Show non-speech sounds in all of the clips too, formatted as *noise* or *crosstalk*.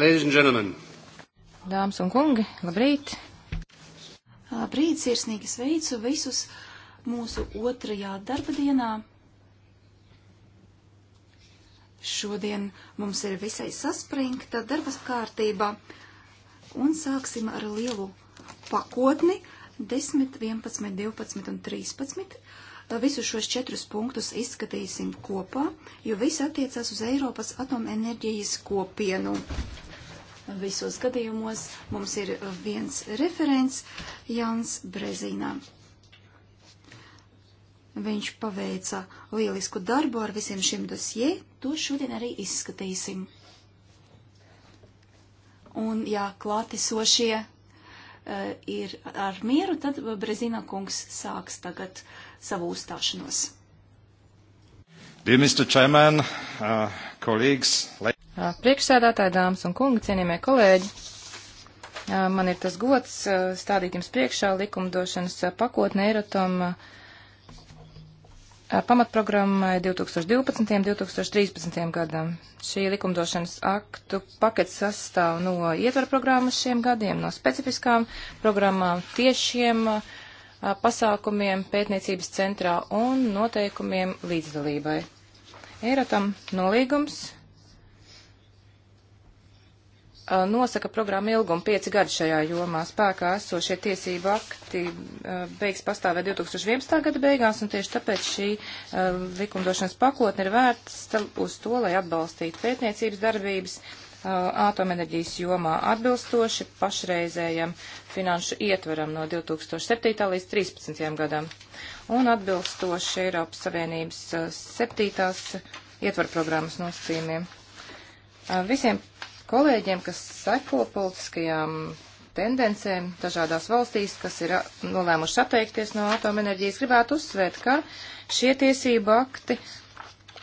Ladies and gentlemen. Dāmas un kungi, labrīt! Labrīt, sirsnīgi sveicu visus mūsu otrajā darba dienā. Šodien mums ir visai saspringta darbas kārtība un sāksim ar lielu pakotni 10, 11, 12 un 13 Tā visu šos četrus punktus izskatīsim kopā, jo viss attiecas uz Eiropas atomenerģijas kopienu. Visos gadījumos mums ir viens referents - Jans Brezīnā. Viņš paveica lielisku darbu ar visiem šiem dosjē, to šodien arī izskatīsim. Un, ja klātesošie uh, ir ar mieru, tad Brezina kungs sāks tagad savu uzstāšanos. Dear Mr. Chairman, uh, colleagues, ladies. Uh, priekšsēdētāji, dāmas un kungi, cienījamie kolēģi, uh, man ir tas gods uh, stādīt jums priekšā likumdošanas pakotne Eirotom pamatprogrammai 2012-2013 gadam. Šī likumdošanas aktu pakets sastāv no ietvaru programmas šiem gadiem, no specifiskām programmām, tiešiem uh, pasākumiem pētniecības centrā un noteikumiem līdzdalībai. Eirotam nolīgums nosaka programmu ilgumu pieci gadi šajā jomā. Spēkā esošie tiesību akti beigs pastāvēt 2011. gada beigās, un tieši tāpēc šī likumdošanas pakotne ir vērts uz to, lai atbalstītu pētniecības darbības ātomenerģijas uh, jomā atbilstoši pašreizējam finanšu ietveram no 2007. līdz 2013. gadam un atbilstoši Eiropas Savienības uh, septītās ietvarprogrammas nosacījumiem. Uh, visiem kolēģiem, kas seko politiskajām tendencēm dažādās valstīs, kas ir nolēmuši atteikties no atomenerģijas, gribētu uzsvērt, ka šie tiesību akti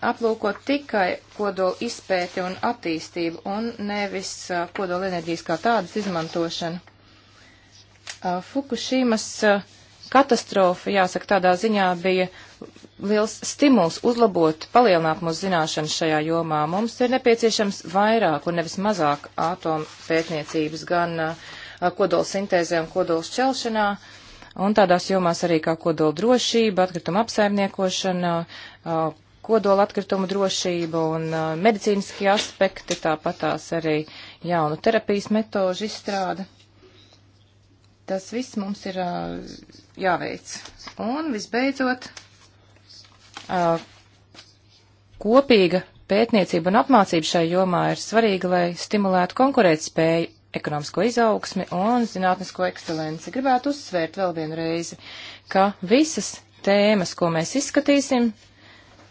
aplūko tikai kodola izpēti un attīstību un nevis kodola enerģijas kā tādas izmantošanu. Fukushimas katastrofa, jāsaka, tādā ziņā bija liels stimuls uzlabot, palielināt mūsu zināšanas šajā jomā. Mums ir nepieciešams vairāk un nevis mazāk ātomu pētniecības gan kodola sintēzē un kodola šķelšanā, un tādās jomās arī kā kodola drošība, atkrituma apsaimniekošana, a, kodola atkritumu drošību un uh, medicīniskie aspekti, tāpat tās arī jaunu terapijas metožu izstrāde. Tas viss mums ir uh, jāveic. Un visbeidzot, uh, kopīga pētniecība un apmācība šai jomā ir svarīga, lai stimulētu konkurētspēju, ekonomisko izaugsmi un zinātnisko ekscelenci. Gribētu uzsvērt vēl vienu reizi, ka visas tēmas, ko mēs izskatīsim,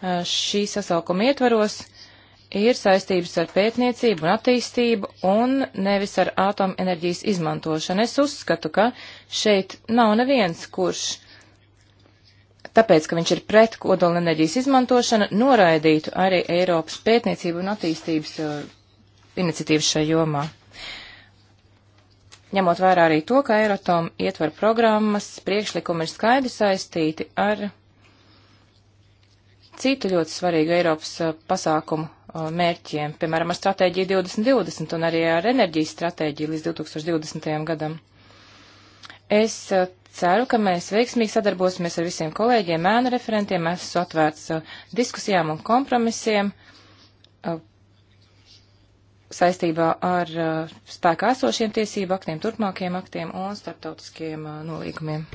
Eh, šī sasaukuma ietvaros ir saistības ar pētniecību un attīstību un nevis ar atomenerģijas izmantošanu. Es uzskatu, ka šeit nav neviens, kurš tāpēc, ka viņš ir pret kodola enerģijas izmantošanu, noraidītu arī Eiropas pētniecību un attīstības uh, iniciatīvas šajā jomā. Ņemot vērā arī to, ka Eiratom ietver programmas, priekšlikumi ir skaidri saistīti ar citu ļoti svarīgu Eiropas uh, pasākumu uh, mērķiem, piemēram, ar stratēģiju 2020 un arī ar enerģijas stratēģiju līdz 2020. gadam. Es uh, ceru, ka mēs veiksmīgi sadarbosimies ar visiem kolēģiem, ēnu referentiem, esmu atvērts diskusijām un kompromisiem saistībā ar spēkā esošiem tiesību aktiem, turpmākajiem aktiem un starptautiskajiem nolīgumiem.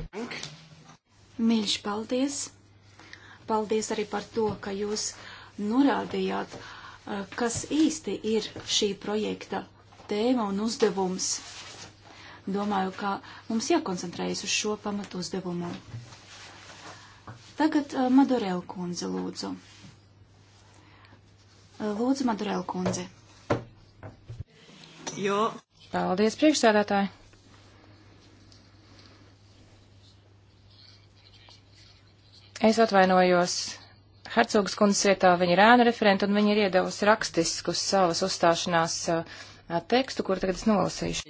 Mīļš, paldies! paldies arī par to, ka jūs norādījāt, eh, kas īsti ir šī projekta tēma un uzdevums. Domāju, ka mums jākoncentrējas uz šo pamatu uzdevumu. Tagad eh, Madurēl kundze lūdzu. Eh, lūdzu, Madurēl kundze. Jo. Paldies, priekšsēdētāji. Es atvainojos Hercogas kundzes vietā, viņa ir ēna referenta, un viņa ir iedevusi rakstiskus savas uzstāšanās uh, tekstu, kur tagad es nolasīšu.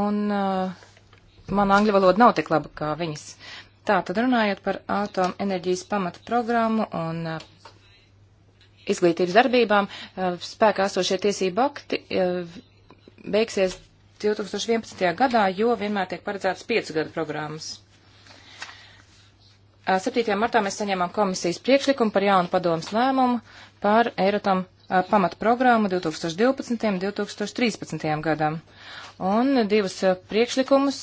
Un uh, man angļu valoda nav tik laba kā viņas. Tā, tad runājot par atomenerģijas pamatu programmu un uh, izglītības darbībām, spēkā esošie tiesību akti beigsies 2011. gadā, jo vienmēr tiek paredzētas piecu gadu programmas. 7. martā mēs saņēmām komisijas priekšlikumu par jaunu padomas lēmumu par Eirotam pamatprogrammu 2012. un 2013. gadam. Un divus priekšlikumus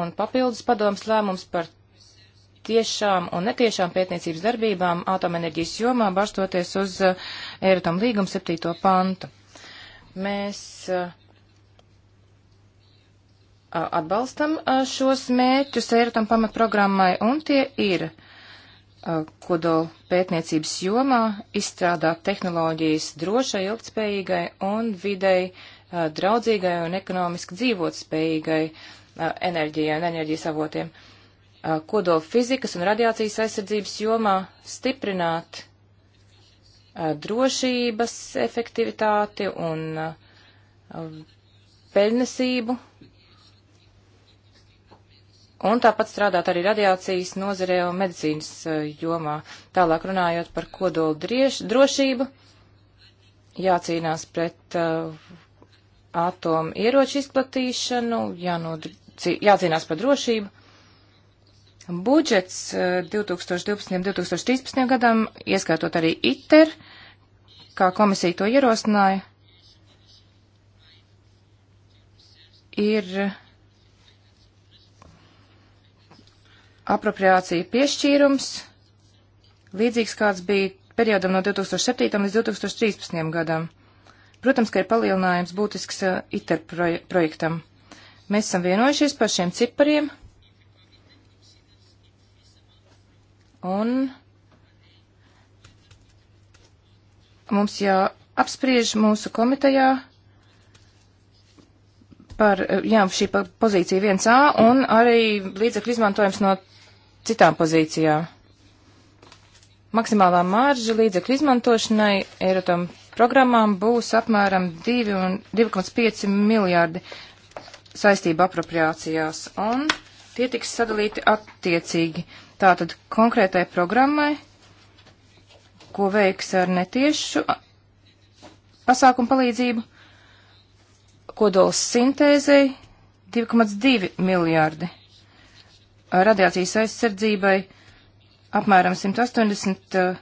un papildus padomas lēmums par tiešām un netiešām pētniecības darbībām atomenerģijas jomā, barstoties uz Eirotam līguma 7. pantu. Mēs uh, atbalstam šos mērķus Eirotam pamatprogrammai, un tie ir kodola pētniecības jomā izstrādāt tehnoloģijas drošai, ilgtspējīgai un videi draudzīgai un ekonomiski dzīvotspējīgai enerģijai un enerģijas avotiem. Kodola fizikas un radiācijas aizsardzības jomā stiprināt drošības efektivitāti un peļnesību un tāpat strādāt arī radiācijas nozarē un medicīnas eh, jomā. Tālāk runājot par kodolu driež, drošību, jācīnās pret uh, atomu ieroču izplatīšanu, jānodr, jācīnās par drošību. Budžets uh, 2012. un 2013. gadam, ieskaitot arī ITER, kā komisija to ierosināja, ir apropriācija piešķīrums, līdzīgs kāds bija periodam no 2007. līdz 2013. gadam. Protams, ka ir palielinājums būtisks uh, ITER proje projektam. Mēs esam vienojušies par šiem cipariem. Un mums jāapspriež mūsu komitejā par, jā, šī pozīcija 1A un arī līdzekļu izmantojums no citām pozīcijām. Maksimālā mārža līdzekļu izmantošanai Eirotam programmām būs apmēram 2,5 miljārdi saistību apropriācijās, un tie tiks sadalīti attiecīgi. Tātad konkrētai programmai, ko veiks ar netiešu pasākumu palīdzību, kodols sintēzei 2,2 miljārdi radiācijas aizsardzībai apmēram 180 uh, eh,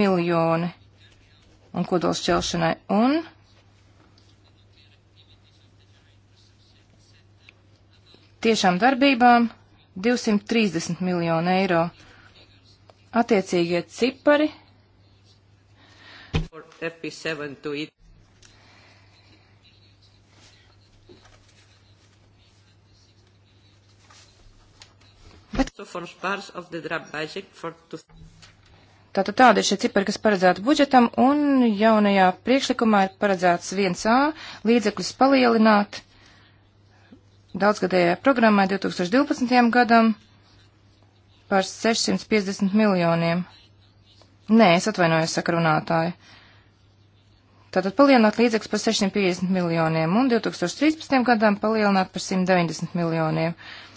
miljoni un kodolšķelšanai. Un tiešām darbībām 230 miljonu eiro. Attiecīgie cipari. FP7 to Bet... Tātad tādi ir šie cipari, kas paredzēti budžetam, un jaunajā priekšlikumā ir paredzēts 1A līdzekļus palielināt daudzgadējā programmā 2012. gadam par 650 miljoniem. Nē, es atvainojos, saka runātāji. Tātad palielināt līdzekļus par 650 miljoniem un 2013. gadam palielināt par 190 miljoniem. Uh,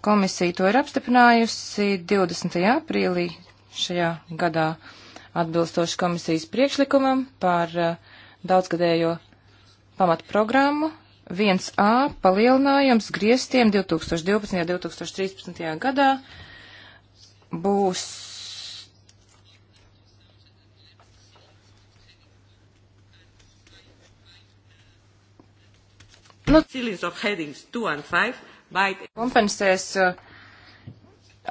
Komisija to ir apstiprinājusi 20. aprīlī šajā gadā atbilstoši komisijas priekšlikumam par daudzgadējo pamatprogrammu 1A palielinājums griestiem 2012. un 2013. gadā būs Nu, of headings 2 and 5 kompensēs uh,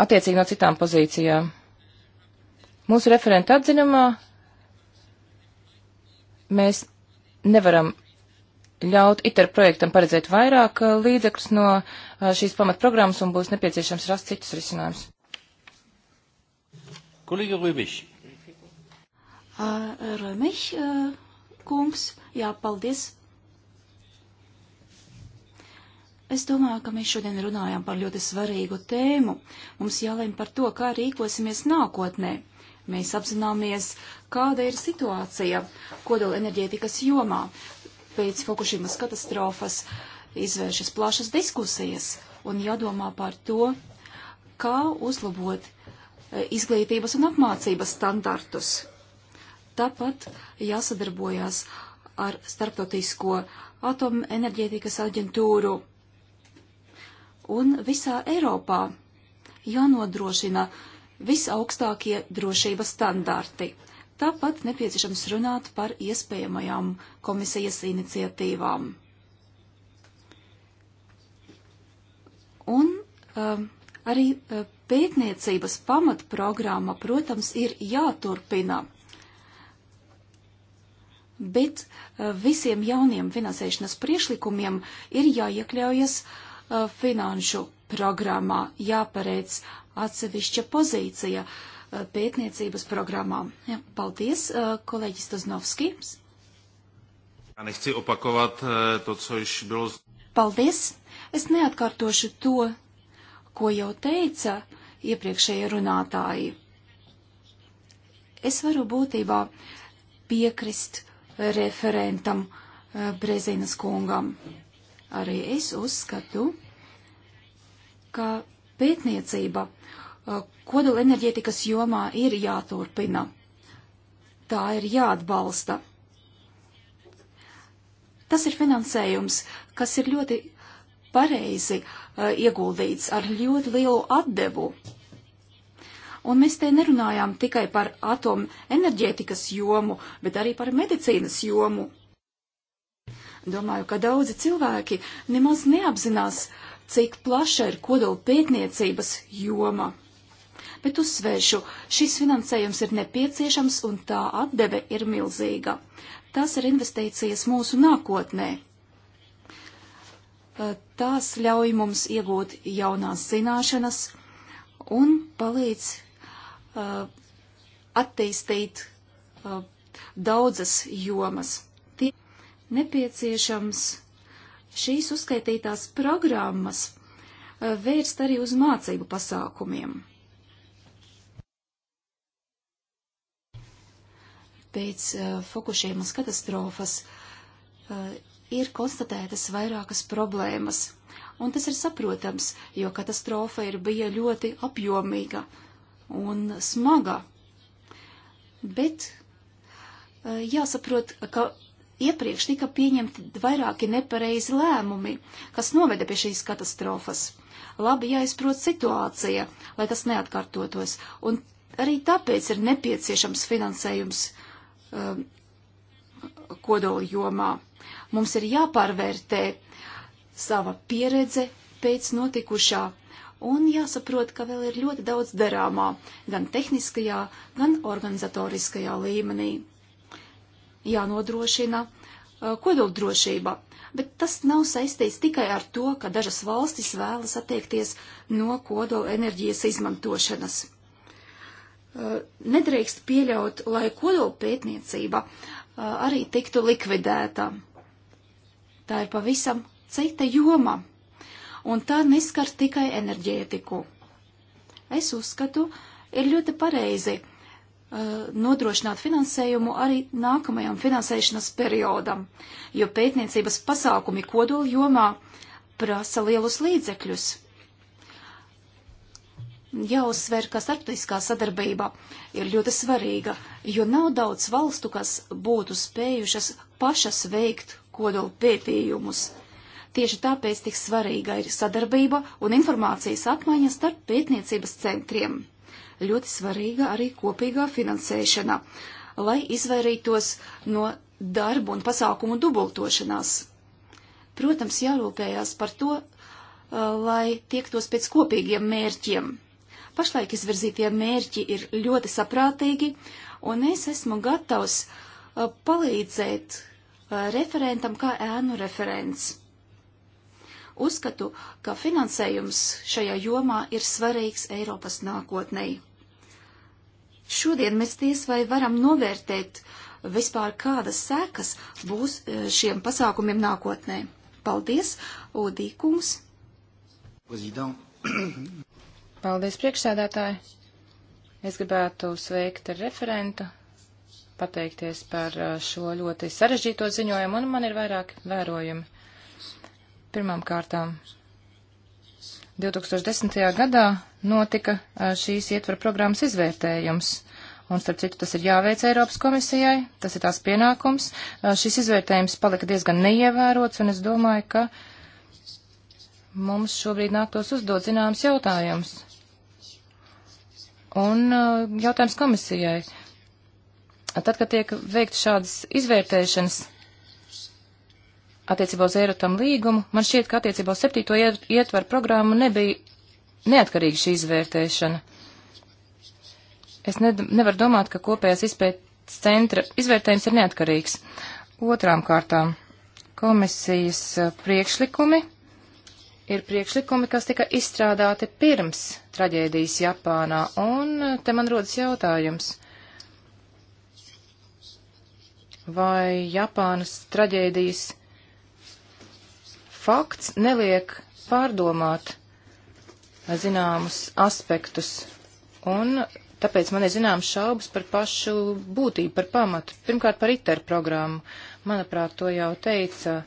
attiecīgi no citām pozīcijām. Mūsu referenta atzinumā mēs nevaram ļaut ITER projektam paredzēt vairāk uh, līdzekļus no uh, šīs pamatprogrammas un būs nepieciešams rast citus risinājumus. Kolēģi Rūbiņš. Rūbiņš kungs, jā, paldies Es domāju, ka mēs šodien runājam par ļoti svarīgu tēmu. Mums jālēm par to, kā rīkosimies nākotnē. Mēs apzināmies, kāda ir situācija kodola enerģētikas jomā. Pēc Fukushimas katastrofas izvēršas plašas diskusijas un jādomā par to, kā uzlabot eh, izglītības un apmācības standartus. Tāpat jāsadarbojās ar Starptautisko atomenerģētikas aģentūru un visā Eiropā jānodrošina visaugstākie drošības standarti. Tāpat nepieciešams runāt par iespējamajām komisijas iniciatīvām. Un um, arī uh, pētniecības pamatprogramma, protams, ir jāturpina. Bet uh, visiem jauniem finansēšanas priešlikumiem ir jāiekļaujas uh, Uh, finanšu programmā jāpareic atsevišķa pozīcija uh, pētniecības programmām. Uh, ja, paldies, kolēģis Taznovskis. Paldies! Es neatkārtošu to, ko jau teica iepriekšējie runātāji. Es varu būtībā piekrist referentam Brezinas kungam. Uh, Arī es uzskatu, ka pētniecība uh, kodola enerģētikas jomā ir jāturpina. Tā ir jāatbalsta. Tas ir finansējums, kas ir ļoti pareizi uh, ieguldīts ar ļoti lielu atdevu. Un mēs te nerunājām tikai par atomu enerģētikas jomu, bet arī par medicīnas jomu. Domāju, ka daudzi cilvēki nemaz neapzinās, cik plaša ir kodola pētniecības joma. Bet uzsvēršu, šis finansējums ir nepieciešams un tā atdeve ir milzīga. Tas ir investīcijas mūsu nākotnē. Tās ļauj mums iegūt jaunās zināšanas un palīdz uh, attīstīt uh, daudzas jomas nepieciešams šīs uzskaitītās programmas eh, vērst arī uz mācību pasākumiem. Pēc uh, eh, Fukušiemas katastrofas uh, ir konstatētas vairākas problēmas, un tas ir saprotams, jo katastrofa ir bija ļoti apjomīga un smaga. Bet uh, jāsaprot, ka iepriekš tika pieņemti vairāki nepareizi lēmumi, kas noveda pie šīs katastrofas. Labi jāizprot situācija, lai tas neatkārtotos, un arī tāpēc ir nepieciešams finansējums um, kodola jomā. Mums ir jāpārvērtē sava pieredze pēc notikušā un jāsaprot, ka vēl ir ļoti daudz darāmā gan tehniskajā, gan organizatoriskajā līmenī jānodrošina uh, kodoldrošība, bet tas nav saistīts tikai ar to, ka dažas valstis vēlas attiekties no kodola enerģijas izmantošanas. Uh, nedrīkst pieļaut, lai kodola pētniecība uh, arī tiktu likvidēta. Tā ir pavisam cita joma, un tā neskar tikai enerģētiku. Es uzskatu, ir ļoti pareizi Eh, nodrošināt finansējumu arī nākamajam finansēšanas periodam, jo pētniecības pasākumi kodoli jomā prasa lielus līdzekļus. Jāuzsver, ka starptautiskā sadarbība ir ļoti svarīga, jo nav daudz valstu, kas būtu spējušas pašas veikt kodolu pētījumus. Tieši tāpēc tik svarīga ir sadarbība un informācijas apmaiņa starp pētniecības centriem ļoti svarīga arī kopīgā finansēšana, lai izvairītos no darbu un pasākumu dubultošanās. Protams, jārūpējās par to, uh, lai tiektos pēc kopīgiem mērķiem. Pašlaik izvirzītie mērķi ir ļoti saprātīgi, un es esmu gatavs uh, palīdzēt uh, referentam kā ēnu referents. Uzskatu, ka finansējums šajā jomā ir svarīgs Eiropas nākotnei. Šodien mēs tiesvai varam novērtēt vispār kādas sekas būs e, šiem pasākumiem nākotnē. Paldies, Odīkums! *clears throat* Paldies, priekšsēdētāji! Es gribētu sveikt referentu, pateikties par e, šo ļoti sarežģīto ziņojumu, un man ir vairāk vērojumi. Pirmām kārtām 2010. gadā notika šīs ietvara programmas izvērtējums. Un, starp citu, tas ir jāveic Eiropas komisijai, tas ir tās pienākums. Šis izvērtējums palika diezgan neievērots, un es domāju, ka mums šobrīd nāktos uzdot zināms jautājums. Un jautājums komisijai. Tad, kad tiek veikt šādas izvērtēšanas, attiecībā uz Eirotam līgumu, man šķiet, ka attiecībā uz septīto ietvaru programmu nebija neatkarīga šī izvērtēšana. Es ne, nevaru domāt, ka kopējās izpētes centra izvērtējums ir neatkarīgs. Otrām kārtām komisijas eh, priekšlikumi ir priekšlikumi, kas tika izstrādāti pirms traģēdijas Japānā, un eh, te man rodas jautājums. Vai Japānas traģēdijas fakts neliek pārdomāt eh, zināmus aspektus, un tāpēc man ir zināmas šaubas par pašu būtību, par pamatu. Pirmkārt, par ITER programmu. Manuprāt, to jau teica eh,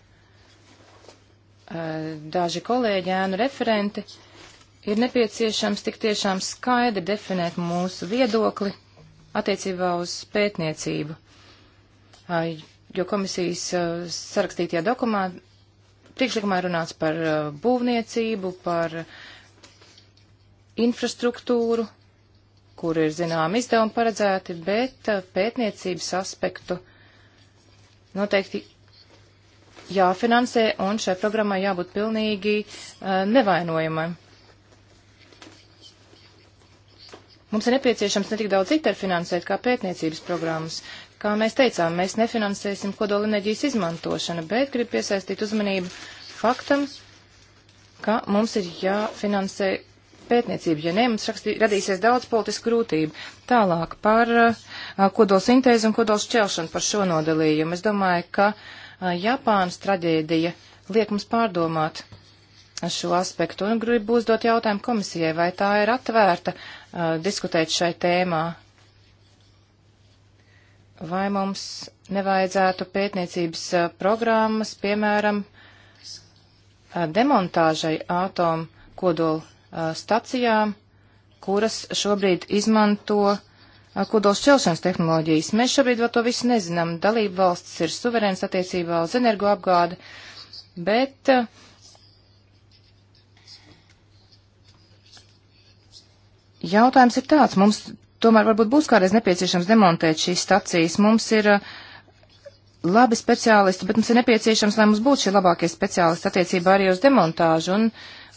daži kolēģi, ēnu referenti, ir nepieciešams tik tiešām skaidri definēt mūsu viedokli attiecībā uz pētniecību. Jo komisijas eh, sarakstītajā dokumentā Priekšlikumā runāts par uh, būvniecību, par infrastruktūru, kur ir zinām izdevumi paredzēti, bet uh, pētniecības aspektu noteikti jāfinansē un šai programmai jābūt pilnīgi uh, nevainojamai. Mums ir nepieciešams ne tik daudz interfinansēt kā pētniecības programmas. Kā mēs teicām, mēs nefinansēsim kodolenerģijas izmantošanu, bet grib piesaistīt uzmanību faktam, ka mums ir jāfinansē pētniecība. Ja nē, mums rakstī, radīsies daudz politisku grūtību. Tālāk par kodolsintēzi un kodolšķelšanu par šo nodalījumu. Es domāju, ka a, Japānas traģēdija liek mums pārdomāt šo aspektu un gribu uzdot jautājumu komisijai, vai tā ir atvērta a, diskutēt šai tēmā vai mums nevajadzētu pētniecības programmas, piemēram, demontāžai atomu kodolu stacijām, kuras šobrīd izmanto kodols šķelšanas tehnoloģijas. Mēs šobrīd vēl to visu nezinām. Dalība valsts ir suverēns attiecībā uz energoapgādi, bet jautājums ir tāds. Mums tomēr varbūt būs kādreiz nepieciešams demontēt šīs stacijas. Mums ir uh, labi speciālisti, bet mums ir nepieciešams, lai mums būtu šie labākie speciālisti attiecībā arī uz demontāžu. Un,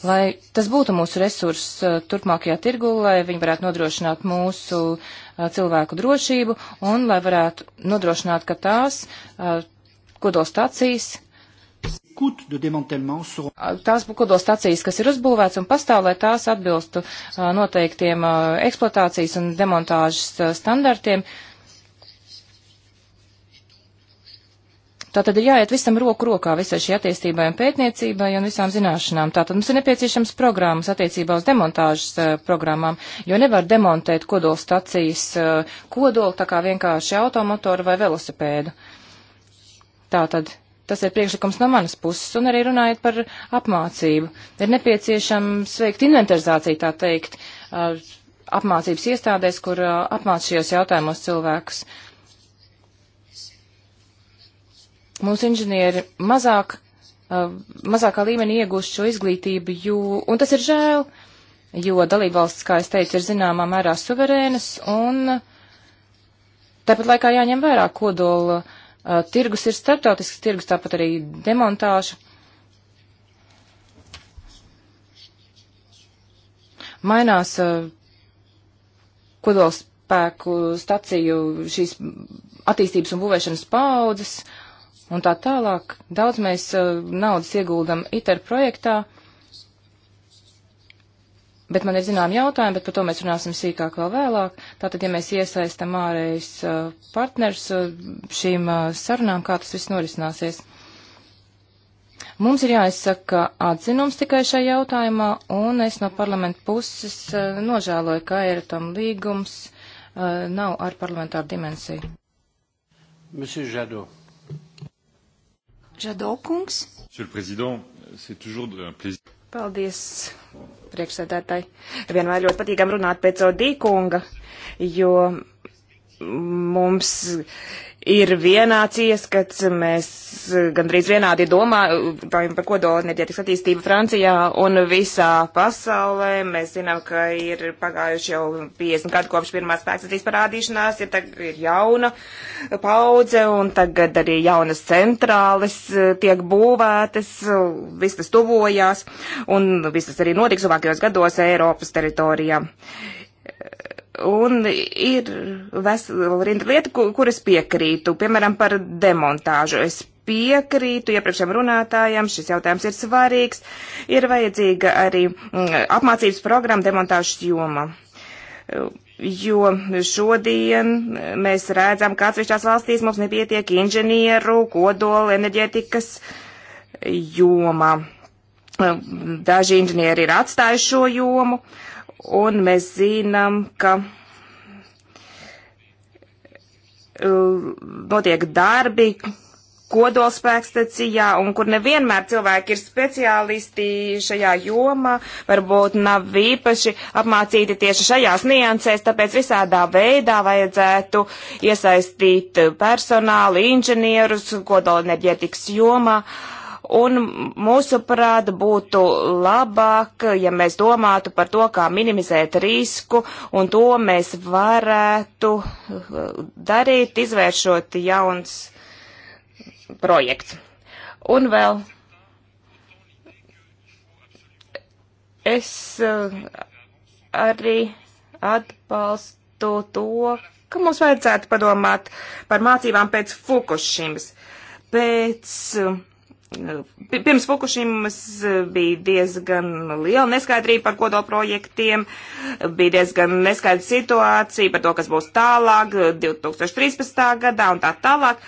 Lai tas būtu mūsu resurss uh, turpmākajā tirgu, lai viņi varētu nodrošināt mūsu uh, cilvēku drošību un lai varētu nodrošināt, ka tās kodolstācijas Tās kokodolstacijas, kas ir uzbūvēts un pastāv, lai tās atbilstu noteiktiem eksploatācijas un demontāžas standartiem. Tātad ir jāiet visam roku rokā visai šī attīstībai un pētniecībai un visām zināšanām. Tātad mums ir nepieciešams programmas attiecībā uz demontāžas uh, programmām, jo nevar demontēt kodola stacijas uh, kodolu tā kā vienkārši automotoru vai velosipēdu. Tātad Tas ir priekšlikums no manas puses, un arī runājot par apmācību. Ir nepieciešams veikt inventarizāciju, tā teikt, apmācības iestādēs, kur uh, apmāc šajos jautājumos cilvēkus. Mūsu inženieri mazāk, uh, mazākā līmenī iegūst šo izglītību, jo, un tas ir žēl, jo dalībvalsts, kā es teicu, ir zināmā mērā suverēnas, un tāpat laikā jāņem vērā kodola uh, Uh, tirgus ir starptautisks tirgus, tāpat arī demontāža. Mainās uh, kodolspēku staciju šīs attīstības un būvēšanas paudzes un tā tālāk. Daudz mēs uh, naudas ieguldam ITER projektā Bet man ir zinām jautājumi, bet par to mēs runāsim sīkāk vēl vēlāk. Tātad, ja mēs iesaistam ārējus uh, partners uh, šīm uh, sarunām, kā tas viss norisināsies? Mums ir jāizsaka atzinums tikai šajā jautājumā, un es no parlamenta puses nožēloju, ka Eiratom līgums nav ar parlamentāru dimensiju. Monsieur Jadot. Jadot kungs. Monsieur le Président, c'est toujours un plaisir. Paldies, priekšsēdētāji. Vienmēr ļoti patīkam runāt pēc Odīkunga, jo mums ir vienāds ieskats, mēs gandrīz vienādi domājam par kodolenerģētikas attīstību Francijā un visā pasaulē. Mēs zinām, ka ir pagājuši jau 50 gadu kopš pirmās spēkstacijas parādīšanās, ir, tagad, ir jauna paudze un tagad arī jaunas centrāles e, tiek būvētas, viss tas tuvojās un viss tas arī notiks tuvākajos gados Eiropas teritorijā. Un ir vesela rinda lieta, kuras piekrītu, piemēram, par demontāžu. Es piekrītu iepriekšējiem runātājiem, šis jautājums ir svarīgs. Ir vajadzīga arī mm, apmācības programma demontāžas joma. Jo šodien mēs redzam, ka atsevišķās valstīs mums nepietiek inženieru, kodola, enerģētikas jomā. Daži inženieri ir atstājuši šo jomu Un mēs zinām, ka uh, notiek darbi kodolspēkstacijā, un kur nevienmēr cilvēki ir speciālisti šajā jomā, varbūt nav īpaši apmācīti tieši šajās niansēs, tāpēc visādā veidā vajadzētu iesaistīt personālu, inženierus kodolenerģētikas jomā. Uh, Un mūsuprāt, būtu labāk, ja mēs domātu par to, kā minimizēt risku, un to mēs varētu eh, darīt, izvēršot jauns projekts. Un vēl es eh, arī atbalstu to, ka mums vajadzētu padomāt par mācībām pēc Fukushimas. Pēc uh, Pirms Fukušimas e, bija diezgan liela neskaidrība par kodolprojektiem, bija diezgan neskaidra situācija par to, kas būs tālāk 2013. E, gadā un tā tālāk,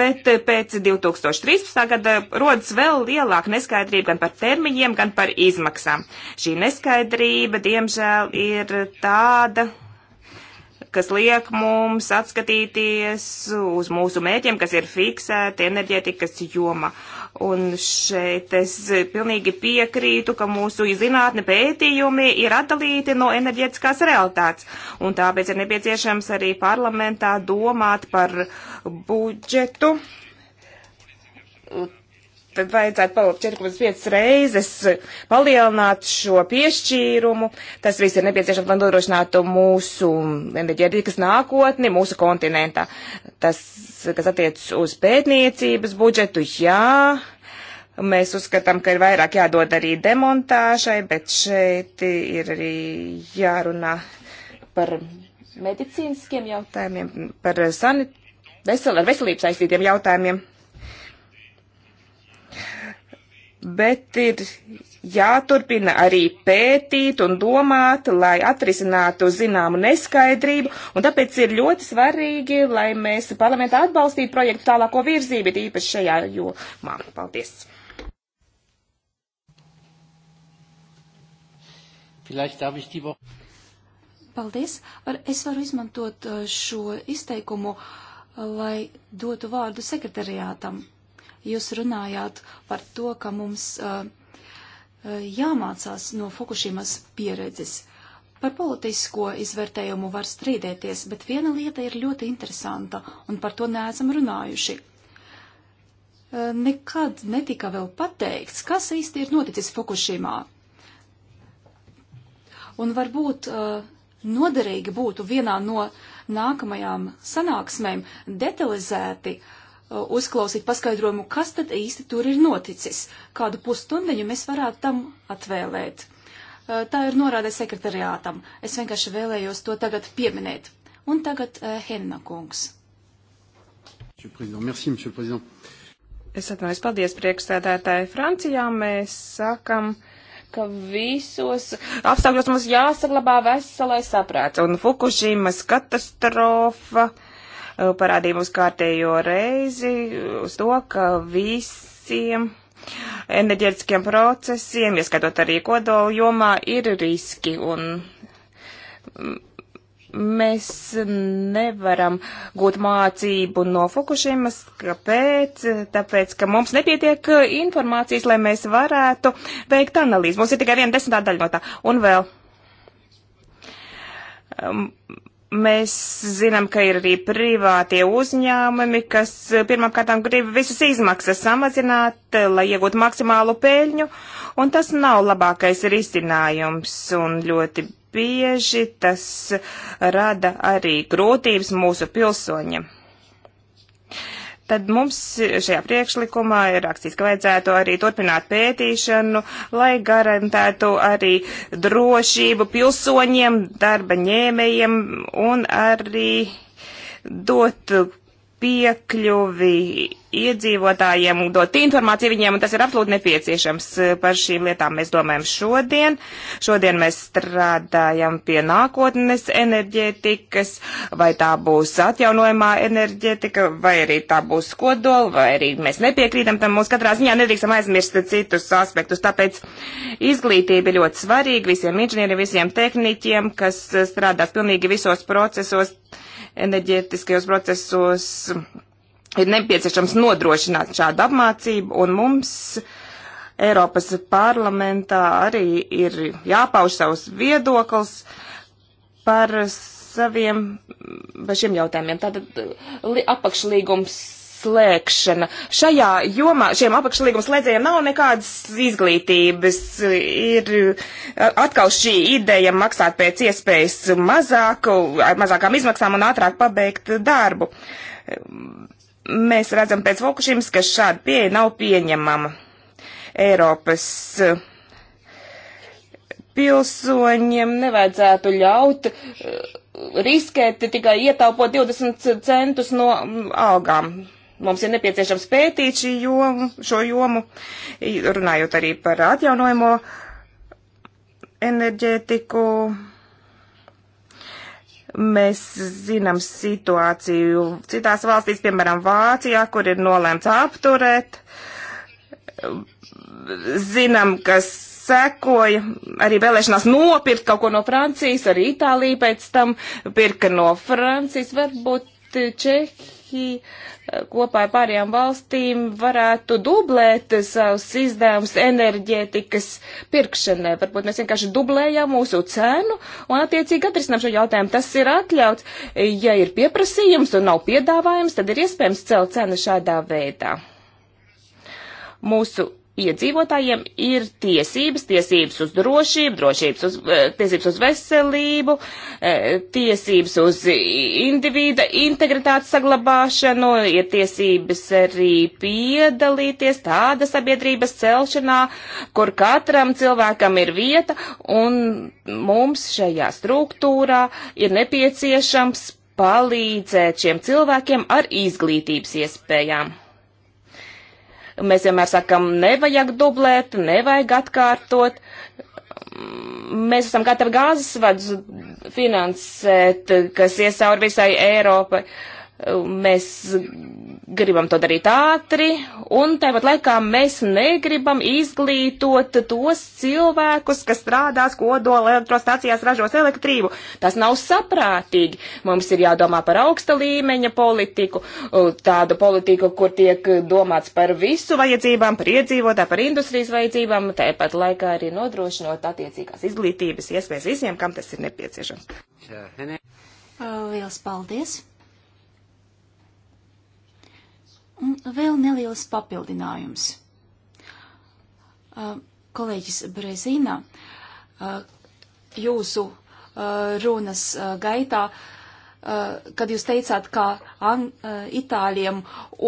bet e, pēc 2013. gada rodas vēl lielāka neskaidrība gan par termiņiem, gan par izmaksām. Šī neskaidrība, diemžēl, ir tāda kas liek mums atskatīties uz mūsu mērķiem, kas ir fiksēti enerģētikas joma. Un šeit es pilnīgi piekrītu, ka mūsu zinātne pētījumi ir atdalīti no enerģētiskās realitātes. Un tāpēc ir nepieciešams arī parlamentā domāt par budžetu tad vajadzētu palūkt 4,5 reizes palielināt šo piešķīrumu. Tas viss ir nepieciešams, lai nodrošinātu mūsu enerģētikas nākotni, mūsu kontinentā. Tas, kas attiecas uz pētniecības budžetu, jā. Mēs uzskatām, ka ir vairāk jādod arī demontāžai, bet šeit ir arī jārunā par medicīniskiem jautājumiem, par sanit, vesel, ar veselību saistītiem jautājumiem. bet ir jāturpina arī pētīt un domāt, lai atrisinātu zināmu neskaidrību, un tāpēc ir ļoti svarīgi, lai mēs parlamentā atbalstītu projektu tālāko virzību, īpaši šajā jomā. Paldies! Paldies! Var, es varu izmantot uh, šo izteikumu, uh, lai dotu vārdu sekretariātam. Jūs runājāt par to, ka mums uh, uh, jāmācās no Fukushimas pieredzes. Par politisko izvērtējumu var strīdēties, bet viena lieta ir ļoti interesanta, un par to neesam runājuši. Uh, nekad netika vēl pateikts, kas īsti ir noticis Fukushimā. Un varbūt uh, noderīgi būtu vienā no nākamajām sanāksmēm detalizēti uh, Uh, uzklausīt paskaidrojumu, kas tad īsti tur ir noticis, kādu pusstundiņu mēs varētu tam atvēlēt. Uh, tā ir norāde sekretariātam. Es vienkārši vēlējos to tagad pieminēt. Un tagad uh, Henna kungs. Merci, es atvainojos, paldies priekšsēdētāji. Francijā mēs sakam, ka visos apstākļos mums jāsaglabā veselais saprāts. Un Fukušīmas katastrofa. Uh, Eh, parādīja mums kārtējo reizi uz to, ka visiem enerģētiskiem procesiem, ieskatot arī kodolu jomā, ir riski. Un mm, mēs nevaram gūt mācību no Fukushimas. Kāpēc? Tāpēc, ka mums nepietiek eh, informācijas, lai mēs varētu veikt analīzi. Mums ir tikai viena desmitā daļa no tā. Un vēl. Um, Mēs zinām, ka ir arī privātie uzņēmumi, kas eh, pirmkārtām grib visas izmaksas samazināt, eh, lai iegūtu maksimālu peļņu, un tas nav labākais risinājums, un ļoti bieži tas rada arī grūtības mūsu pilsoņiem tad mums šajā priekšlikumā ir rakstīts, ka vajadzētu arī turpināt pētīšanu, lai garantētu arī drošību pilsoņiem, darba ņēmējiem un arī dot piekļuvi iedzīvotājiem dot informāciju viņiem, un tas ir absolūti nepieciešams. Eh, par šīm lietām mēs domājam šodien. Šodien mēs strādājam pie nākotnes enerģētikas, vai tā būs atjaunojumā enerģētika, vai arī tā būs kodola, vai arī mēs nepiekrītam tam. Mums katrā ziņā nedrīkstam aizmirst citus aspektus, tāpēc izglītība ir ļoti svarīga visiem inženieriem, visiem tehniķiem, kas eh, strādās pilnīgi visos procesos enerģētiskajos procesos ir nepieciešams nodrošināt šādu apmācību, un mums Eiropas parlamentā arī ir jāpauž savs viedoklis par saviem, par šiem jautājumiem. Tātad apakšlīgums slēgšana. Šajā jomā šiem apakšlīgums slēdzējiem nav nekādas izglītības. Ir atkal šī ideja maksāt pēc iespējas mazāku, mazākām izmaksām un ātrāk pabeigt darbu Mēs redzam pēc Fukushimas, ka šāda pieeja nav pieņemama Eiropas eh, pilsoņiem nevajadzētu ļaut eh, riskēt tikai ietaupot 20 centus no mm, algām. Mums ir nepieciešams pētīt šī jomu, šo jomu, runājot arī par atjaunojamo enerģētiku. Mēs zinām situāciju citās valstīs, piemēram, Vācijā, kur ir nolēmts apturēt. Zinām, kas sekoja arī vēlēšanās nopirkt kaut ko no Francijas, arī Itālija pēc tam pirka no Francijas, varbūt Čehija kopā ar pārējām valstīm varētu dublēt savus izdevumus enerģētikas pirkšanai. Varbūt mēs vienkārši dublējam mūsu cenu un attiecīgi atrisinām šo jautājumu. Tas ir atļauts, ja ir pieprasījums un nav piedāvājums, tad ir iespējams celt cenu šādā veidā. Mūsu iedzīvotājiem ir tiesības, tiesības uz drošību, drošības uz, eh, tiesības uz veselību, eh, tiesības uz individa integritātes saglabāšanu, ir tiesības arī piedalīties tāda sabiedrības celšanā, kur katram cilvēkam ir vieta, un mums šajā struktūrā ir nepieciešams palīdzēt šiem cilvēkiem ar izglītības iespējām. Mēs vienmēr sakam, nevajag dublēt, nevajag atkārtot. Mēs esam gatavi gāzes vadus finansēt, kas iesaur visai Eiropai. Uh, Mēs gribam to darīt ātri, un tāpat laikā mēs negribam izglītot tos cilvēkus, kas strādās kodola elektrostācijās, ražos elektrību. Tas nav saprātīgi. Mums ir jādomā par augsta līmeņa politiku, tādu politiku, kur tiek domāts par visu vajadzībām, par iedzīvotā, par industrijas vajadzībām, tāpat laikā arī nodrošinot attiecīgās izglītības iespējas visiem, kam tas ir nepieciešams. Liels paldies! Un vēl neliels papildinājums. Uh, kolēģis Brezina, uh, jūsu uh, runas uh, gaitā, uh, kad jūs teicāt, ka an, uh, itāļiem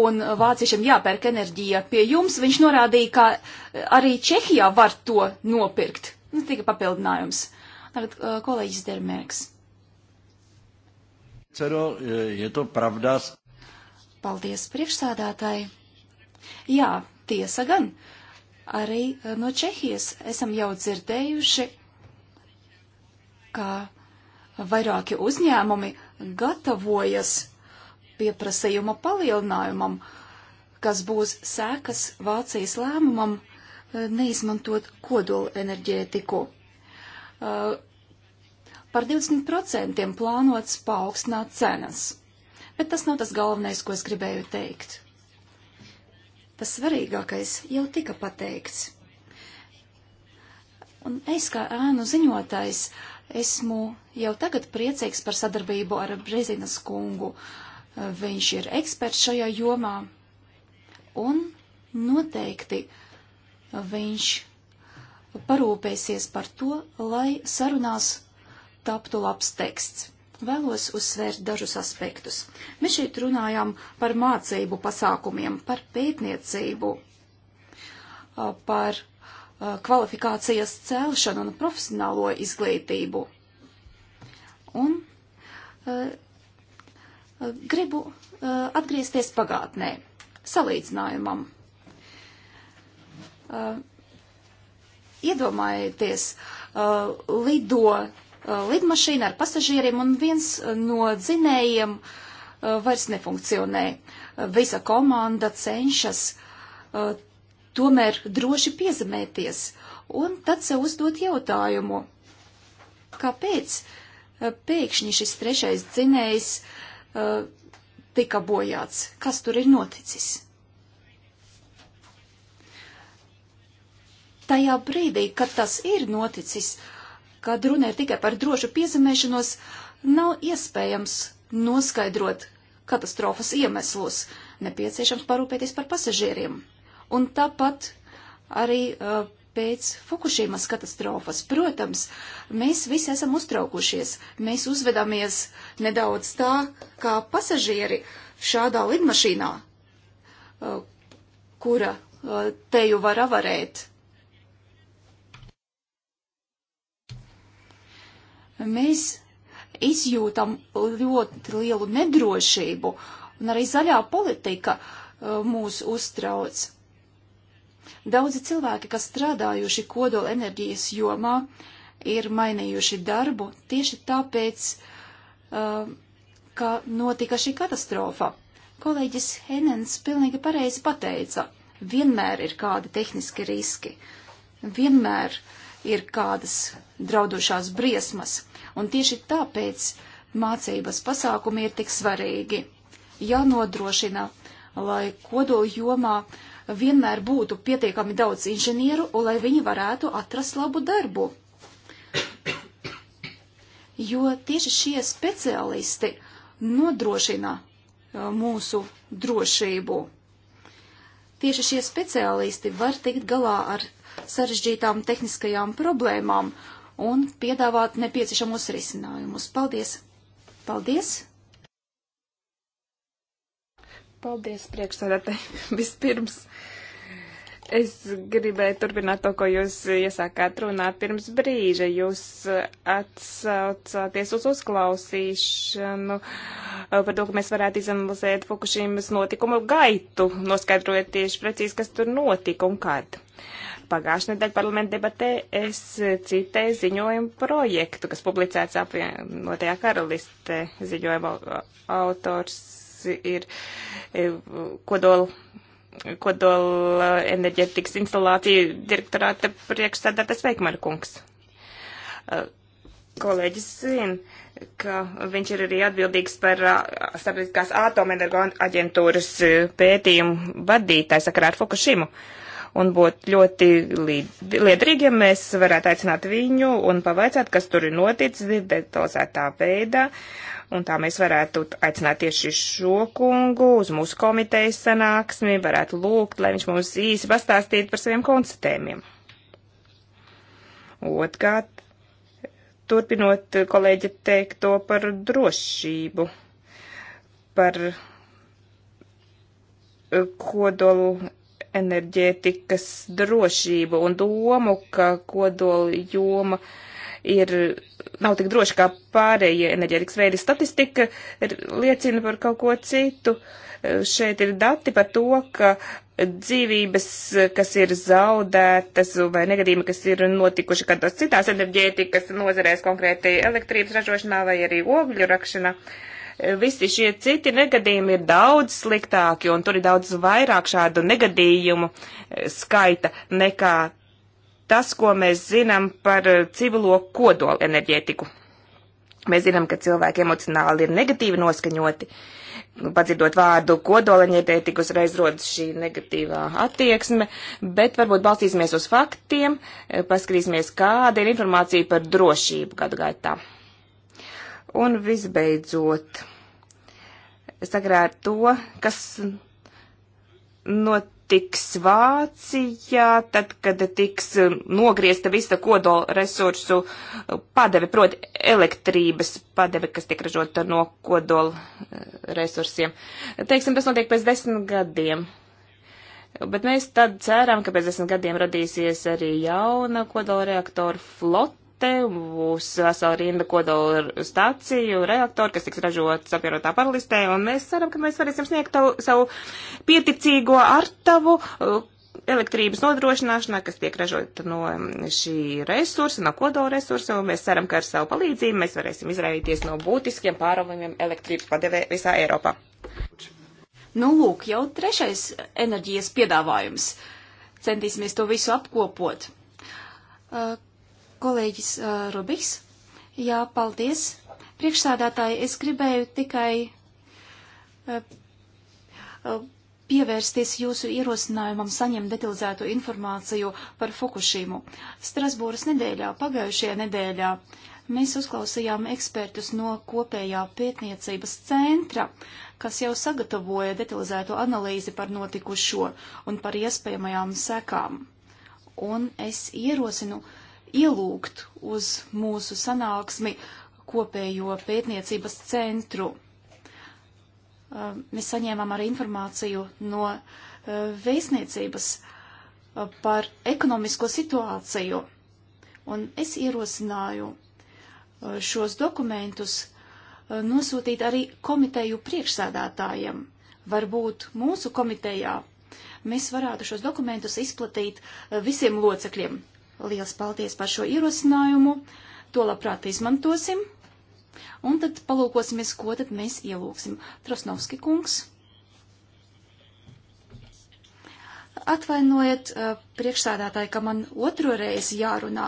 un vāciešiem jāpērk enerģija pie jums, viņš norādīja, ka arī Čehijā var to nopirkt. Nu, tikai papildinājums. Tagad kolēģis Dermērks. Cero, je to pravda. Paldies priekšsādātāji. Jā, tiesa gan. Arī eh, no Čehijas esam jau dzirdējuši, ka vairāki uzņēmumi gatavojas pieprasījuma palielinājumam, kas būs sēkas Vācijas lēmumam eh, neizmantot kodolu enerģētiku. Eh, par 20% plānots paaugstināt cenas bet tas nav tas galvenais, ko es gribēju teikt. Tas svarīgākais jau tika pateikts. Un es kā ēnu ziņotājs esmu jau tagad priecīgs par sadarbību ar Brezinas kungu. Viņš ir eksperts šajā jomā un noteikti viņš parūpēsies par to, lai sarunās taptu labs teksts vēlos uzsvērt dažus aspektus. Mēs šeit runājam par mācību pasākumiem, par pētniecību, par kvalifikācijas celšanu un profesionālo izglītību. Un gribu atgriezties pagātnē, salīdzinājumam. Iedomājieties, lido Uh, lidmašīna ar pasažieriem un viens uh, no dzinējiem uh, vairs nefunkcionē. Visa komanda cenšas tomēr droši piezemēties un tad sev uzdot jautājumu, kāpēc pēkšņi šis trešais dzinējs tika bojāts, kas tur ir noticis. Tajā brīdī, kad tas ir noticis, uh, kad runa ir tikai par drošu piezemēšanos, nav iespējams noskaidrot katastrofas iemeslus, nepieciešams parūpēties par pasažieriem. Un tāpat arī uh, pēc Fukušīmas katastrofas, protams, mēs visi esam uztraukušies, mēs uzvedamies nedaudz tā, kā pasažieri šādā lidmašīnā, uh, kura uh, te jau var avarēt Mēs izjūtam ļoti lielu nedrošību, un arī zaļā politika uh, mūs uztrauc. Daudzi cilvēki, kas strādājuši kodola enerģijas jomā, ir mainījuši darbu tieši tāpēc, uh, ka notika šī katastrofa. Kolēģis Henens pilnīgi pareizi pateica, vienmēr ir kādi tehniski riski, vienmēr ir kādas draudušās briesmas. Un tieši tāpēc mācības pasākumi ir tik svarīgi. Jānodrošina, lai kodolu jomā vienmēr būtu pietiekami daudz inženieru un lai viņi varētu atrast labu darbu. Jo tieši šie speciālisti nodrošina uh, mūsu drošību. Tieši šie speciālisti var tikt galā ar sarežģītām tehniskajām problēmām un piedāvāt nepieciešamos risinājumus. Paldies! Paldies! Paldies, priekšsēdētāji. *laughs* Vispirms es gribēju turpināt to, ko jūs iesākāt runāt pirms brīža. Jūs atsaucāties uz uzklausīšanu par to, ka mēs varētu izanalizēt Fukušīmas notikumu gaitu, noskaidrojot tieši precīzi, kas tur notika un kad. Uh, Pagājušajā nedēļā parlamenta debatē es citēju ziņojumu projektu, kas publicēts apvienotajā karalistē. Ziņojuma autors ir kodola e, kodola enerģetikas instalācija direktorāta priekšsēdētājs Veikmarkungs. E, kolēģis zina, ka viņš ir arī atbildīgs par starptautiskās atomenergo aģentūras e, pētījumu vadītāju sakarā ar Fukushimu. Uh, un būt ļoti liederīgiem. Mēs varētu aicināt viņu un pavaicāt, kas tur ir noticis detalizētā veidā. Un tā mēs varētu aicināt tieši šo kungu uz mūsu komitejas sanāksmi, varētu lūgt, lai viņš mums īsi pastāstītu par saviem konstatējumiem. Otkārt, turpinot kolēģi teikto par drošību, par kodolu enerģētikas drošību un domu, ka kodoli joma ir, nav tik droši kā pārējie enerģētikas veidi. Statistika liecina par kaut ko citu. Šeit ir dati par to, ka dzīvības, kas ir zaudētas vai negadījumi, kas ir notikuši kādos citās enerģētikas nozarēs, konkrēti elektrības ražošanā vai arī ogļu rakšanā. Uh, visi šie citi negadījumi ir daudz sliktāki, un tur ir daudz vairāk šādu negadījumu eh, skaita nekā tas, ko mēs zinām par eh, civilo kodolu enerģētiku. Mēs zinām, ka cilvēki emocionāli ir negatīvi noskaņoti. Nu, padzirdot vārdu kodolenerģētika, uzreiz rodas šī negatīvā attieksme, bet varbūt balstīsimies uz faktiem, eh, paskatīsimies, kāda ir informācija par drošību gadu gaitā. Un visbeidzot, sakarā ar to, kas notiks Vācijā, tad, kad tiks nogriezta visa kodola resursu padeve, proti elektrības padeve, kas tiek ražota no kodola resursiem. Teiksim, tas notiek pēc desmit gadiem. Bet mēs tad ceram, ka pēc desmit gadiem radīsies arī jauna kodola reaktoru flota dati, būs vesela rinda kodola stāciju, reaktori, kas tiks ražots apvienotā paralistē, un mēs ceram, ka mēs varēsim sniegt tavu, savu pieticīgo artavu uh, elektrības nodrošināšanā, kas tiek ražota no um, šī resursa, no kodola resursa, un mēs ceram, ka ar savu palīdzību mēs varēsim izraidīties no būtiskiem pārolumiem elektrības padevē visā Eiropā. Nu, lūk, jau trešais enerģijas piedāvājums. Centīsimies to visu apkopot. Uh, Kolēģis uh, Rubiks. Jā, paldies. Priekšsādātāji, es gribēju tikai uh, uh, pievērsties jūsu ierosinājumam saņemt detalizēto informāciju par Fukušīmu. Strasbūras nedēļā, pagājušajā nedēļā, mēs uzklausījām ekspertus no kopējā pētniecības centra, kas jau sagatavoja detalizēto analīzi par notikušo un par iespējamajām sekām. Un es ierosinu uh, ielūgt uz mūsu sanāksmi kopējo pētniecības centru. Uh, mēs saņēmām arī informāciju no uh, vēstniecības uh, par ekonomisko situāciju, un es ierosināju šos dokumentus nosūtīt arī komiteju priekšsēdētājiem. Varbūt mūsu komitejā mēs varētu šos dokumentus izplatīt visiem locekļiem, Liels paldies par šo ierosinājumu. To labprāt izmantosim. Un tad palūkosimies, ko tad mēs ielūksim. Trosnovski kungs. Atvainojiet, eh, priekšsādātāji, ka man otro reizi jārunā,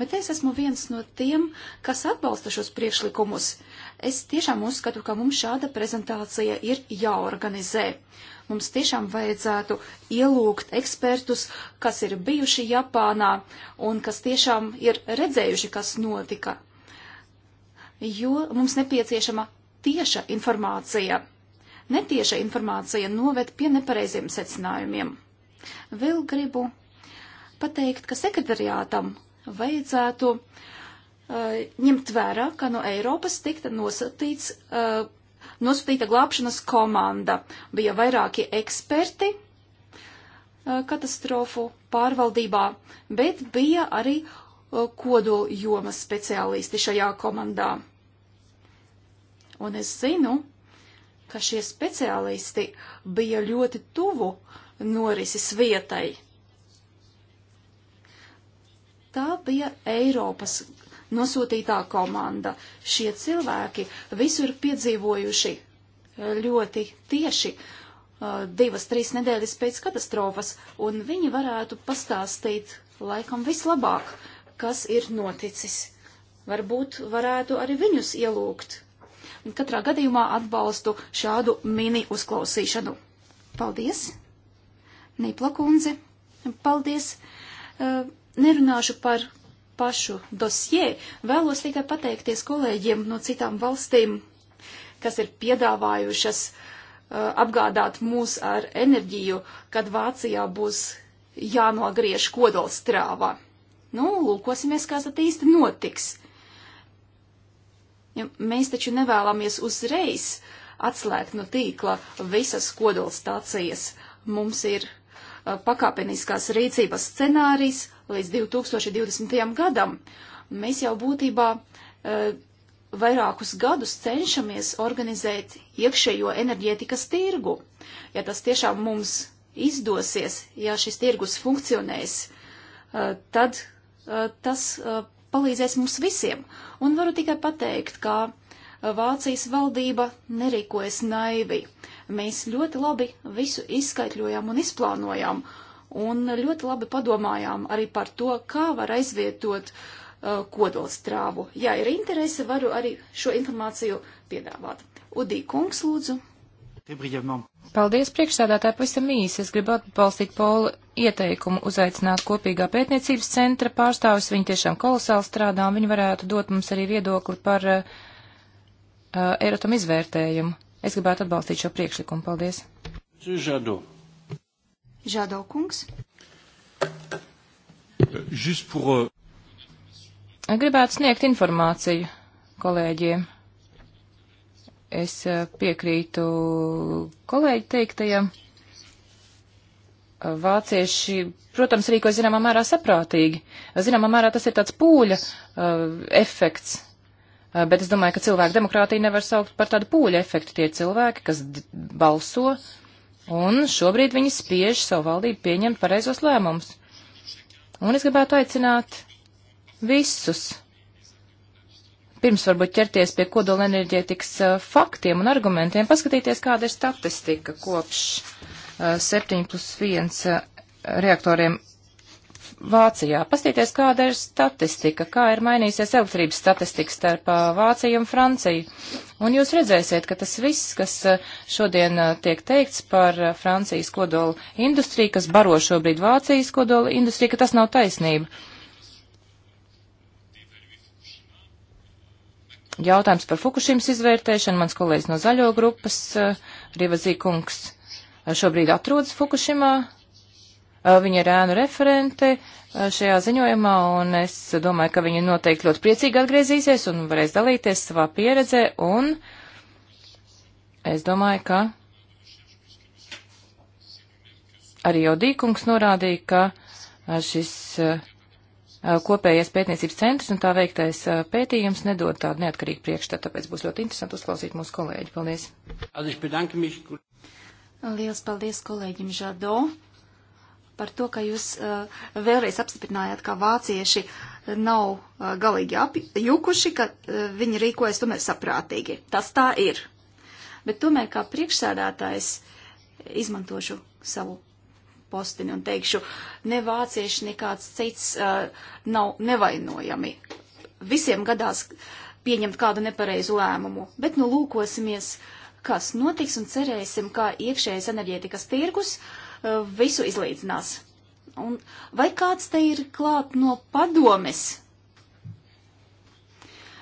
bet es esmu viens no tiem, kas atbalsta šos priekšlikumus. Uh, Es tiešām uzskatu, ka mums šāda prezentācija ir jāorganizē. Mums tiešām vajadzētu ielūgt ekspertus, kas ir bijuši Japānā un kas tiešām ir redzējuši, kas notika. Jo mums nepieciešama tieša informācija. Netieša informācija noved pie nepareiziem secinājumiem. Vēl gribu pateikt, ka sekretariātam vajadzētu uh, Uh, ņemt vērā, ka no Eiropas tikta nosūtīts, uh, nosūtīta glābšanas komanda. Bija vairāki eksperti uh, katastrofu pārvaldībā, bet bija arī kodolu jomas speciālisti šajā komandā. Un es zinu, ka šie speciālisti bija ļoti tuvu norises vietai. Tā bija Eiropas nosūtītā komanda. Šie cilvēki visur piedzīvojuši eh, ļoti tieši eh, divas, trīs nedēļas pēc katastrofas, un viņi varētu pastāstīt laikam vislabāk, kas ir noticis. Varbūt varētu arī viņus ielūgt. Un katrā gadījumā atbalstu šādu mini uzklausīšanu. Paldies! Nīpla kundze, paldies! Eh, nerunāšu par pašu dosjē, vēlos tikai pateikties kolēģiem no citām valstīm, kas ir piedāvājušas uh, apgādāt mūs ar enerģiju, kad Vācijā būs jānogriež kodolstrāva. Nu, lūkosimies, kas tad īsti notiks. Ja mēs taču nevēlamies uzreiz atslēgt no tīkla visas kodolstācijas. Mums ir pakāpeniskās rīcības scenārijs līdz 2020. gadam. Mēs jau būtībā e, vairākus gadus cenšamies organizēt iekšējo enerģētikas tirgu. Ja tas tiešām mums izdosies, ja šis tirgus funkcionēs, e, tad e, tas palīdzēs mums visiem. Un varu tikai pateikt, ka Vācijas valdība nerīkojas naivi. Mēs ļoti labi visu izskaitļojām un izplānojām, un ļoti labi padomājām arī par to, kā var aizvietot uh, kodolstrāvu. Ja ir interese, varu arī šo informāciju piedāvāt. Udī kungs, lūdzu. Paldies, priekšsēdētāji, pavisam īsi. Es gribu atbalstīt Polu ieteikumu uzaicināt kopīgā pētniecības centra pārstāvis. Viņi tiešām kolosāli strādā, un viņi varētu dot mums arī viedokli par uh, Eh, Eiratom izvērtējumu. Es gribētu atbalstīt šo priekšlikumu. Paldies. Žado. Žado kungs. Just pour... Eh, eh, gribētu sniegt informāciju kolēģiem. Es piekrītu kolēģi teiktajam. Vācieši, protams, rīkojas zināmā mērā saprātīgi. Zināmā mērā tas ir tāds pūļa uh, efekts Eh, bet es domāju, ka cilvēku demokrātija nevar saukt par tādu pūļu efektu tie cilvēki, kas balso, un šobrīd viņi spiež savu valdību pieņemt pareizos lēmumus. Un es gribētu aicināt visus, pirms varbūt ķerties pie kodola enerģētikas eh, faktiem un argumentiem, paskatīties, kāda ir statistika kopš 7 eh, plus 1 reaktoriem Vācijā. Pastīties, kāda ir statistika, kā ir mainīsies elektrības statistika starp Vāciju un Franciju. Un jūs redzēsiet, ka tas viss, kas šodien tiek teikts par Francijas kodola industriju, kas baro šobrīd Vācijas kodola industriju, ka tas nav taisnība. Jautājums par Fukušimas izvērtēšanu. Mans kolēģis no zaļo grupas, Riva Zīkungs, šobrīd atrodas Fukušimā Uh, viņa ir ēnu referente uh, šajā ziņojumā, un es domāju, ka viņa noteikti ļoti priecīgi atgriezīsies un varēs dalīties savā pieredzē, un es domāju, ka arī jau Dīkungs norādīja, ka uh, šis kopējais pētniecības centrs un tā veiktais pētījums nedod tādu neatkarīgu priekšstatu, tāpēc būs ļoti interesanti uzklausīt mūsu kolēģi. Paldies! Liels paldies kolēģim Žado! par to, ka jūs uh, vēlreiz apstiprinājāt, ka vācieši uh, nav uh, galīgi apjukuši, ka uh, viņi rīkojas tomēr saprātīgi. Tas tā ir. Bet tomēr kā priekšsēdētājs izmantošu savu postini un teikšu, ne vācieši, nekāds cits uh, nav nevainojami. Visiem gadās pieņemt kādu nepareizu lēmumu, bet nu lūkosimies, kas notiks un cerēsim, kā iekšējais enerģētikas tirgus uh, E, visu izlīdzinās. Un vai kāds te ir klāt no padomes?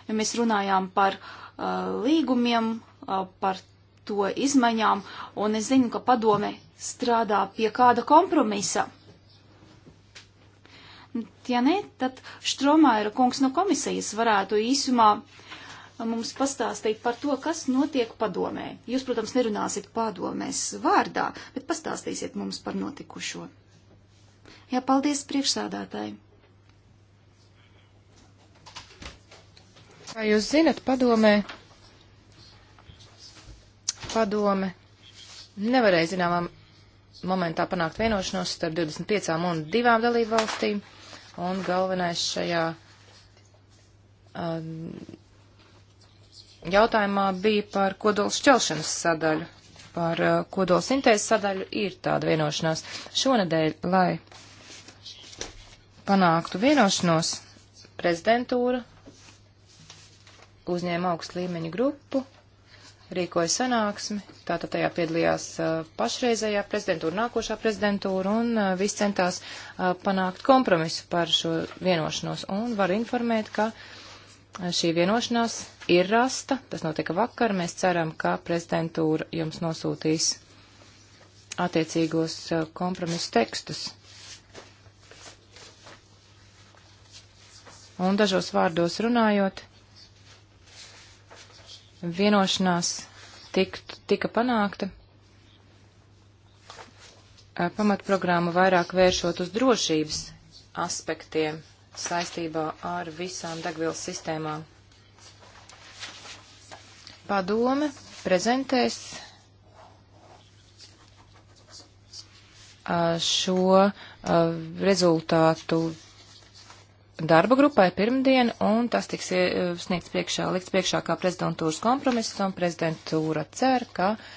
Ja mēs runājām par uh, līgumiem, uh, par to izmaiņām, un es zinu, ka padome strādā pie kāda kompromisa. Ja ne, tad Štromāra kungs no komisijas varētu īsumā uh, mums pastāstīt par to, kas notiek padomē. Jūs, protams, nerunāsiet padomēs vārdā, bet pastāstīsiet mums par notikušo. Jā, paldies priekšsādātāji. Kā jūs zinat, padomē, padome nevarēja zināmā momentā panākt vienošanos starp 25 un divām dalību valstīm, un galvenais šajā um, jautājumā bija par kodols šķelšanas sadaļu. Par uh, eh, kodols sintēzes sadaļu ir tāda vienošanās. Šonadēļ, lai panāktu vienošanos, prezidentūra uzņēma augstu līmeņu grupu, rīkoja sanāksmi, tātad tajā piedalījās uh, pašreizējā prezidentūra, nākošā prezidentūra un uh, viss centās uh, panākt kompromisu par šo vienošanos un var informēt, ka uh, Šī vienošanās ir rasta, tas notika vakar, mēs ceram, ka prezidentūra jums nosūtīs attiecīgos eh, kompromisu tekstus. Un dažos vārdos runājot, vienošanās tik, tika panākta eh, pamatprogrammu vairāk vēršot uz drošības aspektiem saistībā ar visām degvielas sistēmām. Padome prezentēs uh, šo uh, rezultātu darba grupai pirmdien, un tas tiks uh, sniegts priekšā, likts priekšā kā prezidentūras kompromiss, un prezidentūra cer, ka uh,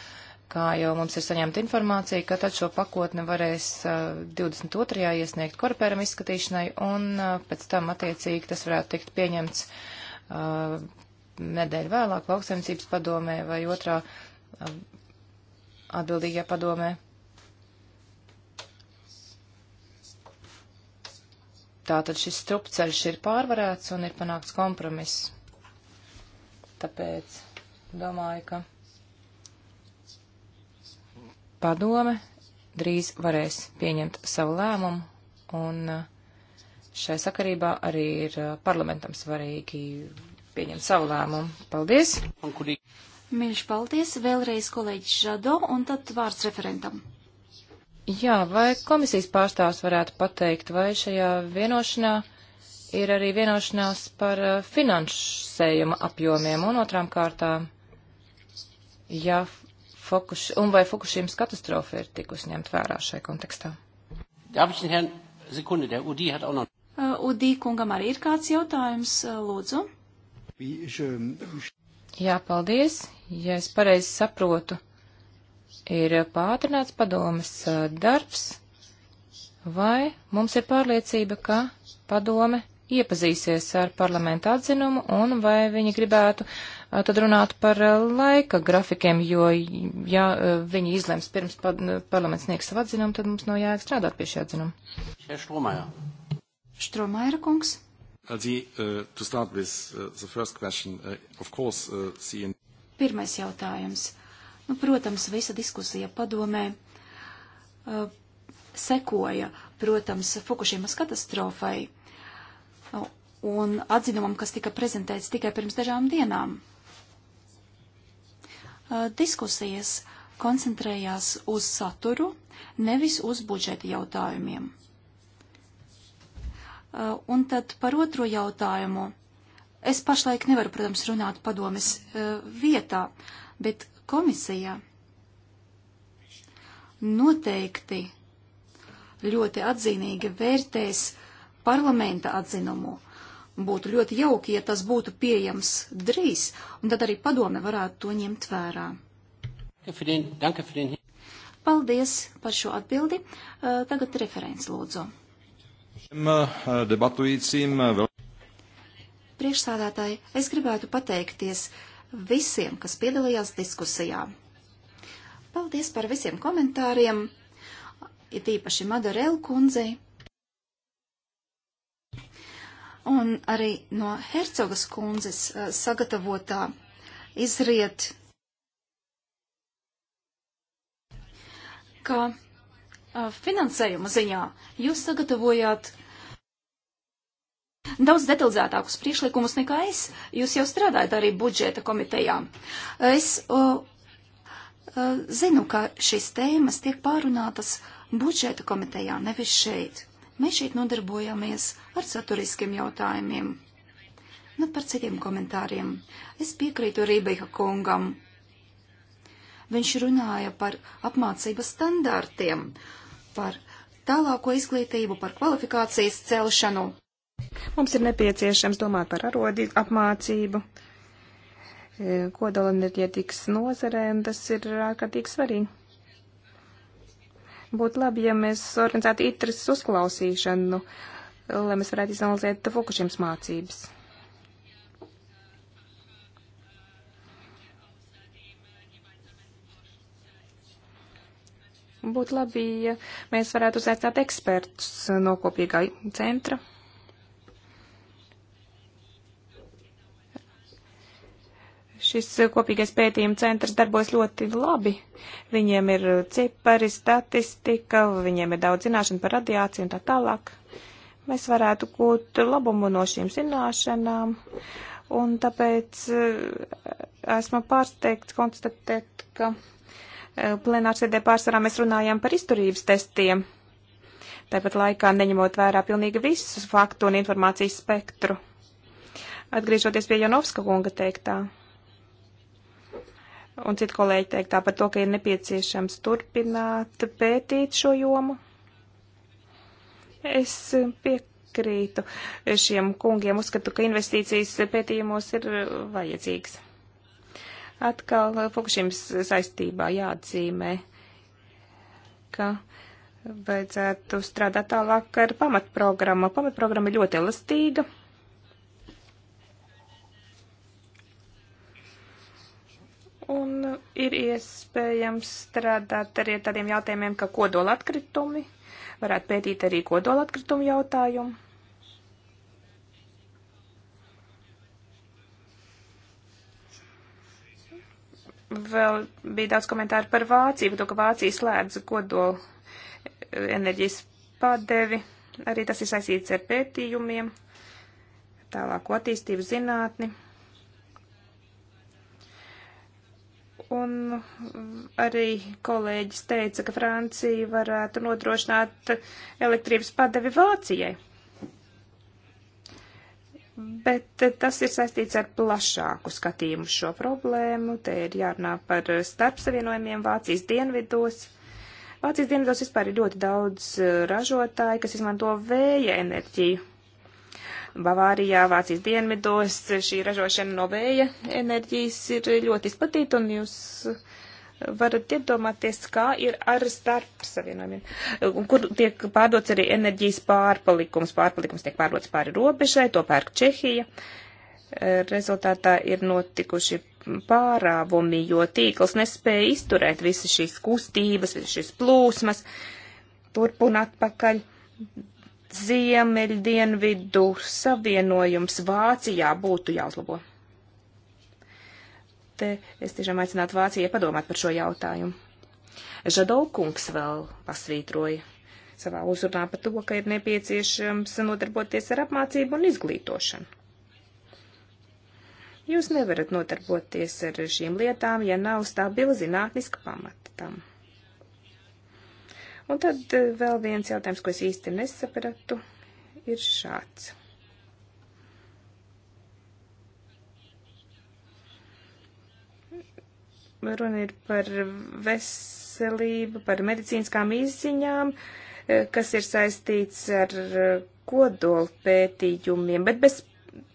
kā jau mums ir saņemta informācija, ka tad šo pakotni varēs 22. Eh, iesniegt korpēram izskatīšanai, un eh, pēc tam attiecīgi tas varētu tikt pieņemts uh, eh, nedēļu vēlāk lauksaimniecības padomē vai otrā uh, atbildīgajā padomē. Tātad šis strupceļš ir pārvarēts un ir panākts kompromiss. Tāpēc domāju, ka padome drīz varēs pieņemt savu lēmumu, un uh, šai sakarībā arī ir uh, parlamentam svarīgi pieņemt savu lēmumu. Paldies! Mīļš, paldies! Vēlreiz kolēģis Žado, un tad vārds referentam. Jā, vai komisijas pārstāvs varētu pateikt, vai šajā vienošanā ir arī vienošanās par uh, finansējuma apjomiem un otrām kārtām, ja Fokuš, un vai Fukušīmas katastrofa ir tikus ņemt vērā šai kontekstā? Udī uh, kungam arī ir kāds jautājums, uh, lūdzu. Ähm, Jā, paldies. Ja es pareizi saprotu, ir pātrināts padomas uh, darbs, vai mums ir pārliecība, ka padome iepazīsies ar parlamentu atzinumu un vai viņi gribētu uh, tad runāt par laika grafikiem, jo, ja viņi izlems pirms parlaments sniegs savu atzinumu, tad mums nav jēga strādāt pie šī atzinuma. Štromājra kungs. The, uh, to start with uh, the first question, uh, of course, uh, CN... Pirmais jautājums. Nu, protams, visa diskusija padomē uh, sekoja, protams, Fukušīmas katastrofai. Uh, un atzinumam, kas tika prezentēts tikai pirms dažām dienām diskusijas koncentrējās uz saturu, nevis uz budžeta jautājumiem. Un tad par otro jautājumu. Es pašlaik nevaru, protams, runāt padomes vietā, bet komisija noteikti ļoti atzinīgi vērtēs parlamenta atzinumu Būtu ļoti jauki, ja tas būtu pieejams drīz, un tad arī padome varētu to ņemt vērā. Paldies par šo atbildi. Uh, tagad referents lūdzu. Uh, uh, Priekšsādātāji, es gribētu pateikties visiem, kas piedalījās diskusijā. Paldies par visiem komentāriem, it īpaši Madarel kundzei un arī no Hercogas kundzes uh, sagatavotā izriet, ka uh, finansējuma ziņā jūs sagatavojāt daudz detalizētākus priekšlikumus nekā es. Jūs jau strādājat arī budžeta komitejā. Es uh, uh, zinu, ka šīs tēmas tiek pārunātas budžeta komitejā, nevis šeit. Mēs šeit nodarbojamies ar saturiskiem jautājumiem. Nu, par citiem komentāriem. Es piekrītu Rībeiha kungam. Viņš runāja par apmācības standārtiem, par tālāko izglītību, par kvalifikācijas celšanu. Mums ir nepieciešams domāt par arodi apmācību, e, kodolenerģētikas nozarēm, tas ir ārkārtīgi svarīgi. Būtu labi, ja mēs organizētu itras uzklausīšanu, lai mēs varētu izanalizēt Fukušims mācības. Būtu labi, ja mēs varētu uzaicināt ekspertus no kopīgā centra. Šis eh, kopīgais pētījuma centrs darbojas ļoti labi. Viņiem ir eh, cipari, statistika, viņiem ir daudz zināšanu par radiāciju un tā tālāk. Mēs varētu gūt labumu no šīm zināšanām, un tāpēc eh, esmu pārsteigts konstatēt, ka plenārsēdē pārsvarā mēs runājam par izturības testiem, tāpat laikā neņemot vērā pilnīgi visus faktu un informācijas spektru. Atgriežoties pie Janovska kunga teiktā un citu kolēģi teiktā par to, ka ir nepieciešams turpināt pētīt šo jomu. Es piekrītu šiem kungiem, uzskatu, ka investīcijas pētījumos ir vajadzīgas. Atkal Fukušims saistībā jāatzīmē, ka vajadzētu strādāt tālāk ar pamatprogrammu. Pamatprogramma ir ļoti elastīga Un ir iespējams strādāt arī ar tādiem jautājumiem, kā kodola atkritumi. Varētu pētīt arī kodola atkritumu jautājumu. Vēl bija daudz komentāru par Vāciju, par to, ka Vācija slēdz kodola enerģijas padevi. Arī tas ir saistīts ar pētījumiem, tālāko attīstību zinātni. un arī kolēģis teica, ka Francija varētu nodrošināt elektrības padevi Vācijai. Bet tas ir saistīts ar plašāku skatījumu šo problēmu. Te ir jārunā par starpsavienojumiem Vācijas dienvidos. Vācijas dienvidos vispār ir ļoti daudz ražotāju, kas izmanto vēja enerģiju Bavārijā, Vācijas dienvidos šī ražošana no vēja enerģijas ir ļoti izplatīta, un jūs varat iedomāties, kā ir ar starp savienojumiem, kur tiek pārdots arī enerģijas pārpalikums. Pārpalikums tiek pārdots pāri robežai, to pērk Čehija. Rezultātā ir notikuši pārāvumi, jo tīkls nespēja izturēt visas šīs kustības, visas šīs plūsmas turp un atpakaļ ziemeļdienvidu savienojums Vācijā būtu jāuzlabo. Te es tiešām aicinātu Vācijai padomāt par šo jautājumu. Žadovkungs vēl pasvītroja savā uzrunā par to, ka ir nepieciešams nodarboties ar apmācību un izglītošanu. Jūs nevarat nodarboties ar šīm lietām, ja nav stabila zinātniska pamata tam. Un tad eh, vēl viens jautājums, ko es īsti nesapratu, ir šāds. Runa ir par veselību, par medicīniskām izziņām, eh, kas ir saistīts ar eh, kodolpētījumiem, bet bez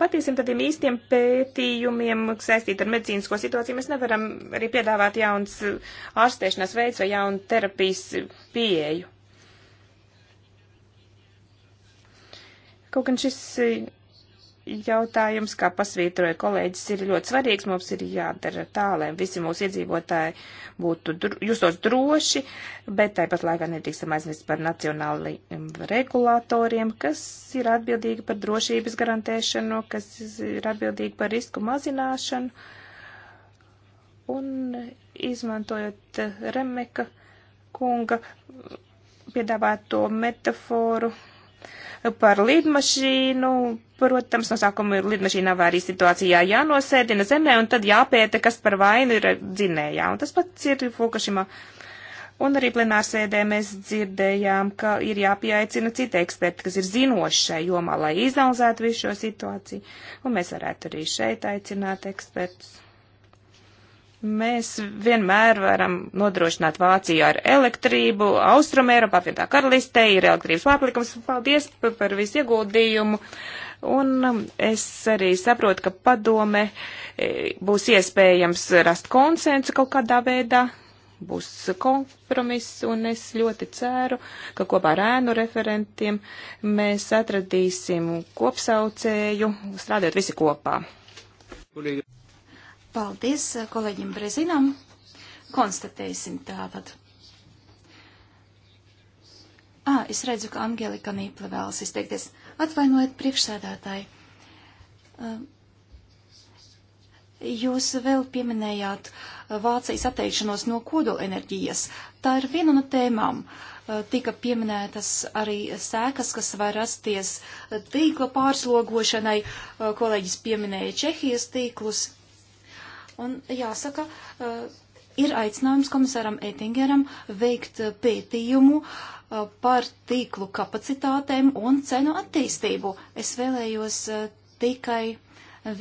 patiesiem tādiem īstiem pētījumiem saistīt ar medicīnisko situāciju mēs nevaram arī piedāvāt jauns ārstēšanās veids vai jaunu terapijas pieeju. Kaut gan šis jautājums, kā pasvītroja kolēģis, ir ļoti svarīgs. Mums ir jādara tā, lai visi mūsu iedzīvotāji būtu dro, justos droši, bet tāpat laikā nedrīkstam aizmirst par nacionālajiem regulātoriem, kas ir atbildīgi par drošības garantēšanu, kas ir atbildīgi par risku mazināšanu. Un izmantojot Remeka kunga piedāvāto metaforu, par lidmašīnu. Protams, no sākuma ir lidmašīna avārijas situācijā jānosēdina zemē un tad jāpēta, kas par vainu ir dzinējā. Un tas pats ir Fukushima. Un arī plenārsēdē mēs dzirdējām, ka ir jāpieaicina citi eksperti, kas ir zinoši šai jomā, lai izanalizētu visu šo situāciju. Un mēs varētu arī šeit aicināt ekspertus. Mēs vienmēr varam nodrošināt Vāciju ar elektrību, Austrumēra, apvienotā karalistē ir elektrības pārplikums. Paldies par visu ieguldījumu. Un um, es arī saprotu, ka padome e, būs iespējams rast konsensu kaut kādā veidā, būs kompromiss, un es ļoti ceru, ka kopā ar ēnu referentiem mēs atradīsim kopsaucēju, strādājot visi kopā. Kolēģi. Paldies eh, kolēģim Brezinam. Konstatēsim tātad. Ā, es redzu, ka Angelika Nīpla vēlas izteikties. Atvainojiet priekšsēdētāji. Jūs vēl pieminējāt Vācijas atteikšanos no kodolenerģijas. Tā ir viena no tēmām. Tika pieminētas arī sēkas, kas var rasties tīkla pārslogošanai. Kolēģis pieminēja Čehijas tīklus. Un jāsaka, eh, ir aicinājums komisāram Ettingeram veikt eh, pētījumu eh, par tīklu kapacitātēm un cenu attīstību. Es vēlējos tikai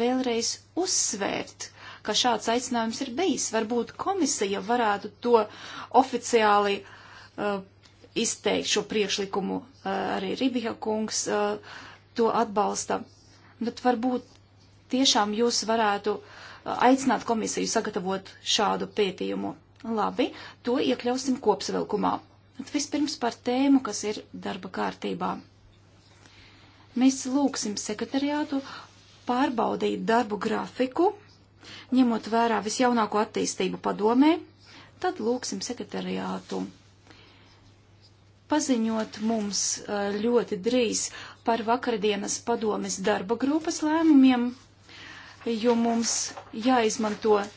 vēlreiz uzsvērt, ka šāds aicinājums ir bijis. Varbūt komisija varētu to oficiāli uh, izteikt šo priekšlikumu. Uh, arī Ribija kungs uh, to atbalsta. Bet varbūt tiešām jūs varētu uh, aicināt komisiju sagatavot šādu pētījumu. Labi, to iekļausim kopsavilkumā. Tad vispirms par tēmu, kas ir darba kārtībā. Mēs lūksim sekretariātu pārbaudīt darbu grafiku, ņemot vērā visjaunāko attīstību padomē, tad lūksim sekretariātu paziņot mums eh, ļoti drīz par vakardienas padomes darba grupas lēmumiem jo mums jāizmanto e,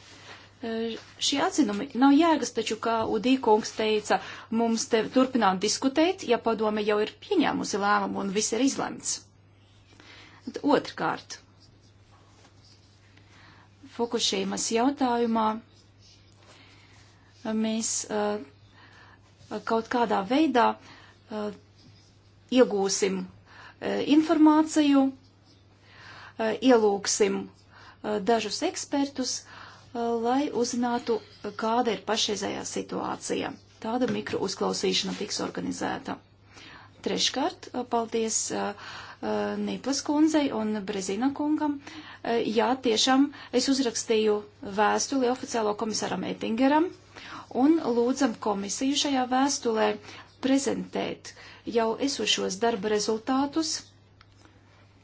šie atzinumi. Nav jēgas taču, kā Udīkungs teica, mums te turpināt diskutēt, ja padome jau ir pieņēmusi lēmumu un viss ir izlemts. Otrkārt, Fukušīmas jautājumā mēs uh, kaut kādā veidā uh, iegūsim uh, informāciju, ielūksim Uh, dažus ekspertus, uh, lai uzzinātu, kāda ir pašreizējā situācija. Tāda mikro uzklausīšana tiks organizēta. Treškārt, uh, paldies Niplas kundzei un Brezina kungam. Jā, tiešām es uzrakstīju vēstuli oficiālo komisaram Ettingeram un lūdzam komisiju šajā vēstulē prezentēt jau esošos darba rezultātus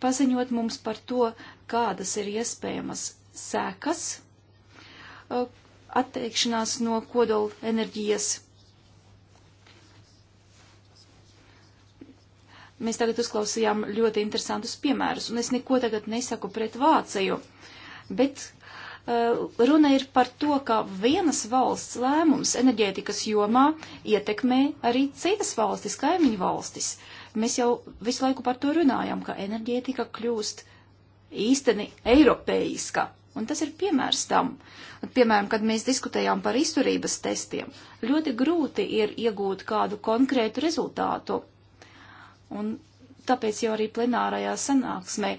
paziņot mums par to, kādas ir iespējamas sekas atteikšanās no kodola enerģijas. Mēs tagad uzklausījām ļoti interesantus piemērus, un es neko tagad nesaku pret Vāciju, bet runa ir par to, ka vienas valsts lēmums enerģētikas jomā ietekmē arī citas valstis, kaimiņu valstis. Uh, Mēs jau visu laiku par to runājam, ka enerģētika kļūst īsteni eiropeiska. Un tas ir piemērs tam. Piemēram, kad mēs diskutējām par izturības testiem, ļoti grūti ir iegūt kādu konkrētu rezultātu. Un tāpēc jau arī plenārajā sanāksmē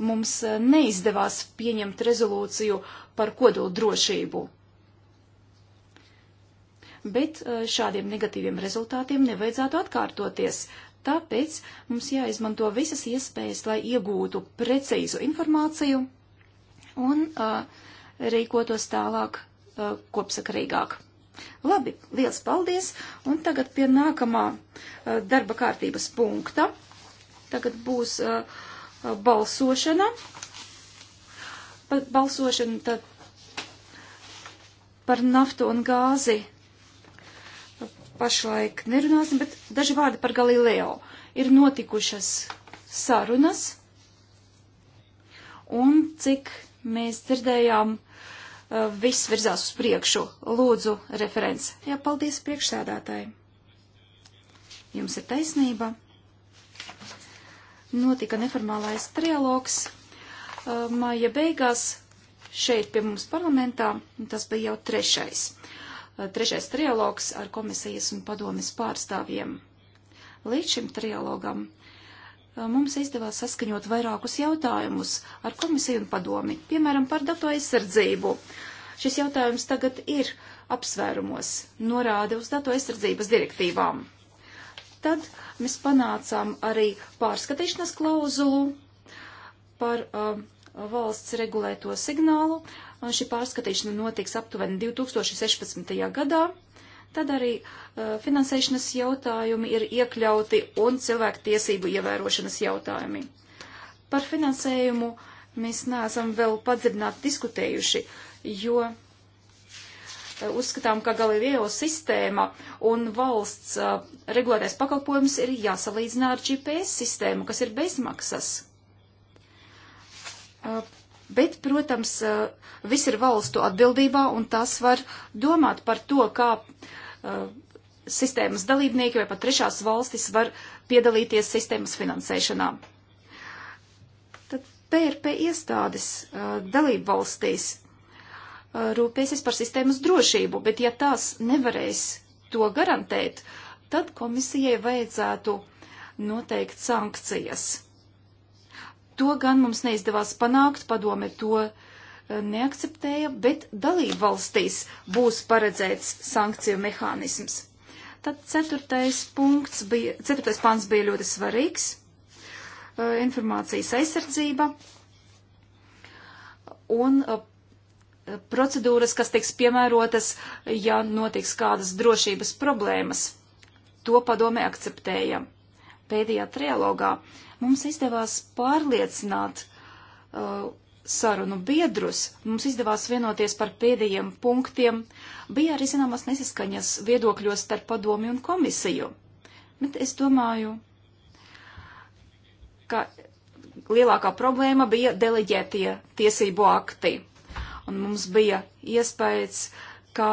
mums e, neizdevās pieņemt rezolūciju par kodoldrošību. Bet e, šādiem negatīviem rezultātiem nevajadzētu atkārtoties. Tāpēc mums jāizmanto visas iespējas, lai iegūtu precīzu informāciju un uh, rīkotos tālāk uh, kopsakarīgāk. Labi, liels paldies! Un tagad pie nākamā uh, darba kārtības punkta. Tagad būs uh, uh balsošana. Pa, balsošana tad par naftu un gāzi pašlaik nerunāsim, bet daži vārdi par Galileo. Ir notikušas sarunas, un cik mēs dzirdējām, eh, viss virzās uz priekšu. Lūdzu, referents. Jā, paldies priekšsēdātāji. Jums ir taisnība. Notika neformālais trialogs. Eh, Māja beigās šeit pie mums parlamentā, un tas bija jau trešais. Uh, Eh, trešais trialogs ar komisijas un padomes pārstāvjiem. Līdz šim trialogam eh, mums izdevās saskaņot vairākus jautājumus ar komisiju un padomi, piemēram, par datu aizsardzību. Šis jautājums tagad ir apsvērumos, norāda uz datu aizsardzības direktīvām. Tad mēs panācām arī pārskatīšanas klauzulu par uh, valsts regulēto signālu, Šī pārskatīšana notiks aptuveni 2016. gadā. Tad arī uh, finansēšanas jautājumi ir iekļauti un cilvēku tiesību ievērošanas jautājumi. Par finansējumu mēs neesam vēl padziļināti diskutējuši, jo uh, uzskatām, ka Galileo sistēma un valsts uh, regulētais pakalpojums ir jāsalīdzinā ar GPS sistēmu, kas ir bezmaksas. Uh, Bet, protams, eh, viss ir valstu atbildībā, un tas var domāt par to, kā uh, sistēmas dalībnieki vai pat trešās valstis var piedalīties sistēmas finansēšanā. Tad PRP iestādes uh, dalību valstīs uh, rūpēsies par sistēmas drošību, bet ja tās nevarēs to garantēt, tad komisijai vajadzētu noteikt sankcijas To gan mums neizdevās panākt, padome to eh, neakceptēja, bet dalību valstīs būs paredzēts sankciju mehānisms. Tad ceturtais punkts bija, ceturtais pants bija ļoti svarīgs eh, - informācijas aizsardzība un eh, procedūras, kas tiks piemērotas, ja notiks kādas drošības problēmas. To padome akceptēja. Pēdējā trialogā uh, Mums izdevās pārliecināt uh, sarunu biedrus, mums izdevās vienoties par pēdējiem punktiem, bija arī zināmas nesaskaņas viedokļos starp padomi un komisiju. Bet es domāju, ka lielākā problēma bija deleģētie tiesību akti. Un mums bija iespējas uh, ka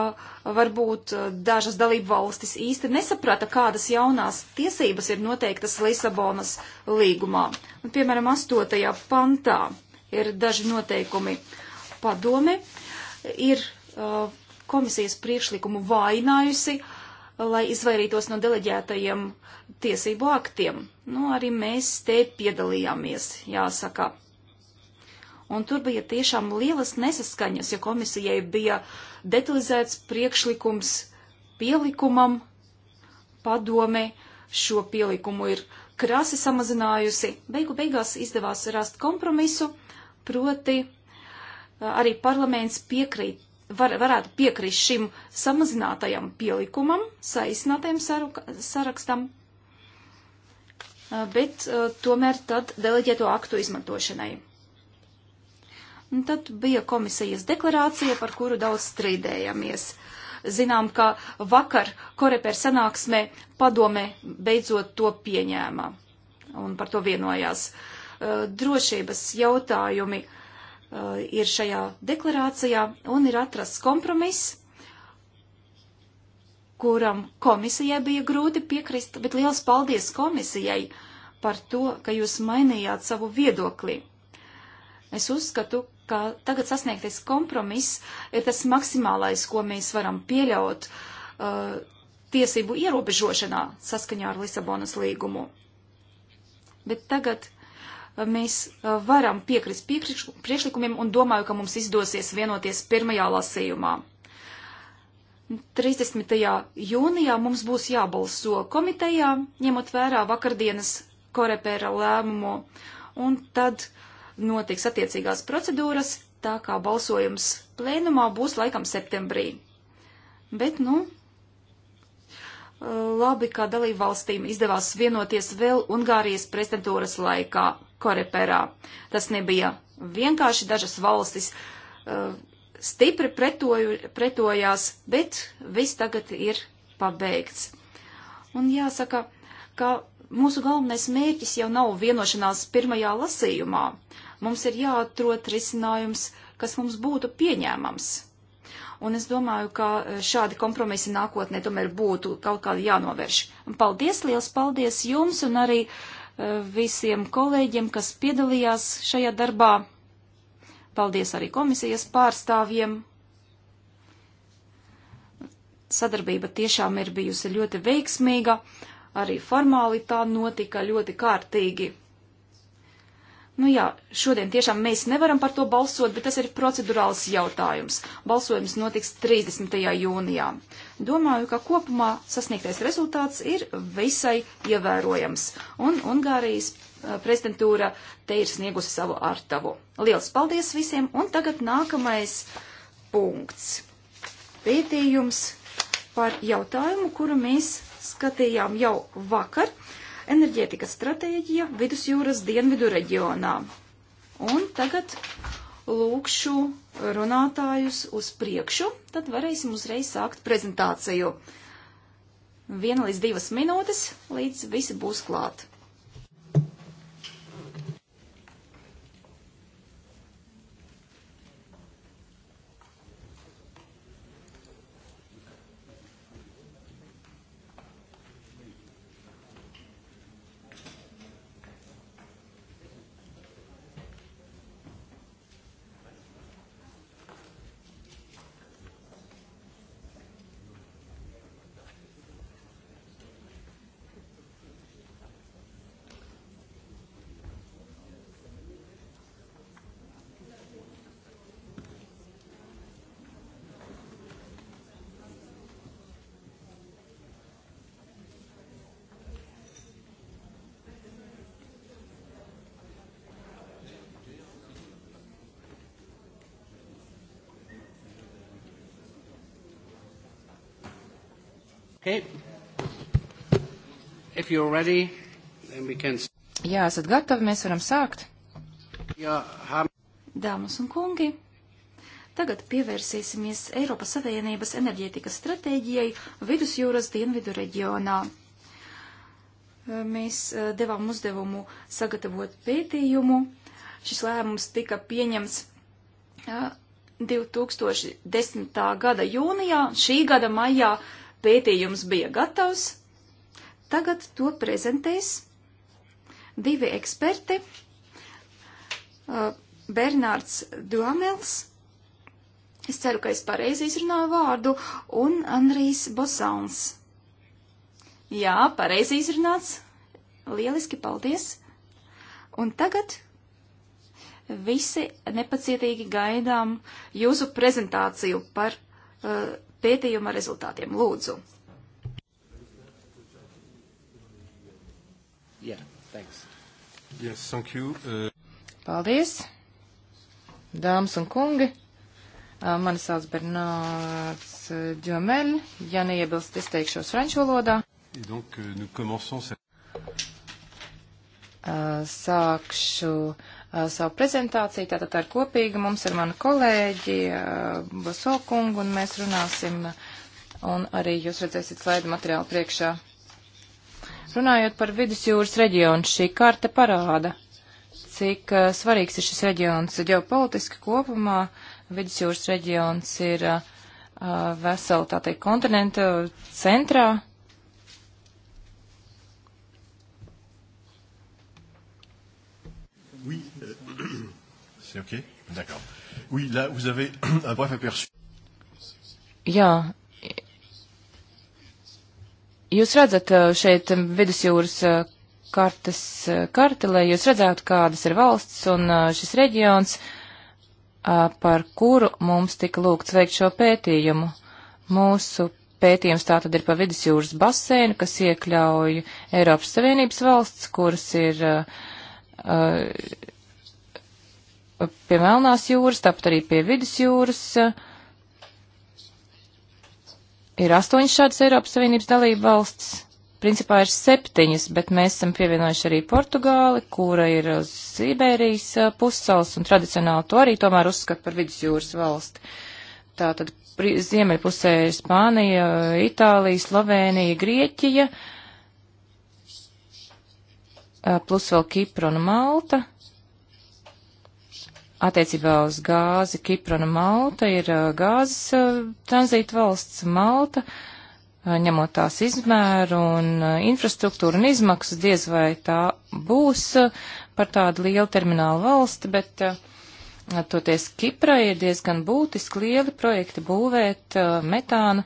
varbūt uh, dažas dalību valstis īsti nesaprata, kādas jaunās tiesības ir noteiktas Lisabonas līgumā. Un, piemēram, 8. pantā ir daži noteikumi padome, ir uh, komisijas priekšlikumu vainājusi, lai izvairītos no deleģētajiem tiesību aktiem. Nu, arī mēs te piedalījāmies, jāsaka. Un tur bija tiešām lielas nesaskaņas, jo komisijai bija detalizēts priekšlikums pielikumam, padome šo pielikumu ir krasi samazinājusi. Beigu beigās izdevās rast kompromisu, proti eh, arī parlaments piekrīt, var, varētu piekrist šim samazinātajam pielikumam, saīsinātajam sarakstam, eh, bet eh, tomēr tad deleģēto aktu izmantošanai. Un tad bija komisijas deklarācija, par kuru daudz strīdējamies. Zinām, ka vakar Koreper sanāksmē padome beidzot to pieņēma un par to vienojās. Drošības jautājumi ir šajā deklarācijā un ir atrasts kompromiss, kuram komisijai bija grūti piekrist, bet liels paldies komisijai par to, ka jūs mainījāt savu viedokli. Es uzskatu, ka tagad sasniegtais kompromiss ir tas maksimālais, ko mēs varam pieļaut uh, tiesību ierobežošanā saskaņā ar Lisabonas līgumu. Bet tagad uh, mēs uh, varam piekrist priekšlikumiem un domāju, ka mums izdosies vienoties pirmajā lasījumā. 30. jūnijā mums būs jābalso komitejā, ņemot vērā vakardienas korepēra lēmumu, un tad notiks attiecīgās procedūras, tā kā balsojums plēnumā būs laikam septembrī. Bet, nu, eh, labi, kā dalību valstīm izdevās vienoties vēl Ungārijas prezidentūras laikā Koreperā. Tas nebija vienkārši dažas valstis uh, stipri pretoju, pretojās, bet viss tagad ir pabeigts. Un jāsaka, ka mūsu galvenais mērķis jau nav vienošanās pirmajā lasījumā. Uh, Mums ir jāatrot risinājums, kas mums būtu pieņēmams. Un es domāju, ka e, šādi kompromisi nākotnē tomēr būtu kaut kādi jānovērš. Un paldies, liels paldies jums un arī e, visiem kolēģiem, kas piedalījās šajā darbā. Paldies arī komisijas pārstāvjiem. Sadarbība tiešām ir bijusi ļoti veiksmīga, arī formāli tā notika ļoti kārtīgi. Nu jā, šodien tiešām mēs nevaram par to balsot, bet tas ir procedurāls jautājums. Balsojums notiks 30. jūnijā. Domāju, ka kopumā sasniegtais rezultāts ir visai ievērojams, un Ungārijas eh, prezidentūra te ir sniegusi savu artavu. Liels paldies visiem, un tagad nākamais punkts. Pētījums par jautājumu, kuru mēs skatījām jau vakar enerģētikas stratēģija vidusjūras dienvidu reģionā. Un tagad lūkšu runātājus uz priekšu, tad varēsim uzreiz sākt prezentāciju. Viena līdz divas minūtes, līdz visi būs klāt. ready, can... Jā, esat gatavi, mēs varam sākt. Jā, ham... Dāmas un kungi, tagad pievērsīsimies Eiropas Savienības enerģētikas stratēģijai vidusjūras dienvidu reģionā. Mēs eh, devām uzdevumu sagatavot pētījumu. Šis lēmums tika pieņemts 2010. Eh, gada jūnijā, šī gada maijā pētījums bija gatavs. Tagad to prezentēs divi eksperti. Uh, Bernārds Duamels, es ceru, ka es pareizi izrunāju vārdu, un Andrijs Bosauns. Jā, pareizi izrunāts. Lieliski, paldies. Un tagad visi nepacietīgi gaidām jūsu prezentāciju par uh, pētījuma rezultātiem. Lūdzu. Thanks. Yes, thank you. Uh... Paldies. Dāmas un kungi, uh, mani sauc Bernārds uh, Džomeļ. Ja neiebilst, izteikšos franču valodā. Donc, euh, nous commençons... Uh, sākšu savu prezentāciju, tātad ar kopīgu mums ar manu kolēģi Boso kungu, un mēs runāsim, un arī jūs redzēsiet slaidu materiālu priekšā. Runājot par vidusjūras reģionu, šī karta parāda, cik uh, svarīgs ir šis reģions ģeopolitiski kopumā. Vidusjūras reģions ir uh, vesela, tā teikt, kontinenta centrā. Oui, euh, *clears throat* c'est ok, d'accord. Oui, là, vous avez *clears throat* un bref aperçu. Jā, Jūs redzat eh, šeit eh, vidusjūras eh, kartes karti, lai jūs redzētu, kādas ir valsts un šis reģions, par kuru mums tika lūgts veikt šo pētījumu. Mūsu pētījums tātad ir pa vidusjūras basēnu, kas iekļauj Eiropas Savienības valsts, kuras ir pie Melnās jūras, tāpat arī pie vidusjūras. Uh, Ir astoņas šādas Eiropas Savienības dalība valsts. Principā ir septiņas, bet mēs esam pievienojuši arī Portugāli, kura ir uz Sibērijas pussalas un tradicionāli to arī tomēr uzskata par vidusjūras valsti. Tātad ziemeļpusē ir Spānija, Itālija, Slovēnija, Grieķija, plus vēl Kipra un Malta. Attiecībā uz gāzi Kipra un Malta ir uh, gāzes uh, tranzīta valsts Malta, uh, ņemot tās izmēru un infrastruktūru un izmaksas, diez vai tā būs par tādu lielu terminālu valsti, bet toties Kipra ir diezgan būtiski lieli projekti būvēt metāna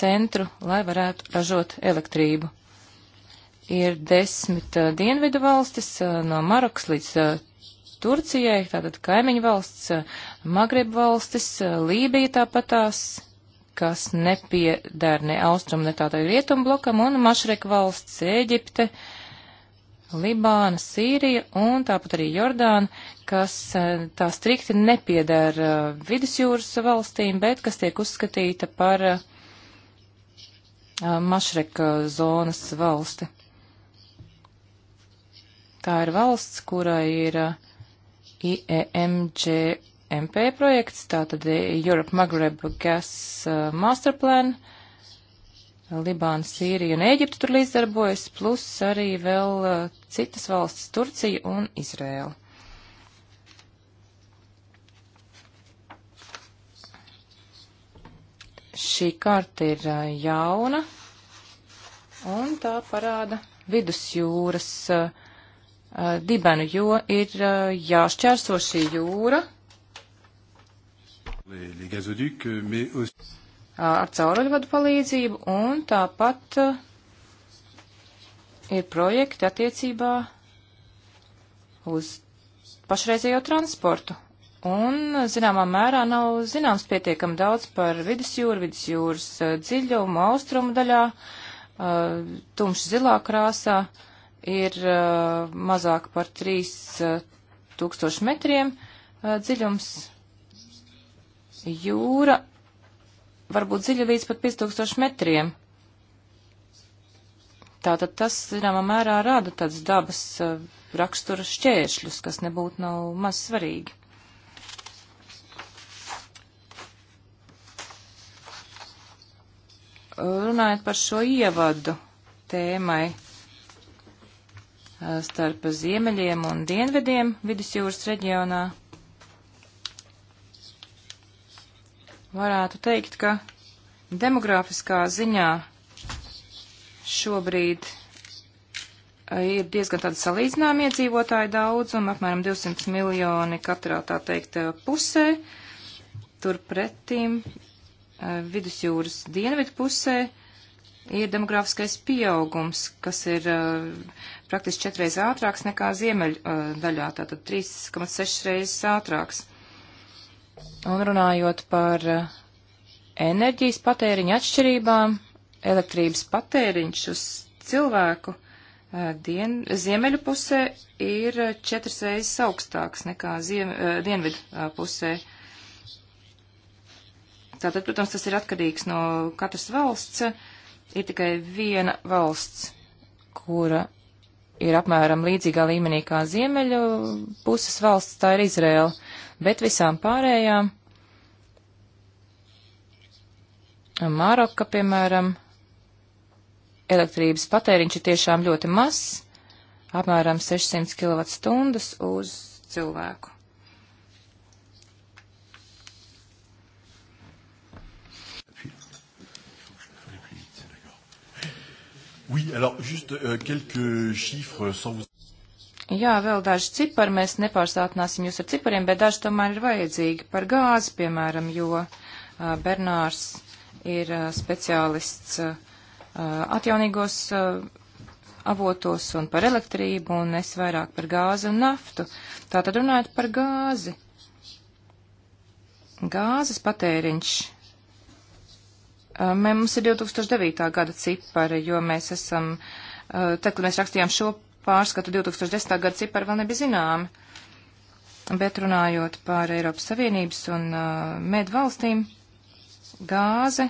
centru, lai varētu ražot elektrību ir desmit uh, dienvidu valstis uh, no Marokas līdz uh, Turcijai, tātad kaimiņu valsts, Magreb valstis, Lībija tāpatās, kas nepiedēr ne austrumu, ne tādai rietumu blokam, un Mašrek valsts, Ēģipte, Libāna, Sīrija un tāpat arī Jordāna, kas eh, tā strikti nepiedēr eh, vidusjūras valstīm, bet kas tiek uzskatīta par eh, Mašreka zonas valsti. Tā ir valsts, kurai ir uh, IEMGMP projekts, tātad Europe Maghreb Gas uh, Masterplan, Libāna, Sīrija un Ēģipte tur līdzdarbojas, plus arī vēl uh, citas valstis - Turcija un Izrēla. Šī karta ir uh, jauna, un tā parāda vidusjūras uh, Eh, dibenu, jo ir eh, jāšķērso šī jūra euh, eh, ar cauruļvadu palīdzību, un tāpat ir projekti attiecībā uz pašreizējo transportu. Un, zināmā mērā, nav zināms pietiekam daudz par vidusjūru, vidusjūras dziļumu, austrumu daļā, tumši zilā krāsā. Uh, ir uh, mazāk par 3000 uh, metriem uh, dziļums. Jūra varbūt dziļa līdz pat 5000 metriem. Tātad tas, zināmā mērā, rada tāds dabas uh, rakstura šķēršļus, kas nebūtu nav maz svarīgi. Runājot par šo ievadu tēmai, Uh, starp ziemeļiem un dienvediem vidusjūras reģionā. Varētu teikt, ka demografiskā ziņā šobrīd uh, ir diezgan tāda salīdzināma iedzīvotāja daudzuma, apmēram 200 miljoni katrā tā teikt uh, pusē. Turpretim vidusjūras dienvidu pusē ir demografiskais pieaugums, kas ir uh, praktiski četreiz ātrāks nekā ziemeļ uh, daļā, tātad 3,6 reizes ātrāks. Un runājot par uh, enerģijas patēriņa atšķirībām, elektrības patēriņš uz cilvēku uh, dien, ziemeļu pusē ir uh, četras reizes augstāks nekā ziem, uh, dienvidu pusē. Tātad, protams, tas ir atkarīgs no katras valsts ir tikai viena valsts, kura ir apmēram līdzīgā līmenī kā ziemeļu puses valsts, tā ir Izrēla, bet visām pārējām Māroka, piemēram, elektrības patēriņš ir tiešām ļoti mazs, apmēram 600 kWh uz cilvēku. Oui, alors juste euh, quelques chiffres sans vous. Jā, vēl daži cipari, mēs nepārsātināsim jūs ar cipariem, bet daži tomēr ir vajadzīgi par gāzi, piemēram, jo uh, Bernārs ir uh, speciālists uh, atjaunīgos uh, avotos un par elektrību, un es vairāk par gāzi un naftu. Tātad runājot par gāzi. Gāzes patēriņš Mums ir 2009. gada cipari, jo mēs esam, tad, kad mēs rakstījām šo pārskatu, 2010. gada cipari vēl nebija zināmi. Bet runājot par Eiropas Savienības un medvalstīm, gāze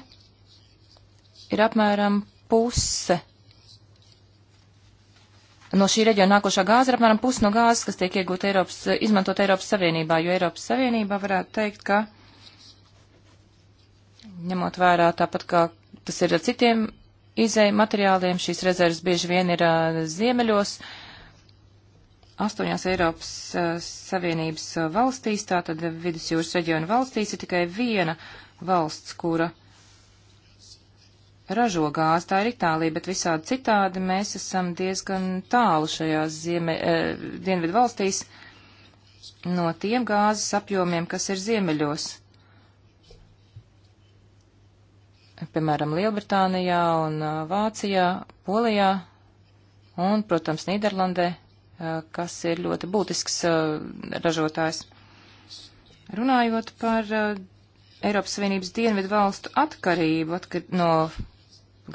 ir apmēram puse no šī reģiona nākošā gāze ir apmēram pusi no gāzes, kas tiek iegūta Eiropas, izmantot Eiropas Savienībā, jo Eiropas Savienībā varētu teikt, ka ņemot vērā tāpat kā tas ir ar citiem izēju materiāliem, šīs rezerves bieži vien ir uh, ziemeļos, astoņās Eiropas uh, Savienības valstīs, tātad vidusjūras reģiona valstīs ir tikai viena valsts, kura ražo gāzi, tā ir Itālija, bet visādi citādi mēs esam diezgan tālu šajās zieme, uh, dienvidu valstīs no tiem gāzes apjomiem, kas ir ziemeļos. piemēram, Lielbritānijā un Vācijā, Polijā un, protams, Nīderlandē, kas ir ļoti būtisks ražotājs. Runājot par Eiropas Savienības dienvidu valstu atkarību atkar no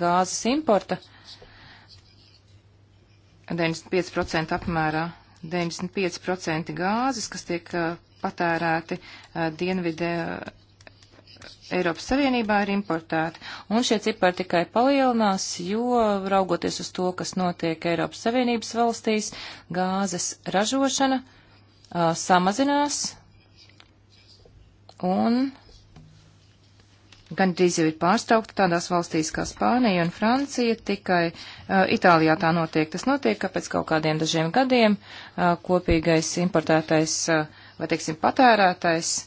gāzes importa, 95% apmērā 95% gāzes, kas tiek patērēti dienvidē Eiropas Savienībā ir importēti. Un šie cipari tikai palielinās, jo raugoties uz to, kas notiek Eiropas Savienības valstīs, gāzes ražošana a, samazinās un gandrīz jau ir pārstraukta tādās valstīs kā Spānija un Francija, tikai a, Itālijā tā notiek. Tas notiek, ka pēc kaut kādiem dažiem gadiem a, kopīgais importētais vai, teiksim, patērētais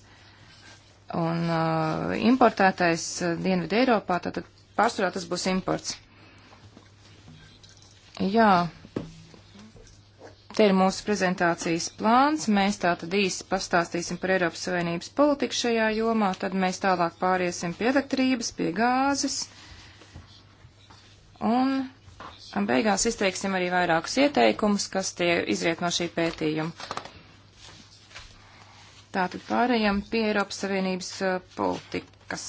Un uh, importētais uh, Dienvidu Eiropā, tātad pārsvarā tas būs imports. Jā, te ir mūsu prezentācijas plāns. Mēs tātad īsi pastāstīsim par Eiropas Savienības politiku šajā jomā, tad mēs tālāk pāriesim pie elektrības, pie gāzes. Un beigās izteiksim arī vairākus ieteikumus, kas tie izriet no šī pētījuma. Tātad pārējām pie Eiropas Savienības uh, politikas.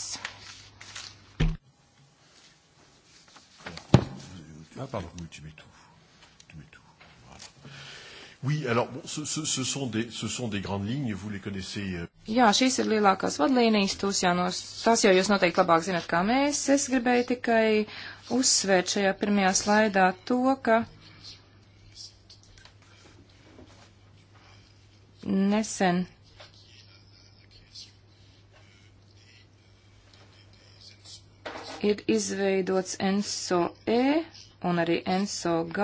Ah, pardon, oui, tu mets tout. Tu mets tout. Voilà. Oui, alors, bon, ce, ce, ce, sont des, ce sont des grandes lignes, vous les connaissez. Euh. Jā, šīs ir lielākās vadlīnijas, tūs jau no, tās jau jūs noteikti labāk zināt kā mēs. Es gribēju tikai uzsvērt šajā pirmajā slaidā to, ka nesen ir izveidots NSOE un arī NSOG,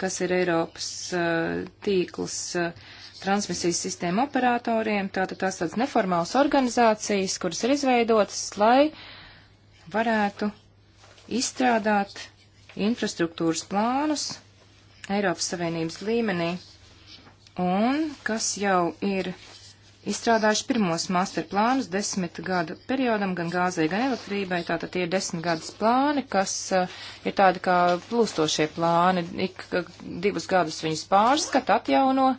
kas ir Eiropas uh, tīkls uh, transmisijas sistēma operatoriem. Tātad tās tāds neformāls organizācijas, kuras ir izveidotas, lai varētu izstrādāt infrastruktūras plānus Eiropas Savienības līmenī un kas jau ir izstrādājuši pirmos masterplānus desmit gadu periodam gan gāzei, gan elektrībai. Tātad tie ir desmit gadus plāni, kas uh, ir tādi kā plūstošie plāni. Ik uh, divus gadus viņus pārskata, atjauno.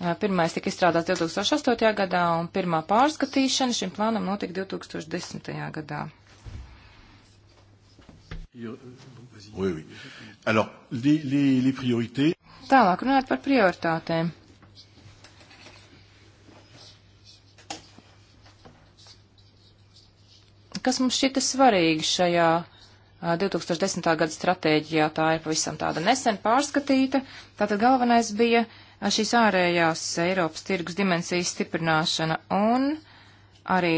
Uh, pirmais tika izstrādāts 2008. gadā un pirmā pārskatīšana šim plānam notika 2010. gadā. Oui, oui. Alors, les, les, les priorités. Tālāk runāt par prioritātēm. Kas mums šķita svarīgi šajā 2010. gada stratēģijā, tā ir pavisam tāda nesen pārskatīta, tātad galvenais bija šīs ārējās Eiropas tirgus dimensijas stiprināšana un arī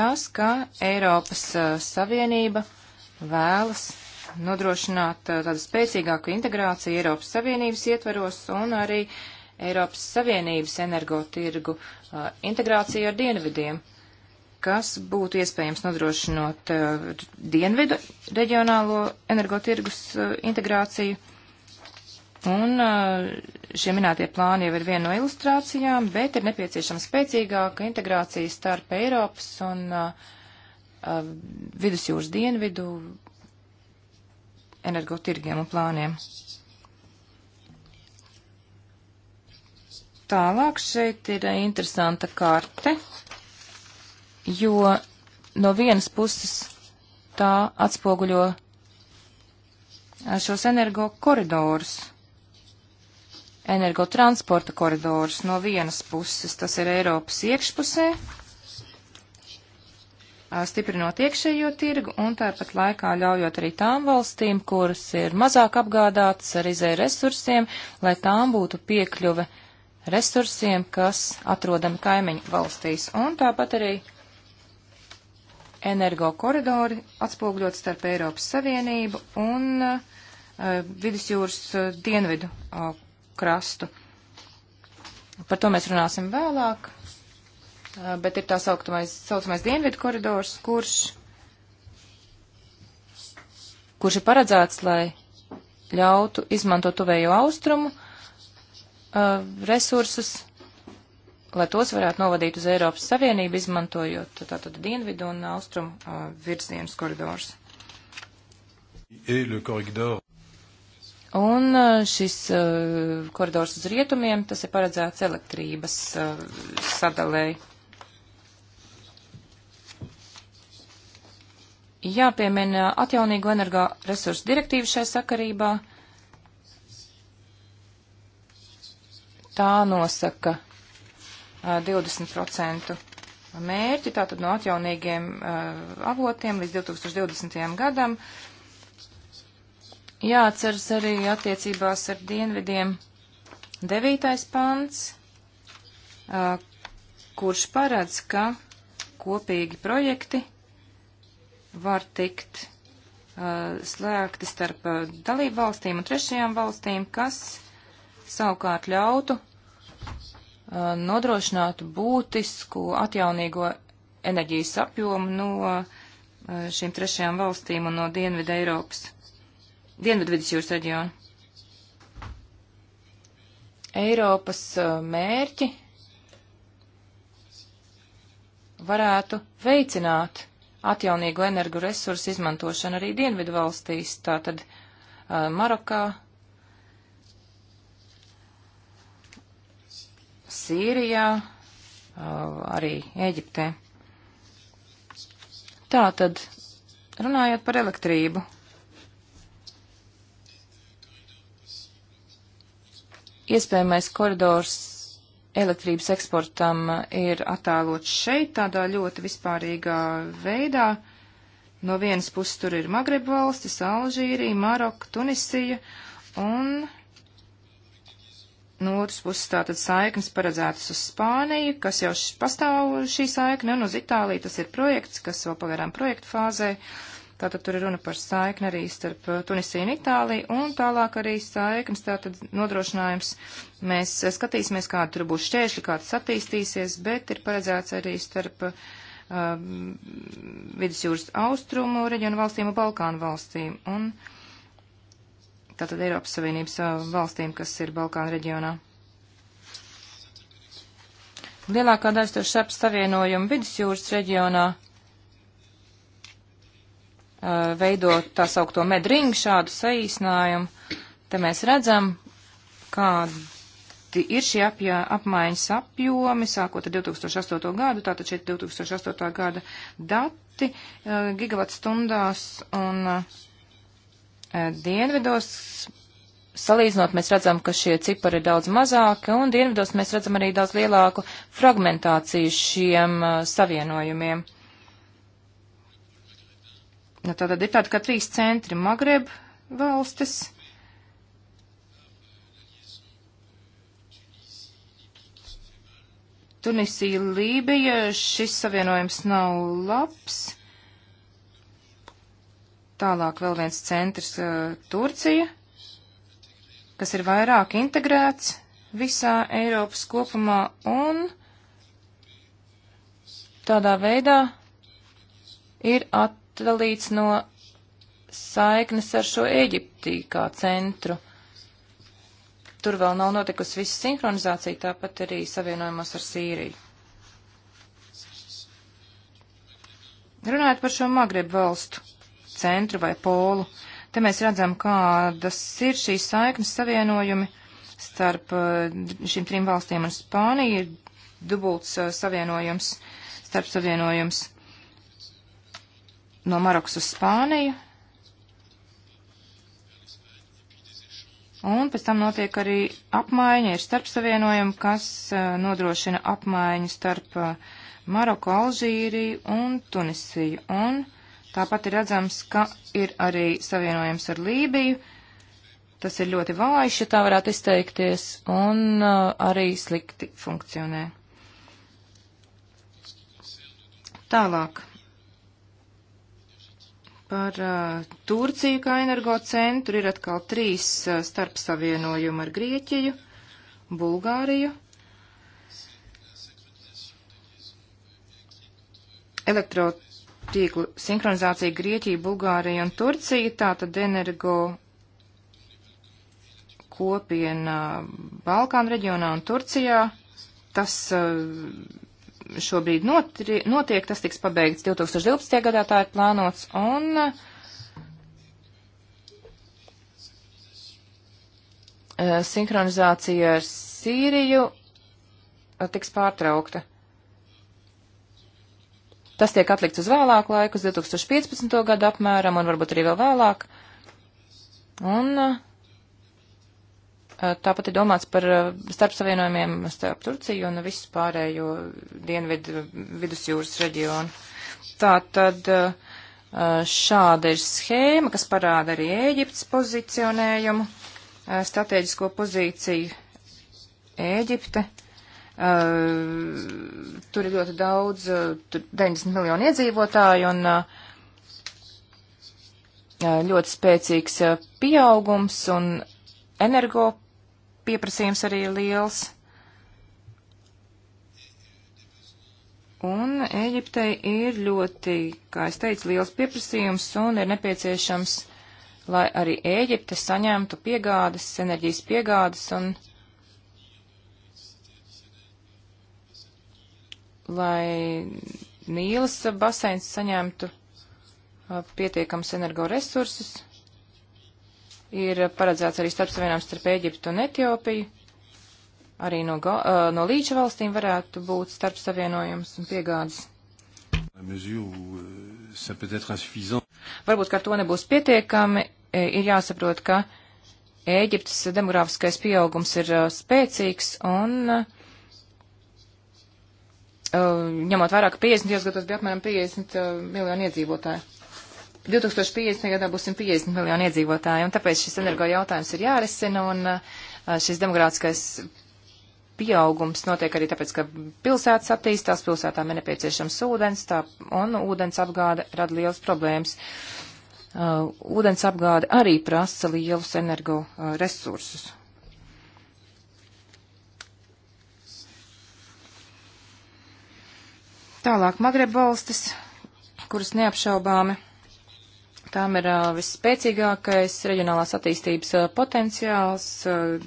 tas, ka Eiropas Savienība vēlas nodrošināt tādu spēcīgāku integrāciju Eiropas Savienības ietveros un arī Eiropas Savienības energotirgu integrāciju ar dienvidiem kas būtu iespējams nodrošinot uh, dienvidu reģionālo energotirgus uh, integrāciju. Un uh, šie minētie plāni jau ir viena no ilustrācijām, bet ir nepieciešama spēcīgāka integrācija starp Eiropas un uh, uh, vidusjūras dienvidu energotirgiem un plāniem. Tālāk šeit ir interesanta karte jo no vienas puses tā atspoguļo šos energo koridorus, energo transporta koridorus no vienas puses, tas ir Eiropas iekšpusē, stiprinot iekšējo tirgu un tāpat laikā ļaujot arī tām valstīm, kuras ir mazāk apgādātas ar izēju resursiem, lai tām būtu piekļuve resursiem, kas atrodami kaimiņu valstīs. Un tāpat arī energo koridori atspūgļot starp Eiropas Savienību un uh, vidusjūras uh, dienvidu uh, krastu. Par to mēs runāsim vēlāk, uh, bet ir tā sauktamais, saucamais dienvidu koridors, kurš, kurš ir paredzēts, lai ļautu izmantot tuvējo austrumu uh, resursus lai tos varētu novadīt uz Eiropas Savienību, izmantojot tātad dienvidu un austrumu uh, virzienus koridors. Un uh, šis uh, koridors uz rietumiem, tas ir paredzēts elektrības uh, sadalēji. Jāpiemina atjaunīgo energoresursu direktīvu šai sakarībā. Tā nosaka 20% mērķi, tātad no atjaunīgiem avotiem līdz 2020. gadam. Jāatceras arī attiecībās ar dienvidiem 9. pants, kurš paredz, ka kopīgi projekti var tikt slēgti starp dalību valstīm un trešajām valstīm, kas savukārt ļautu Uh, nodrošinātu būtisku atjaunīgo enerģijas apjomu no uh, šīm trešajām valstīm un no Dienvidu Eiropas, Dienvidvidus jūras reģionu. Eiropas uh, mērķi varētu veicināt atjaunīgo energoresursu izmantošanu arī Dienvidu valstīs, tātad Marokā, Sīrijā, arī Eģiptē. Tātad, runājot par elektrību, iespējamais koridors elektrības eksportam ir attēlots šeit tādā ļoti vispārīgā veidā. No vienas puses tur ir Magreba valstis, Alžīrija, Maroka, Tunisija, un No otras puses tātad saiknes paredzētas uz Spāniju, kas jau pastāv šī saikne, un uz Itāliju tas ir projekts, kas vēl pagaidām projektu fāzē. Tātad tur ir runa par saikni arī starp uh, Tunisiju un Itāliju, un tālāk arī saiknes, tātad nodrošinājums. Mēs uh, skatīsimies, kāda tur būs šķēršļi, kā tas attīstīsies, bet ir paredzēts arī starp uh, um, vidusjūras austrumu reģionu valstīm un Balkānu valstīm. Un, uh, tātad Eiropas Savienības valstīm, kas ir Balkāna reģionā. Lielākā daļa to šāp savienojumu vidusjūras reģionā veidot tā saukto medringu šādu saīsinājumu. Te mēs redzam, kādi ir šie apjā, apmaiņas apjomi, sākot ar 2008. gadu, tātad šeit 2008. gada dati gigavatt stundās un uh, Eh, dienvidos salīdzinot, mēs redzam, ka šie cipari ir daudz mazāki, un dienvidos mēs redzam arī daudz lielāku fragmentāciju šiem uh, savienojumiem. Nu, tātad ir tāda kā trīs centri Magreb valstis. Tunisija, Lībija, šis savienojums nav labs. Tālāk vēl viens centrs uh, Turcija, kas ir vairāk integrēts visā Eiropas kopumā un tādā veidā ir atdalīts no saiknes ar šo Eģiptī kā centru. Tur vēl nav notikusi visa sinhronizācija, tāpat arī savienojumos ar Sīriju. Runājot par šo Magrebu valstu, centru vai polu. Te mēs redzam, kādas ir šīs saiknes savienojumi starp eh, šīm trim valstīm un Spāniju. Ir dubults eh, savienojums, starp savienojums no Marokas uz Spāniju. Un pēc tam notiek arī apmaiņa, ir starp savienojumi, kas eh, nodrošina apmaiņu starp Maroku, Alžīriju un Tunisiju. Un Tāpat ir redzams, ka ir arī savienojums ar Lībiju. Tas ir ļoti vājš, ja tā varētu izteikties, un uh, arī slikti funkcionē. Tālāk par uh, Turciju kā energocentru ir atkal trīs uh, starpsavienojumi ar Grieķiju, Bulgāriju. Elektro tīklu sinhronizācija Grieķija, Bulgārija un Turcija, tātad energo kopiena Balkānu reģionā un Turcijā. Tas uh, šobrīd notri, notiek, tas tiks pabeigts 2012. gadā, tā ir plānots, un uh, sinhronizācija ar Sīriju uh, tiks pārtraukta. Tas tiek atlikts uz vēlāku laiku, uz 2015. gadu apmēram, un varbūt arī vēl vēlāk. Un eh, tāpat ir domāts par eh, starpsavienojumiem starp Turciju un visu pārējo dienvidu vidusjūras reģionu. Tā tad eh, šāda ir schēma, kas parāda arī Ēģiptes pozicionējumu, strateģisko pozīciju Ēģipte Uh, tur ir ļoti daudz, uh, 90 miljonu iedzīvotāju un uh, uh ļoti spēcīgs uh, pieaugums un energo pieprasījums arī liels. Un Eģiptei ir ļoti, kā es teicu, liels pieprasījums un ir nepieciešams, lai arī Eģipte saņemtu piegādes, enerģijas piegādes un uh, lai Nīlas baseins saņemtu uh, pietiekams energoresursus. Ir paredzēts arī starpsavienojums starp Ēģiptu un Etiopiju. Arī no, uh, no līča valstīm varētu būt starpsavienojums un piegādes. Varbūt, ka ar to nebūs pietiekami, e, ir jāsaprot, ka Ēģiptes demografiskais pieaugums ir uh, spēcīgs un uh, Uh, ņemot vairāk 50 gados bija apmēram 50 uh, miljoni iedzīvotāji. 2050. gadā būs 150 miljoni iedzīvotāji, un tāpēc šis energo jautājums ir jārisina, un uh, šis demokrātiskais pieaugums notiek arī tāpēc, ka pilsētas attīstās, pilsētām ir nepieciešams ūdens, tā, un ūdens apgāde rada liels problēmas. Uh, ūdens apgāde arī prasa lielus energo uh, resursus. Tālāk Magreb valstis, kuras neapšaubāmi. Tām ir uh, visspēcīgākais reģionālās attīstības uh, potenciāls. Uh,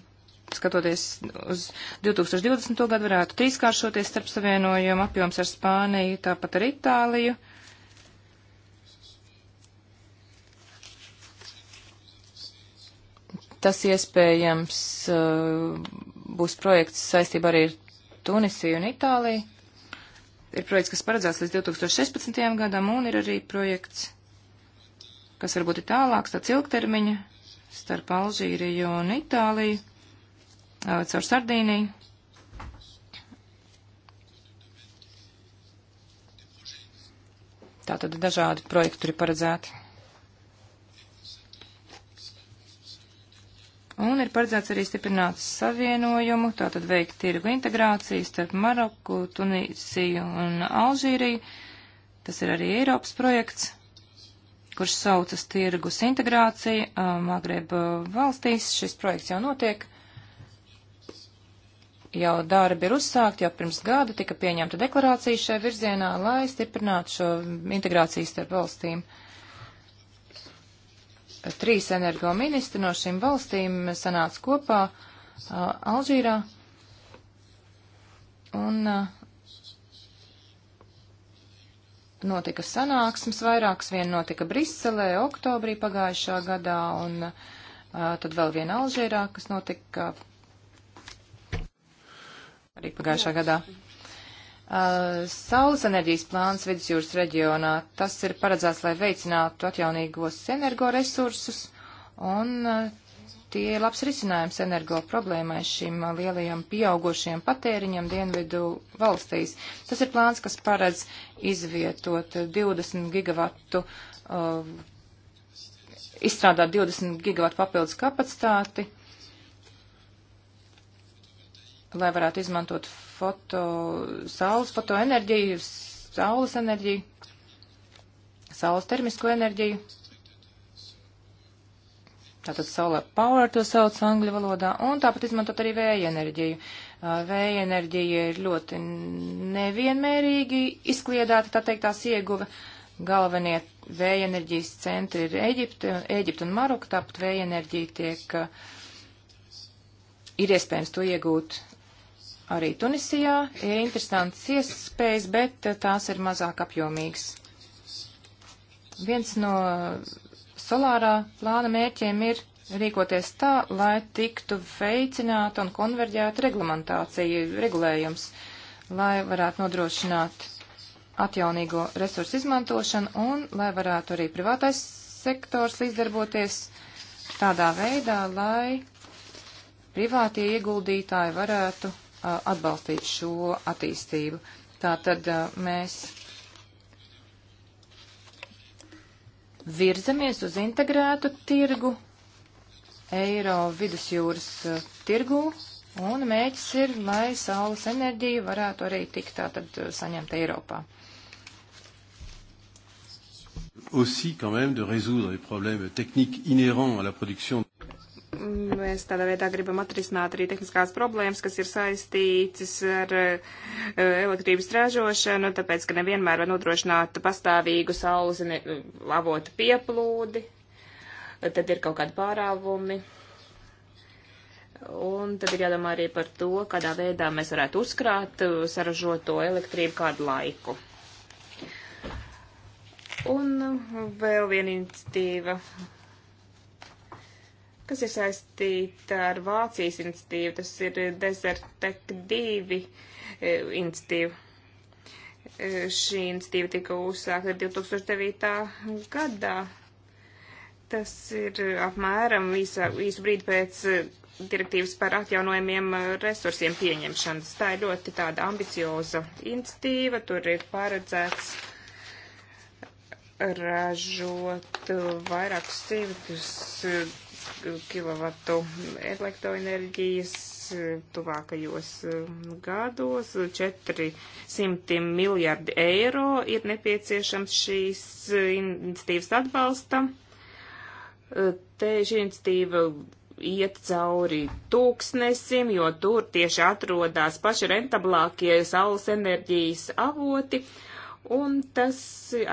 skatoties uz 2020. gadu, varētu trīskāršoties starp savienojumu apjoms ar Spāniju, tāpat ar Itāliju. Tas iespējams būs projekts saistībā arī ar Tunisiju un Itāliju ir projekts, kas paredzēts līdz 2016. gadam, un ir arī projekts, kas varbūt ir tālāks, tāds ilgtermiņa, starp Alžīriju un Itāliju, caur Sardīniju. Tātad dažādi projekti tur ir paredzēti. Un ir paredzēts arī stiprināt savienojumu, tātad veikt tirgu integrāciju starp Maroku, Tunīsiju un Alžīriju. Tas ir arī Eiropas projekts, kurš saucas tirgus integrācija um, Magreba uh, valstīs. Šis projekts jau notiek. Jau darbi ir uzsākti, jau pirms gada tika pieņemta deklarācija šajā virzienā, lai stiprinātu šo integrāciju starp valstīm. Uh, trīs energo ministri no šīm valstīm sanāca kopā uh, Alžīrā. Un uh, notika sanāksmes vairākas, viena notika Briselē oktobrī pagājušā gadā, un uh, tad vēl viena Alžīrā, kas notika arī pagājušā gadā. Uh, Saules enerģijas plāns vidusjūras reģionā, tas ir paredzēts, lai veicinātu atjaunīgos energoresursus, un uh, tie ir labs risinājums energo problēmai šim uh, lielajam pieaugušajam patēriņam dienvidu valstīs. Tas ir plāns, kas paredz izvietot 20 gigavatu, uh, izstrādāt 20 gigavatu papildus kapacitāti lai varētu izmantot foto, saules fotoenerģiju, saules enerģiju, saules termisko enerģiju. Tātad solar power to sauc angļu valodā, un tāpat izmantot arī vēja enerģiju. Vēja enerģija ir ļoti nevienmērīgi izkliedēta, tā teikt, tās ieguve. Galvenie vēja enerģijas centri ir Eģipte, Eģipte un Maroka, tāpat vēja enerģija tiek, ir iespējams to iegūt arī Tunisijā ir interesants iespējas, bet tās ir mazāk apjomīgas. Viens no solārā plāna mērķiem ir rīkoties tā, lai tiktu veicināta un konverģēta reglamentācija, regulējums, lai varētu nodrošināt atjaunīgo resursu izmantošanu un lai varētu arī privātais sektors līdzdarboties tādā veidā, lai privātie ieguldītāji varētu atbalstīt šo attīstību. Tātad mēs virzamies uz integrētu tirgu, eiro vidusjūras tirgu, un mēģis ir, lai saules enerģija varētu arī tikt tātad saņemt Eiropā. Aussi, quand même, de résoudre les problèmes techniques inhérents à la production Mēs tādā veidā gribam atrisināt arī tehniskās problēmas, kas ir saistītas ar eh, elektrības ražošanu, tāpēc, ka nevienmēr var nodrošināt pastāvīgu saules avotu pieplūdi, tad ir kaut kādi pārāvumi. Un tad ir jādomā arī par to, kādā veidā mēs varētu uzkrāt eh, saražoto elektrību kādu laiku. Un eh, vēl viena iniciatīva kas ir saistīta ar Vācijas iniciatīvu. Tas ir Desertec 2 e, iniciatīva. E, šī iniciatīva tika uzsākta 2009. gadā. Tas ir apmēram īsa, īsu brīdi pēc e, direktīvas par atjaunojumiem resursiem pieņemšanas. Tā ir ļoti tāda ambicioza iniciatīva, tur ir paredzēts ražot vairākus simtus kilovatu elektroenerģijas tuvākajos mm, gados. 400 miljardi eiro ir nepieciešams šīs iniciatīvas atbalstam. Te šī iniciatīva iet cauri tūkstnesim, jo tur tieši atrodas paši rentablākie saules enerģijas avoti. Uh, un tas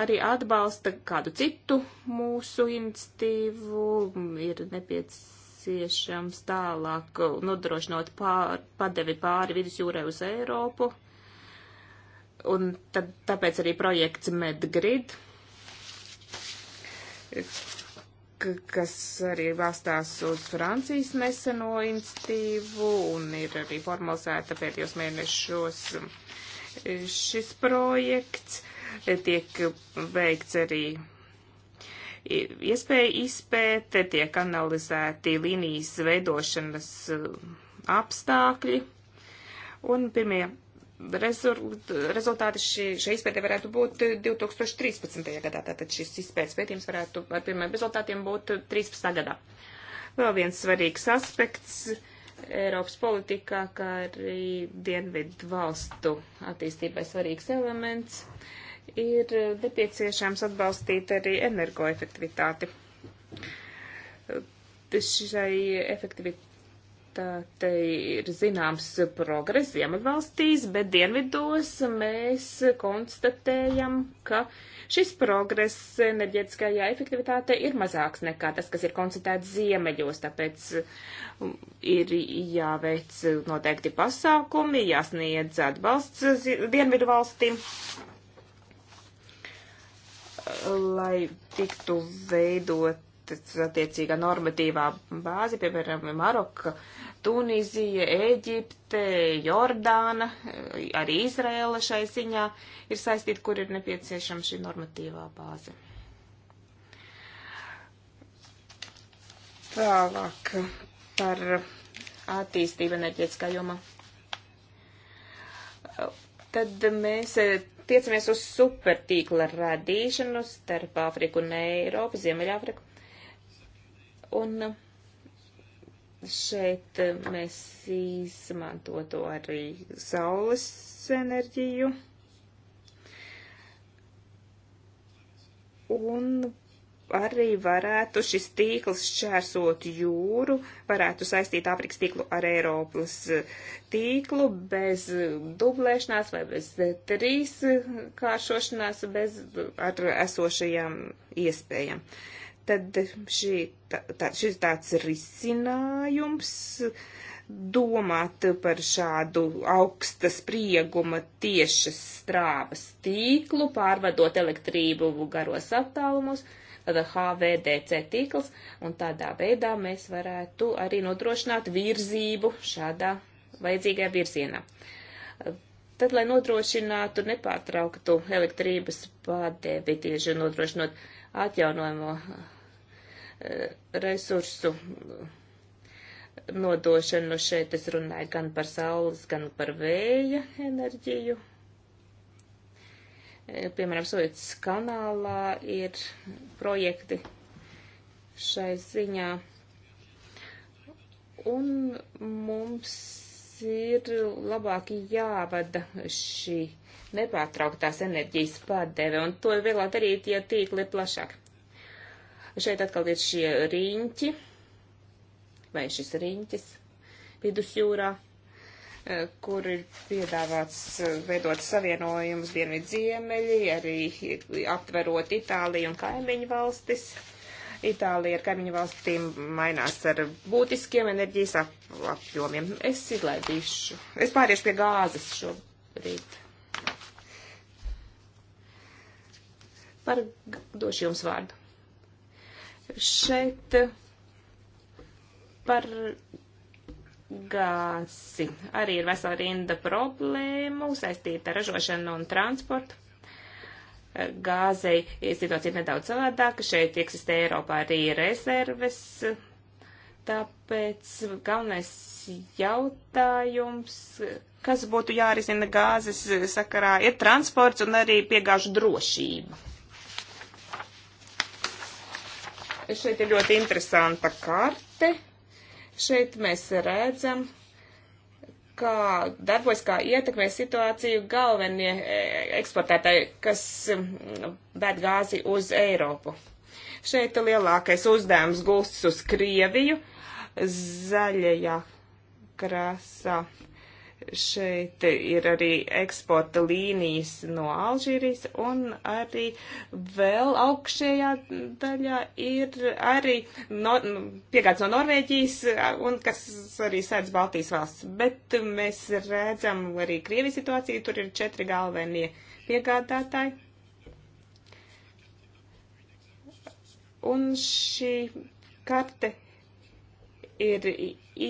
arī atbalsta kādu citu mūsu iniciatīvu, ir nepieciešams tālāk nodrošinot pār, padevi pāri vidusjūrai uz Eiropu, un tad, tāpēc arī projekts MedGrid, kas arī balstās uz Francijas neseno iniciatīvu, un ir arī formalizēta pēdējos mēnešos. Um, Šis projekts tiek veikts arī iespēja izpēte, tiek analizēti līnijas veidošanas uh, apstākļi, un pirmie rezultāti šī, šai izpētē varētu būt 2013. Uh, gadā. Tātad šis izpētes pētījums varētu ar pirmiem rezultātiem būt 13. Uh, gadā. Vēl viens svarīgs aspekts Eiropas politikā, kā arī dienvidu valstu attīstībai svarīgs elements, ir nepieciešams atbalstīt arī energoefektivitāti. Šai efektivitātei ir zināms progress Ziemeļvalstīs, bet dienvidos mēs konstatējam, ka uh, Šis progress enerģetiskajā efektivitāte ir mazāks nekā tas, kas ir koncentrēts ziemeļos, tāpēc um, ir jāveic noteikti pasākumi, jāsniedz atbalsts dienvidu valstīm, lai tiktu veidot attiecīgā normatīvā bāze, piemēram, Maroka Tunīzija, Ēģipte, Jordāna, arī Izraela šai ziņā ir saistīta, kur ir nepieciešama šī normatīvā bāze. Tālāk par attīstību enerģētiskā jomā. Tad mēs tiecamies uz supertīkla radīšanu starp Āfriku un Eiropu, Ziemeļāfriku. Un uh, Šeit eh, mēs izmantotu arī saules enerģiju. Un arī varētu šis tīkls šķērsot jūru, varētu saistīt Āfrikas tīklu ar Eiropas eh, tīklu bez eh, dublēšanās vai bez trīs kāršošanās, bez ar esošajām iespējām. Uh, tad šī, tā, šis tāds risinājums domāt par šādu augsta sprieguma tiešas strāvas tīklu, pārvadot elektrību garos attālumus, tāda HVDC tīkls, un tādā veidā mēs varētu arī nodrošināt virzību šādā vajadzīgajā virzienā. Tad, lai nodrošinātu nepārtrauktu elektrības pārdevi, tieši nodrošinot uh, atjaunojamo eh, resursu eh, nodošanu. Nu, šeit es runāju gan par saules, gan par vēja enerģiju. Eh, piemēram, Sovietas kanālā ir projekti šai ziņā. Un mums ir labāk jāvada šī nepārtrauktās enerģijas pārdeve, un to ir vieglāk darīt, ja tīkli ir plašāk. Šeit atkal ir šie riņķi, vai šis riņķis vidusjūrā, eh, kur ir piedāvāts eh, veidot savienojumus dienvidu ziemeļi, arī aptverot Itāliju un kaimiņu valstis. Itālija ar kaimiņu valstīm mainās ar būtiskiem enerģijas apjomiem. Es izlaidīšu, es pāriešu pie gāzes šobrīd. par, došu jums vārdu. Šeit par gāzi arī ir vesela rinda problēmu saistīta ar ražošanu un transportu. Gāzei situācija ir nedaudz savādāka, šeit eksistē Eiropā arī rezerves, tāpēc galvenais jautājums, kas būtu jārisina gāzes sakarā, ir transports un arī piegāžu drošība. Šeit ir ļoti interesanta karte. Šeit mēs redzam, kā darbojas, kā ietekmē situāciju galvenie e, eksportētāji, kas ved gāzi uz Eiropu. Šeit lielākais uzdevums gulsts uz Krieviju zaļajā krāsā. Šeit ir arī eksporta līnijas no Alžīrijas, un arī vēl augšējā daļā ir arī no, piegāds no Norvēģijas, un kas arī sēdz Baltijas valsts. Bet mēs redzam arī Krievijas situāciju, tur ir četri galvenie piegādātāji. Un šī karte ir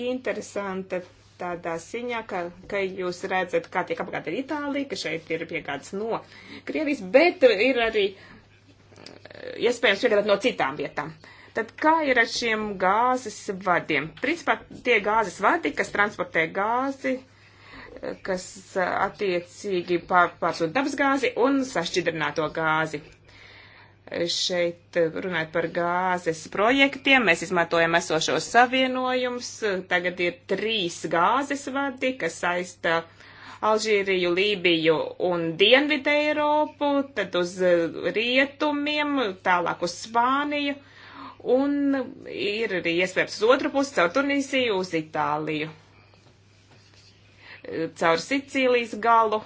interesanta tādā ziņā, ka, ka jūs redzat, kā tiek apgādāta Itālija, ka šeit ir piegādas no Krievijas, bet ir arī eh, iespējams piegādāt no citām vietām. Tad kā ir ar šiem gāzes vadiem? Principā tie gāzes vadi, kas transportē gāzi, eh, kas eh, attiecīgi pārsūta dabasgāzi un sašķidrināto gāzi šeit eh, runājot par gāzes projektiem, mēs izmantojam esošos savienojumus. Tagad ir trīs gāzes vadi, kas saista Alžīriju, Lībiju un Dienvidu Eiropu, tad uz eh, rietumiem, tālāk uz Spāniju. Un ir arī iespējams uz otru pusi, caur Tunīsiju, uz Itāliju, eh, caur Sicīlijas galu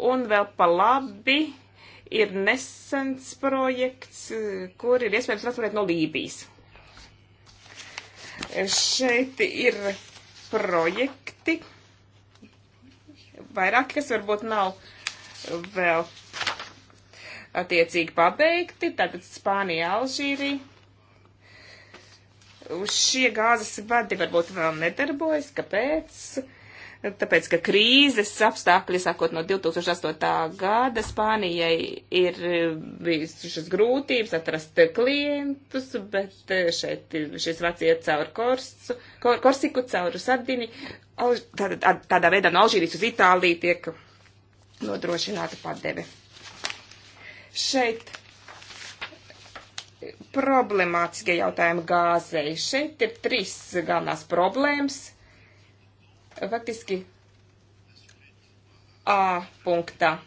un vēl pa labi ir nesens projekts, kur ir iespējams transportēt no Lībijas. Šeit ir projekti, vairāk, kas varbūt nav vēl attiecīgi pabeigti, tātad Spānija, Alžīrija. Šie gāzes vadi varbūt vēl nedarbojas, kāpēc? Uh, tāpēc, ka krīzes apstākļi, sākot no 2008. gada, Spānijai ir e, bijušas grūtības atrast klientus, bet e, šeit šis vats iet caur Korsu, Kor Korsiku, caur Sardini, tādā, tādā veidā no Alžīrijas uz Itāliju tiek nodrošināta padeve. Šeit problemātiskie jautājumi gāzei. Šeit ir trīs galvenās problēmas faktiski A punktā.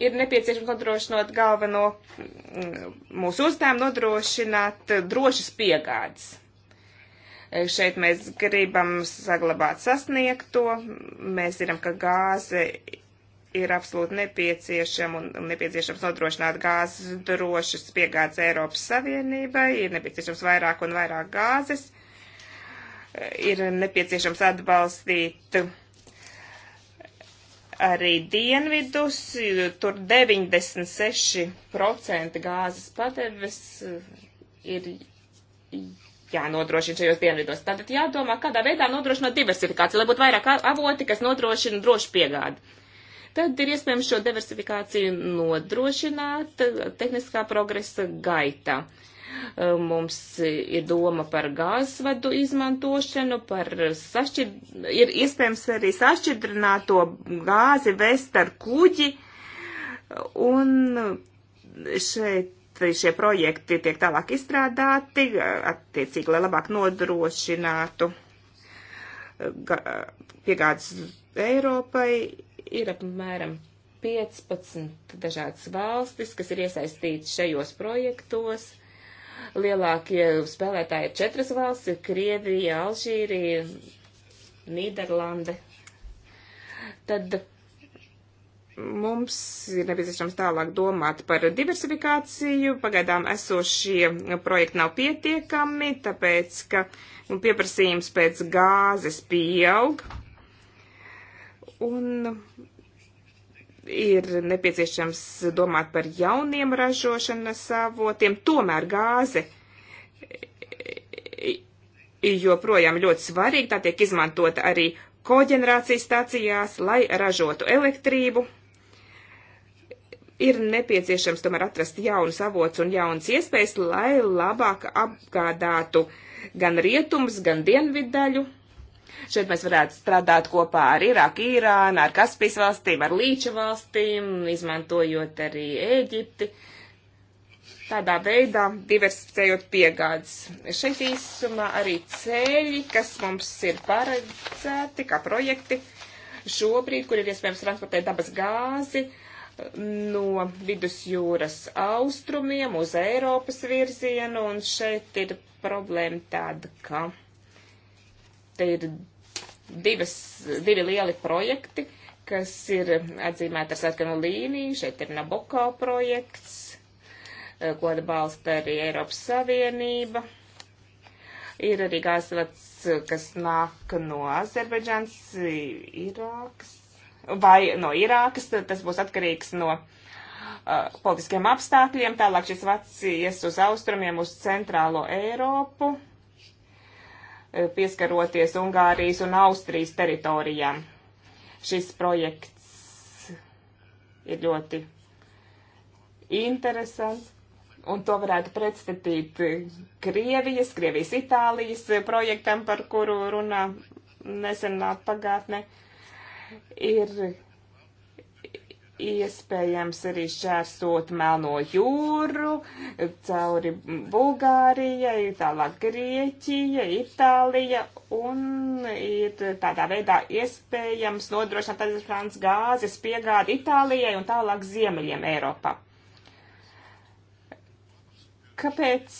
Ir nepieciešams nodrošinot galveno mm, mūsu uzdevumu nodrošināt drošas piegādes. E, šeit mēs gribam saglabāt sasniegto. Mēs zinām, ka gāze ir absolūti nepieciešama un nepieciešams nodrošināt gāzes drošas piegādes Eiropas Savienībai. Ir nepieciešams vairāk un vairāk gāzes ir nepieciešams atbalstīt arī dienvidus, tur 96% gāzes padeves ir jānodrošina šajos dienvidos. Tātad jādomā, kādā veidā nodrošināt diversifikāciju, lai būtu vairāk avoti, kas nodrošina drošu piegādi. Tad ir iespējams šo diversifikāciju nodrošināt tehniskā progresa gaitā. Uh, Mums ir doma par gāzesvadu izmantošanu, par sašķir... ir iespējams arī sašķidrināto gāzi vest ar kuģi. Un šeit šie projekti tiek tālāk izstrādāti, attiecīgi, lai labāk nodrošinātu piegādes Eiropai, ir apmēram 15 dažādas valstis, kas ir iesaistītas šajos projektos lielākie spēlētāji ir četras valsts - Krievija, Alžīrija, Nīderlande. Tad mums ir nepieciešams tālāk domāt par diversifikāciju. Pagaidām esošie projekti nav pietiekami, tāpēc, ka nu, pieprasījums pēc gāzes pieaug. Un ir nepieciešams domāt par jauniem ražošanas avotiem, tomēr gāze joprojām ļoti svarīga, tā tiek izmantota arī koģenerācijas stācijās, lai ražotu elektrību. Ir nepieciešams tomēr atrast jaunus avots un jaunas iespējas, lai labāk apgādātu gan rietums, gan dienvidaļu Šeit mēs varētu strādāt kopā ar Irāku, Irānu, ar Kaspijas valstīm, ar Līča valstīm, izmantojot arī Ēģipti. Tādā veidā diversificējot piegādes. Šeit īsumā arī ceļi, kas mums ir paredzēti kā projekti šobrīd, kur ir iespējams transportēt dabas gāzi eh, no vidusjūras austrumiem uz Eiropas virzienu, un šeit ir problēma tāda, ka Te ir divas, divi lieli projekti, kas ir atzīmēti ar sarkanu līniju. Šeit ir Naboko projekts, eh, ko atbalsta arī Eiropas Savienība. Ir arī gāzvats, eh, kas nāk no Azerbaidžāns, Irākas, vai no Irākas, tas būs atkarīgs no eh, politiskiem apstākļiem. Tālāk šis vats ies uz austrumiem, uz centrālo Eiropu pieskaroties Ungārijas un Austrijas teritorijām. Šis projekts ir ļoti interesants, un to varētu pretstatīt Krievijas, Krievijas Itālijas projektam, par kuru runā nesenā pagātne. Ir iespējams arī šķērsot Melno jūru, cauri Bulgārijai, tālāk Grieķija, Itālija, un ir tādā veidā iespējams nodrošināt Azerbaidžānas gāzes piegādi Itālijai un tālāk Ziemeļiem Eiropā. Kāpēc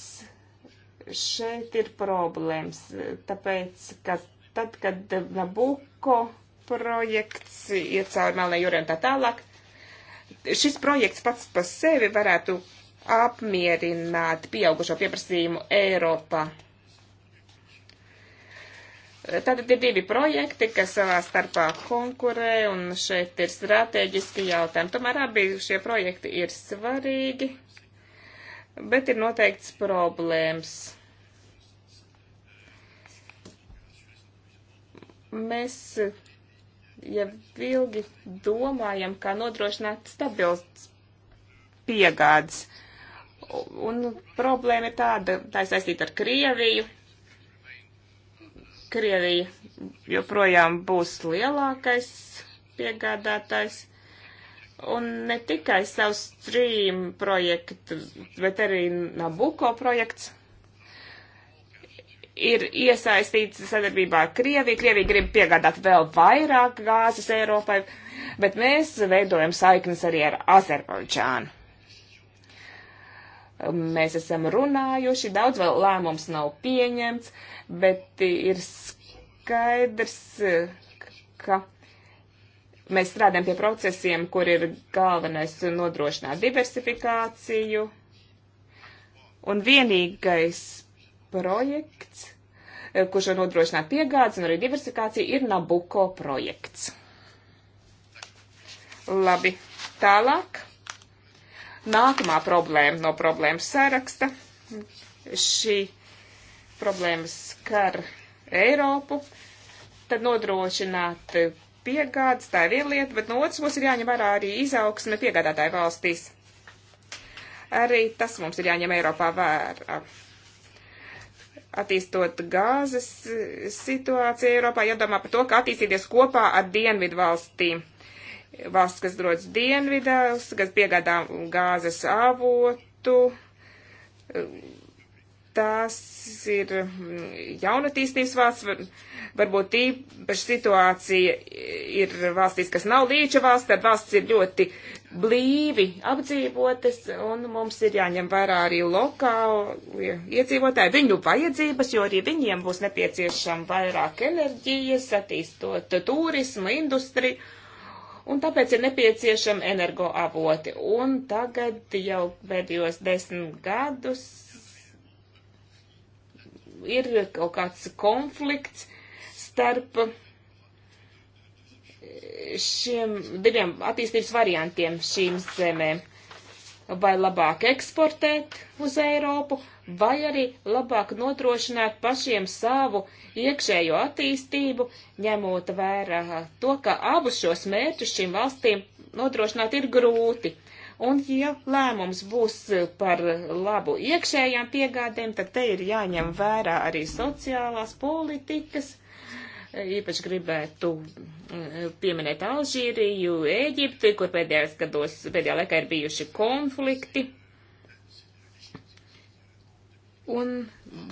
šeit ir problēmas? Tāpēc, ka tad, kad Nabuko projekts iet cauri Melnai jūrai un tā tālāk, šis projekts pats par sevi varētu apmierināt pieaugušo pieprasījumu Eiropā. Tātad ir divi projekti, kas savā starpā konkurē, un šeit ir strateģiski jautājumi. Tomēr abi šie projekti ir svarīgi, bet ir noteikts problēmas. Mēs ja ilgi domājam, kā nodrošināt stabils piegādes, un problēma ir tāda, tā ir saistīta ar Krieviju. Krievija joprojām būs lielākais piegādātājs, un ne tikai savu stream projektu, bet arī Nabuko projekts ir iesaistīts sadarbībā ar Krieviju. Krievija grib piegādāt vēl vairāk gāzes Eiropai, bet mēs veidojam saiknes arī ar Azerbaidžānu. Mēs esam runājuši, daudz vēl lēmums nav pieņemts, bet ir skaidrs, ka mēs strādājam pie procesiem, kur ir galvenais nodrošināt diversifikāciju. Un vienīgais projekts, eh, kurš var nodrošināt piegādes un arī diversifikāciju, ir Nabuko projekts. Labi, tālāk. Nākamā problēma no problēmas saraksta. Šī problēma skar Eiropu. Tad nodrošināt piegādes, tā ir viena lieta, bet no otras puses ir jāņem vērā arī izaugsme piegādātāju valstīs. Arī tas mums ir jāņem Eiropā vērā attīstot gāzes eh, situāciju Eiropā, jādomā par to, kā attīstīties kopā ar dienvidu valstīm. Valsts, kas drodas dienvidās, kas piegādā gāzes avotu, tās ir mm, jaunatīstības valsts, varbūt īpaši situācija ir valstīs, kas nav līča valsts, tad valsts ir ļoti blīvi apdzīvotas, un mums ir jāņem vērā arī lokāli iedzīvotāji, viņu vajadzības, jo arī viņiem būs nepieciešama vairāk enerģijas, attīstot turismu, industriju un tāpēc ir nepieciešami energoavoti. Un tagad jau pēdējos desmit gadus ir kaut kāds konflikts starp šiem diviem attīstības variantiem šīm zemēm. Vai labāk eksportēt uz Eiropu, vai arī labāk nodrošināt pašiem savu iekšējo attīstību, ņemot vērā to, ka abus šos mērķus šīm valstīm nodrošināt ir grūti. Uh, Un, ja lēmums būs par labu iekšējām piegādēm, tad te ir jāņem vērā arī sociālās politikas. Īpaši gribētu mm, pieminēt Alžīriju, Ēģipti, kur pēdējās gados, pēdējā laikā ir bijuši konflikti. Un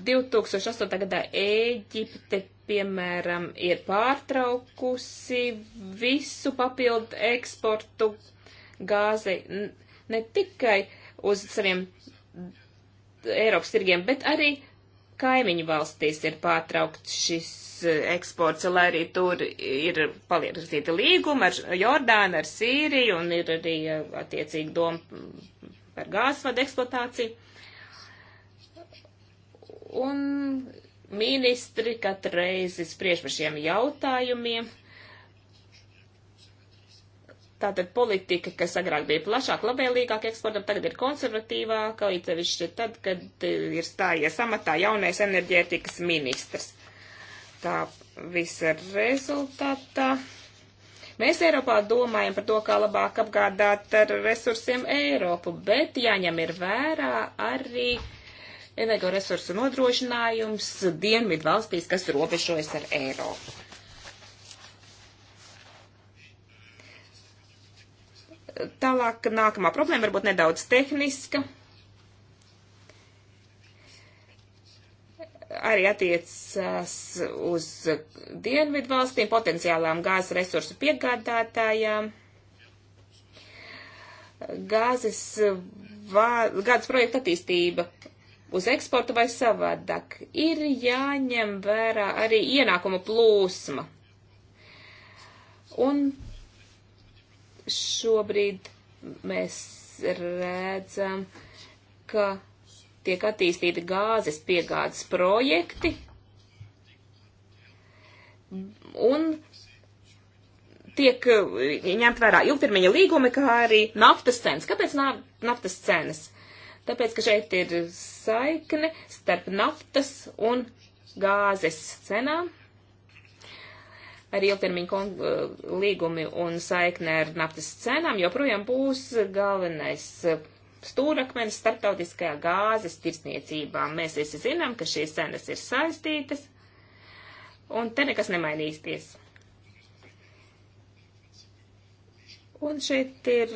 2008. gadā Ēģipte, piemēram, ir pārtraukusi visu papildu eksportu gāzi ne tikai uz saviem Eiropas tirgiem, bet arī kaimiņu valstīs ir pārtraukts šis e, eksports, lai arī tur ir palierazīta līguma ar Jordānu, ar Sīriju un ir arī e, attiecīgi doma par gāzvadu eksploatāciju. Un ministri katru reizi spriež par šiem jautājumiem. Uh, Tātad politika, kas agrāk bija plašāk, labvēlīgāk eksportam, tagad ir konservatīvāka, līdz sevišķi tad, kad eh, ir stājies amatā jaunais enerģētikas ministrs. Tā visa rezultātā. Mēs Eiropā domājam par to, kā labāk apgādāt ar resursiem Eiropu, bet jāņem ir vērā arī energoresursu nodrošinājums dienvidu valstīs, kas robežojas ar Eiropu. Tālāk nākamā problēma varbūt nedaudz tehniska. Arī attiecas uz dienvidu valstīm, potenciālām gāzes resursu piegādātājām. Gāzes, vā, gāzes projekta attīstība uz eksportu vai savādāk. Ir jāņem vērā arī ienākuma plūsma. Un Šobrīd mēs redzam, ka tiek attīstīti gāzes piegādes projekti, un tiek ņemt vērā ilgtermiņa līgumi, kā arī naftas cenas. Kāpēc naftas cenas? Tāpēc, ka šeit ir saikne starp naftas un gāzes cenām arī ilgtermiņa eh, līgumi un saikne ar naftas cenām joprojām būs galvenais eh, stūrakmenis starptautiskajā gāzes tirsniecībā. Mēs visi zinām, ka šīs cenas ir saistītas, un te nekas nemainīsies. Un šeit ir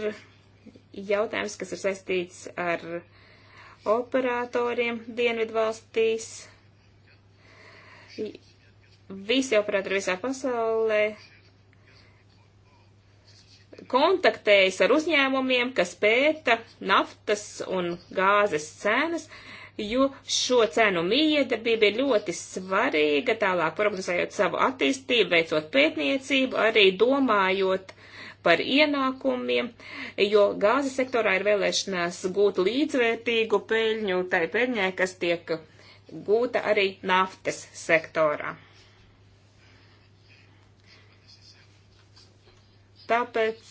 jautājums, kas ir saistīts ar operatoriem Dienvidvalstīs visi operatori visā pasaulē kontaktējas ar uzņēmumiem, kas pēta naftas un gāzes cenas, jo šo cenu miedarbība ir ļoti svarīga, tālāk prognozējot savu attīstību, veicot pētniecību, arī domājot par ienākumiem, jo gāzes sektorā ir vēlēšanās gūt līdzvērtīgu peļņu tai peļņai, kas tiek gūta arī naftas sektorā. Tāpēc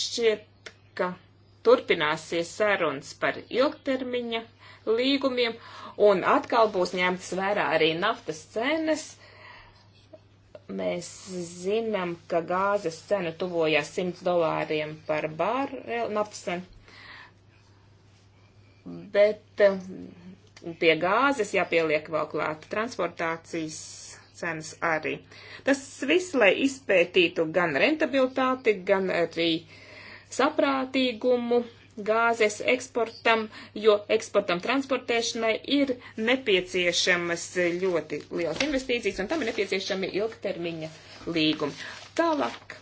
šķiet, ka turpināsies sarunas par ilgtermiņa līgumiem, un atkal būs ņemtas vērā arī naftas cenas. Mēs zinām, ka gāzes cena tuvojās 100 dolāriem par barelu eh, naftas cenu, bet eh, pie gāzes jāpieliek vēl klāt transportācijas cenas arī. Tas viss, lai izpētītu gan rentabilitāti, gan arī saprātīgumu gāzes eksportam, jo eksportam transportēšanai ir nepieciešamas ļoti liels investīcijas, un tam ir nepieciešami ilgtermiņa līgumi. Tālāk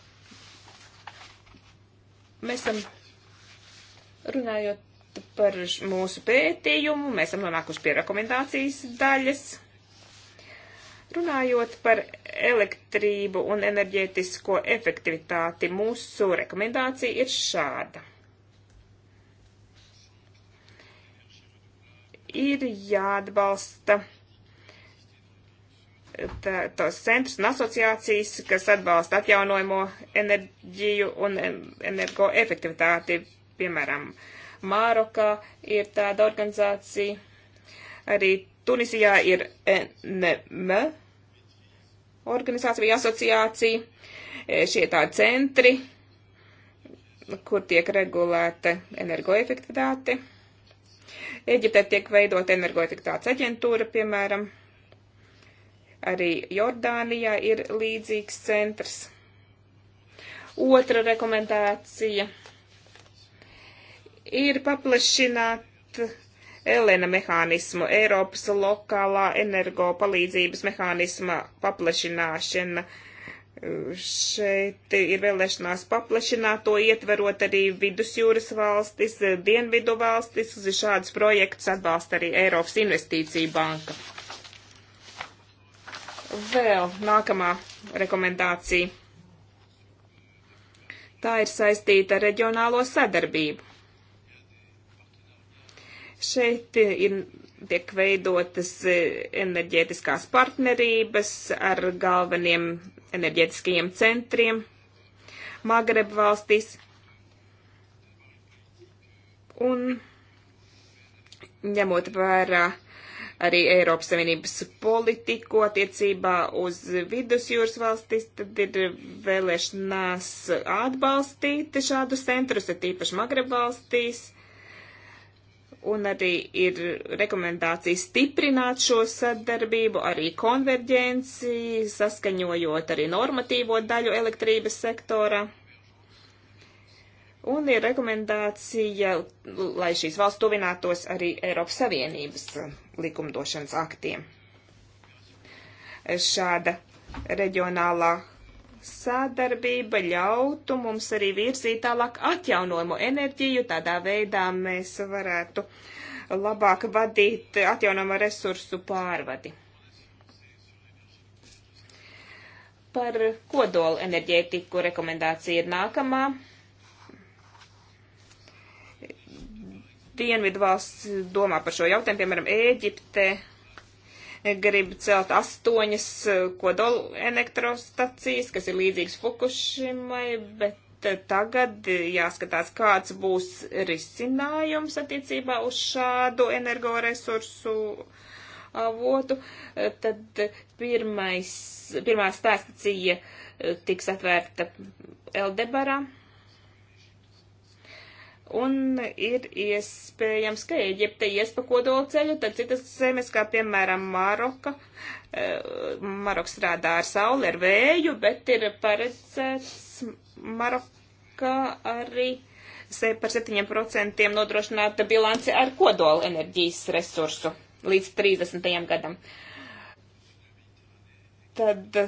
mēs esam runājot par mūsu pētījumu, mēs esam nonākuši pie rekomendācijas daļas. Runājot par elektrību un enerģētisko efektivitāti, mūsu rekomendācija ir šāda. Ir jāatbalsta tos centrus un asociācijas, kas atbalsta atjaunojamo enerģiju un energoefektivitāti. Piemēram, Mārokā ir tāda organizācija, arī Tunisijā ir NM organizācija vai asociācija, e, šie tā centri, kur tiek regulēta energoefektivitāte. Eģiptē tiek veidot energoefektivitātes aģentūra, piemēram. Arī Jordānijā ir līdzīgs centrs. Otra rekomendācija ir paplašināt Elena mehānismu, Eiropas lokālā energo palīdzības mehānisma paplašināšana. Šeit ir vēlēšanās paplašināt to, ietverot arī vidusjūras valstis, dienvidu valstis. Šādus projektus atbalsta arī Eiropas investīcija banka. Vēl nākamā rekomendācija. Tā ir saistīta ar reģionālo sadarbību Šeit eh, ir, tiek veidotas eh, enerģētiskās partnerības ar galveniem enerģētiskajiem centriem Magreb valstīs. Un ņemot vērā arī Eiropas Savienības politiku attiecībā uz vidusjūras valstis, tad ir vēlēšanās atbalstīt šādus centrus, ir tīpaši Magreb valstīs un arī ir rekomendācija stiprināt šo sadarbību, arī konverģenci, saskaņojot arī normatīvo daļu elektrības sektora. Un ir rekomendācija, lai šīs valsts tuvinātos arī Eiropas Savienības likumdošanas aktiem. Šāda reģionālā sadarbība ļautu mums arī virzīt tālāk atjaunojumu enerģiju. Tādā veidā mēs varētu labāk vadīt atjaunojumu resursu pārvadi. Par kodolu enerģētiku rekomendācija ir nākamā. Dienvidu valsts domā par šo jautājumu, piemēram, Ēģipte, grib celt astoņas eh, kodolu elektrostacijas, kas ir līdzīgas Fukušimai, bet eh, tagad eh, jāskatās, kāds būs risinājums attiecībā uz šādu energoresursu avotu. Tad pirmais, pirmā stāstacija tiks atvērta Eldebarā Un ir iespējams, ka Eģipte ies pa kodolu ceļu, tad citas zemes, kā piemēram Maroka, eh, Maroka strādā ar sauli, ar vēju, bet ir paredzēts Maroka arī par 7% nodrošināt bilanci ar kodolu enerģijas resursu līdz 30. gadam. Tad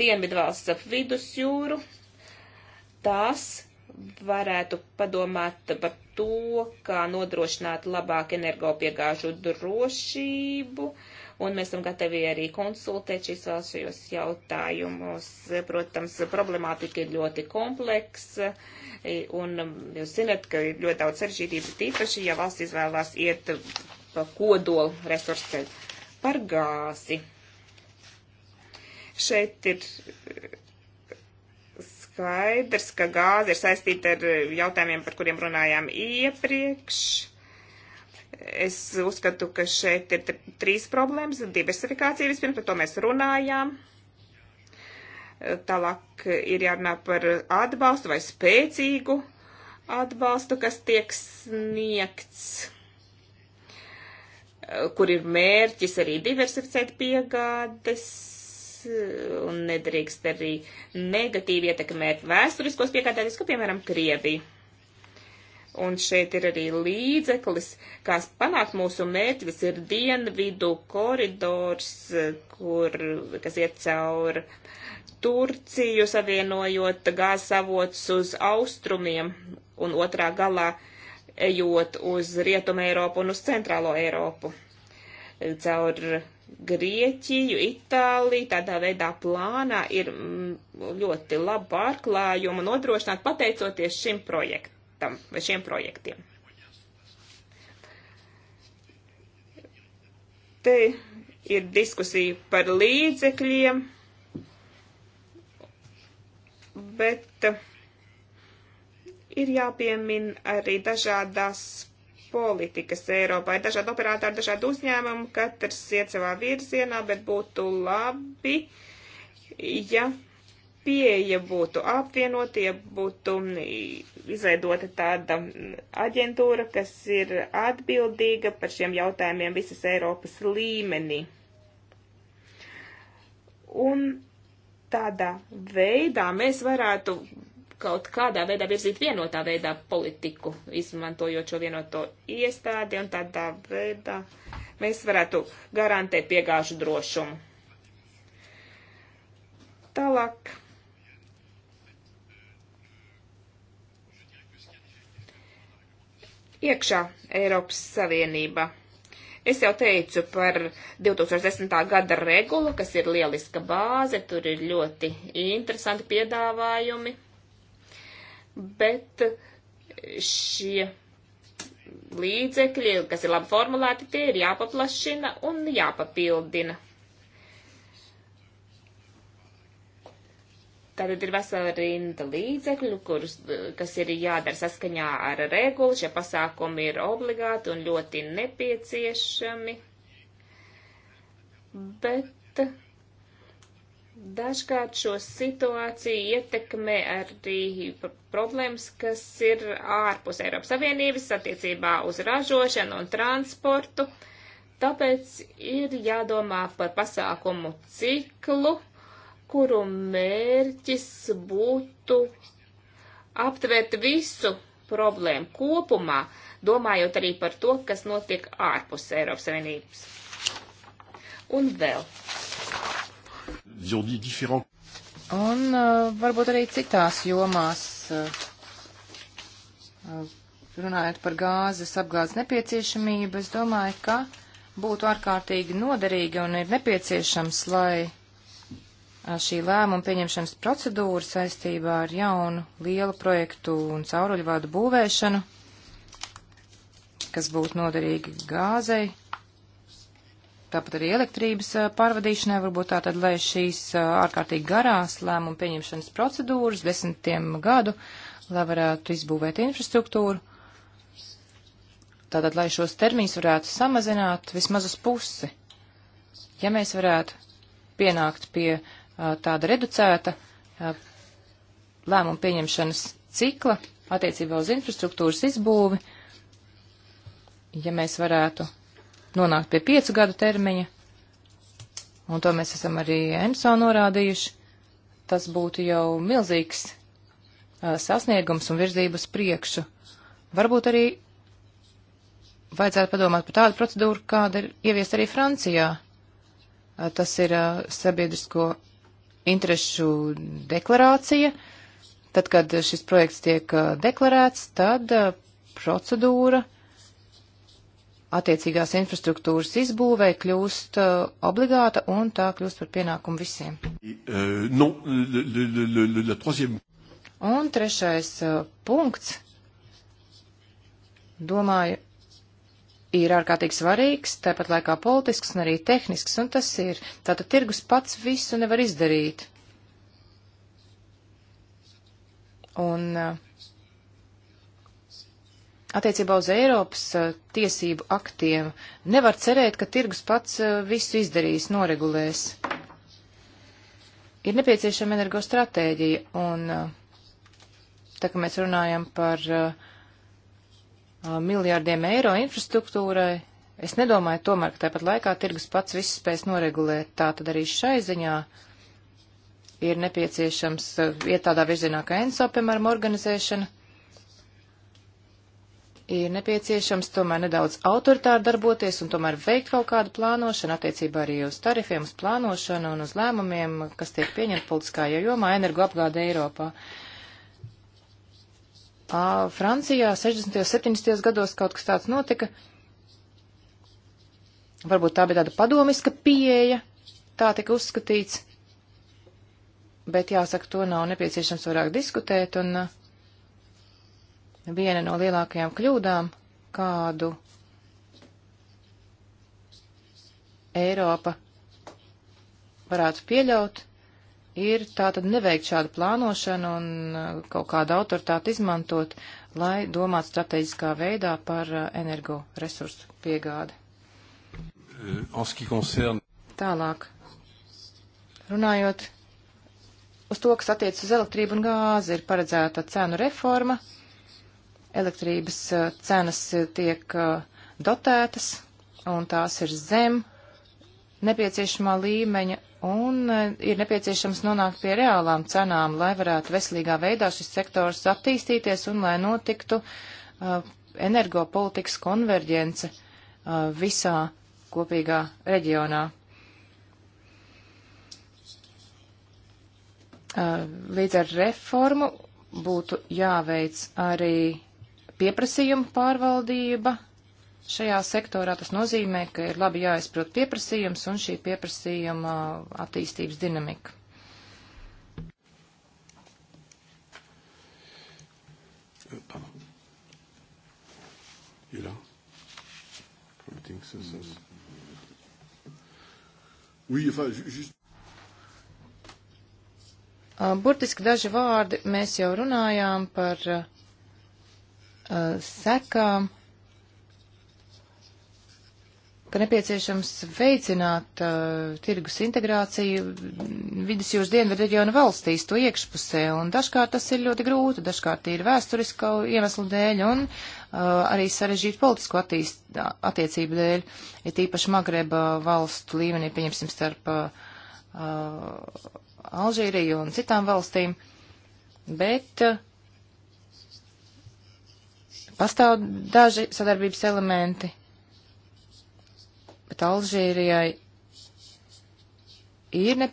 Dienvidvalsts ap vidusjūru, tās varētu padomāt par to, kā nodrošināt labāku energopiegāžu drošību, un mēs esam gatavi arī konsultēt šīs vēl šajos jautājumus. Protams, problemātika ir ļoti kompleksa, un jūs zinat, ka ir ļoti daudz sarežģītības tīpaši, ja valsts izvēlās iet pa kodolu resursu ceļu par gāzi. Šeit ir skaidrs, ka gāze ir saistīta ar eh, jautājumiem, par kuriem runājām iepriekš. Es uzskatu, ka šeit ir trīs problēmas. Diversifikācija vispirms, par to mēs runājām. Eh, tālāk ir jārunā par atbalstu vai spēcīgu atbalstu, kas tiek sniegts, eh, kur ir mērķis arī diversificēt piegādes un nedrīkst arī negatīvi ietekmēt vēsturiskos piegādātājus, kā piemēram Krieviju. Un šeit ir arī līdzeklis, kas panāk mūsu mērķi, tas ir dienvidu koridors, kur, kas iet cauri Turciju, savienojot gāzes avots uz austrumiem un otrā galā ejot uz Rietumu Eiropu un uz Centrālo Eiropu caur Grieķiju, Itāliju, tādā veidā plānā ir mm, ļoti laba pārklājuma nodrošināt pateicoties šim projektam vai šiem projektiem. Te ir diskusija par līdzekļiem, bet ir jāpiemin arī dažādās politikas Eiropā. Ir dažādi operātori, dažādi uzņēmumi, katrs iet savā virzienā, bet būtu labi, ja pieeja būtu apvienota, ja būtu izveidota tāda aģentūra, kas ir atbildīga par šiem jautājumiem visas Eiropas līmenī. Un tādā veidā mēs varētu kaut kādā veidā virzīt vienotā veidā politiku, izmantojot šo vienoto iestādi, un tādā veidā mēs varētu garantēt piegāžu drošumu. Tālāk. Iekšā Eiropas Savienība. Es jau teicu par 2010. gada regulu, kas ir lieliska bāze, tur ir ļoti interesanti piedāvājumi bet šie līdzekļi, kas ir labi formulēti, tie ir jāpaplašina un jāpapildina. Tātad ir vesela rinda līdzekļu, kurus, kas ir jādara saskaņā ar regulu. Šie pasākumi ir obligāti un ļoti nepieciešami. Bet Dažkārt šo situāciju ietekmē arī problēmas, kas ir ārpus Eiropas Savienības attiecībā uz ražošanu un transportu. Tāpēc ir jādomā par pasākumu ciklu, kuru mērķis būtu aptvert visu problēmu kopumā, domājot arī par to, kas notiek ārpus Eiropas Savienības. Un vēl Un uh, varbūt arī citās jomās, uh, uh, runājot par gāzes apgādes nepieciešamību, es domāju, ka būtu ārkārtīgi noderīgi un ir nepieciešams, lai šī lēmuma pieņemšanas procedūra saistībā ar jaunu lielu projektu un cauruļvādu būvēšanu, kas būtu noderīgi gāzei, tāpat arī elektrības pārvadīšanai, varbūt tā tad, lai šīs ārkārtīgi garās lēmumu pieņemšanas procedūras desmitiem gadu, lai varētu izbūvēt infrastruktūru. Tātad, lai šos termiņus varētu samazināt vismaz uz pusi. Ja mēs varētu pienākt pie tāda reducēta lēmumu pieņemšanas cikla attiecībā uz infrastruktūras izbūvi, ja mēs varētu nonākt pie piecu gadu termiņa, un to mēs esam arī EMSO norādījuši, tas būtu jau milzīgs uh, sasniegums un virzības priekšu. Varbūt arī vajadzētu padomāt par tādu procedūru, kāda ir ieviest arī Francijā. Uh, tas ir uh, sabiedrisko interešu deklarācija. Tad, kad šis projekts tiek deklarēts, tad procedūra uh, attiecīgās infrastruktūras izbūvē kļūst uh, obligāta un tā kļūst par pienākumu visiem. Uh, non, le, le, le, troisième... Un trešais uh, punkts, domāju, ir ārkārtīgi svarīgs, tāpat laikā politisks un arī tehnisks, un tas ir, tātad tirgus pats visu nevar izdarīt. Un uh, attiecībā uz Eiropas eh, tiesību aktiem nevar cerēt, ka tirgus pats eh, visu izdarīs, noregulēs. Ir nepieciešama energostratēģija, un eh, tā kā mēs runājam par miljārdiem eiro infrastruktūrai, es nedomāju tomēr, ka tāpat laikā tirgus pats visu spēs noregulēt. Tā tad arī šai ziņā ir nepieciešams iet tādā virzienā kā ENSO, piemēram, organizēšana ir nepieciešams tomēr nedaudz autoritāri darboties un tomēr veikt kaut kādu plānošanu attiecībā arī uz tarifiem, uz plānošanu un uz lēmumiem, kas tiek pieņemt politiskā jomā energoapgāde Eiropā. À, Francijā 60. un 70. gados kaut kas tāds notika. Varbūt tā bija tāda padomiska pieeja, tā tika uzskatīts, bet jāsaka, to nav nepieciešams vairāk diskutēt un uh, viena no lielākajām kļūdām, kādu Eiropa varētu pieļaut, ir tātad neveikt šādu plānošanu un uh, kaut kādu autoritāti izmantot, lai domātu strateģiskā veidā par uh, energo resursu piegādi. Uh, Tālāk. Runājot uz to, kas attiec uz elektrību un gāzi, ir paredzēta cenu reforma elektrības eh, cenas eh, tiek eh, dotētas, un tās ir zem nepieciešamā līmeņa, un ir nepieciešams nonākt pie reālām cenām, lai varētu veselīgā veidā šis sektors attīstīties un lai notiktu uh, energopolitikas konverģence uh, visā kopīgā reģionā. Uh, līdz ar reformu būtu jāveic arī pieprasījuma pārvaldība šajā sektorā. Tas nozīmē, ka ir labi jāizprot pieprasījums un šī pieprasījuma attīstības dinamika. Pardon. Il a. Prompting success. Oui, enfin, juste. Burtiski daži vārdi mēs jau runājām par uh, Uh, sekām, ka nepieciešams veicināt uh, tirgus integrāciju vidus jūras dienvidu reģionu valstīs, to iekšpusē, un dažkārt tas ir ļoti grūti, dažkārt ir vēsturiska iemeslu dēļ un uh, arī sarežģīt politisko attīst, attiecību dēļ, ir ja tīpaši Magreba valstu līmenī, pieņemsim, starp uh, uh Alžīriju un citām valstīm, bet uh, pastāv daži sadarbības elementi, bet Alžīrijai ir ne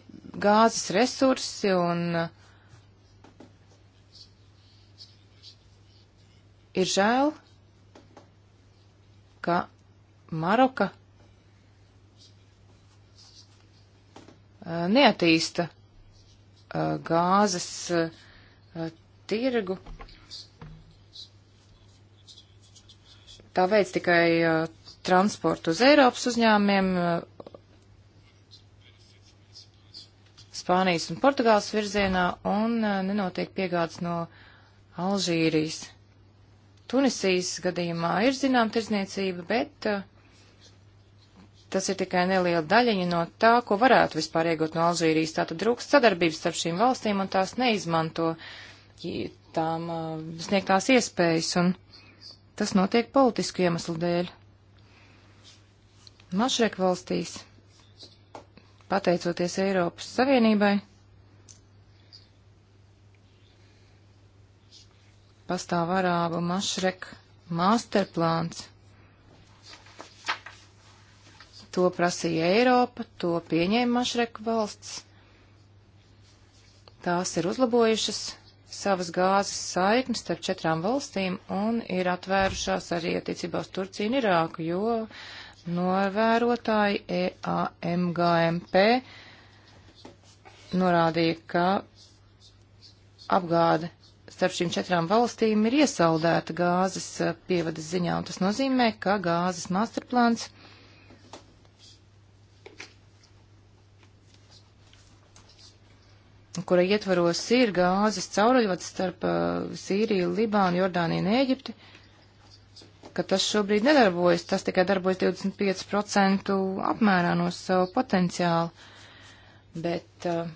gāzes resursi un uh, ir žēl, ka Maroka uh, neatīsta uh, gāzes tirgu. tā veids tikai uh, transportu uz Eiropas uzņēmiem, uh, Spānijas un Portugāles virzienā un uh, nenotiek piegādes no Alžīrijas. Tunisijas gadījumā ir zinām tirzniecība, bet tas ir tikai neliela daļiņa no tā, ko varētu vispār iegūt no Alžīrijas. Tātad rūkst sadarbības starp šīm valstīm un tās neizmanto tām sniegtās iespējas. Un, Tas notiek politisku iemeslu dēļ. Mašrek valstīs, pateicoties Eiropas Savienībai, pastāv arābu mašrek masterplāns. To prasīja Eiropa, to pieņēma mašrek valsts. Tās ir uzlabojušas savas gāzes saiknes starp četrām valstīm un ir atvērušās arī attiecībā uz Turciju un Irāku, jo novērotāji EAMGMP norādīja, ka apgāde starp šīm četrām valstīm ir iesaldēta gāzes pievadas ziņā, un tas nozīmē, ka gāzes masterplāns kura ietvaros ir gāzes cauruļots starp uh, Sīriju, Libānu, Jordāniju un Ēģipti, ka tas šobrīd nedarbojas, tas tikai darbojas 25% apmērā no savu potenciālu. Bet uh,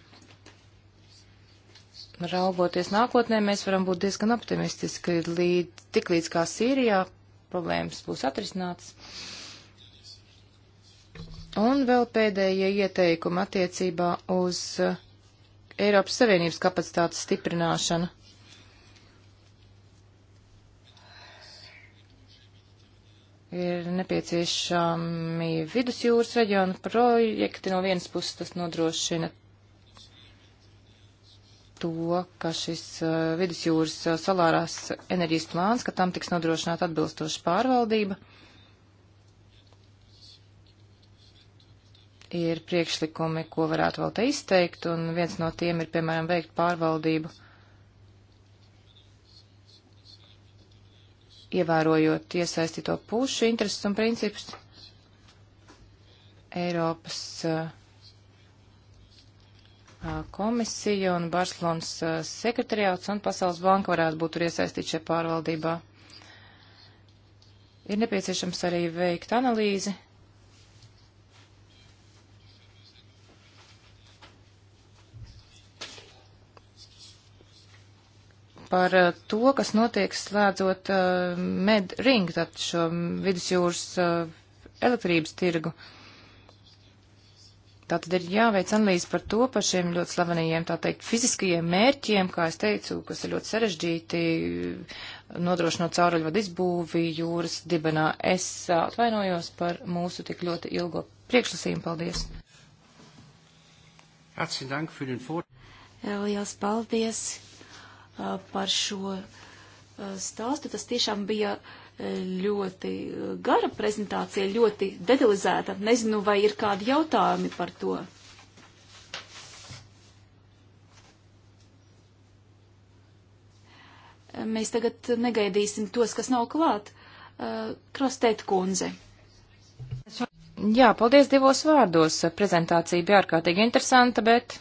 raugoties nākotnē, mēs varam būt diezgan optimistiski, līdz, tik līdz kā Sīrijā problēmas būs atrisinātas. Un vēl pēdējie ieteikumi attiecībā uz uh, Eiropas Savienības kapacitātes stiprināšana. Ir nepieciešami vidusjūras reģiona projekti. No vienas puses tas nodrošina to, ka šis uh, vidusjūras uh, solārās enerģijas plāns, ka tam tiks nodrošināta atbilstoša pārvaldība. ir priekšlikumi, ko varētu vēl te izteikt, un viens no tiem ir, piemēram, veikt pārvaldību, ievērojot iesaistīto pušu intereses un principus Eiropas uh, uh komisija un Barcelonas uh, sekretariāts un Pasaules banka varētu būt tur iesaistīti šajā pārvaldībā. Ir nepieciešams arī veikt analīzi par eh, to, kas notiek slēdzot eh, medring, tātad šo vidusjūras eh, elektrības tirgu. Tātad ir jāveic analīze par to, par šiem ļoti slavenajiem, tā teikt, fiziskajiem mērķiem, kā es teicu, kas ir ļoti sarežģīti, nodrošinot cauruļvadu izbūvi jūras dibenā. Es atvainojos par mūsu tik ļoti ilgo priekšlasījumu. Paldies! Liels paldies par šo stāstu. Tas tiešām bija ļoti gara prezentācija, ļoti detalizēta. Nezinu, vai ir kādi jautājumi par to. Mēs tagad negaidīsim tos, kas nav klāt. Krostēt kundze. Jā, paldies divos vārdos. Prezentācija bija ārkārtīgi interesanta, bet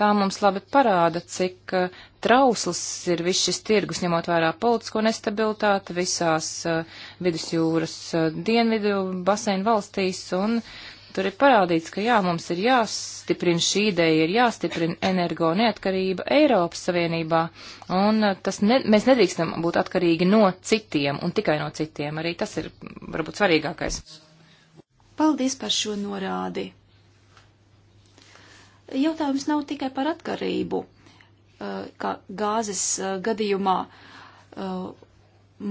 Tā mums labi parāda, cik uh, trausls ir viss šis tirgus, ņemot vērā politisko nestabilitāti visās uh, vidusjūras uh, dienvidu basēnu valstīs, un tur ir parādīts, ka jā, mums ir jāstiprina šī ideja, ir jāstiprina energo neatkarība Eiropas Savienībā, un tas ne, mēs nedrīkstam būt atkarīgi no citiem un tikai no citiem, arī tas ir varbūt svarīgākais. Paldies par šo norādi! jautājums nav tikai par atkarību, eh, kā gāzes eh, gadījumā eh,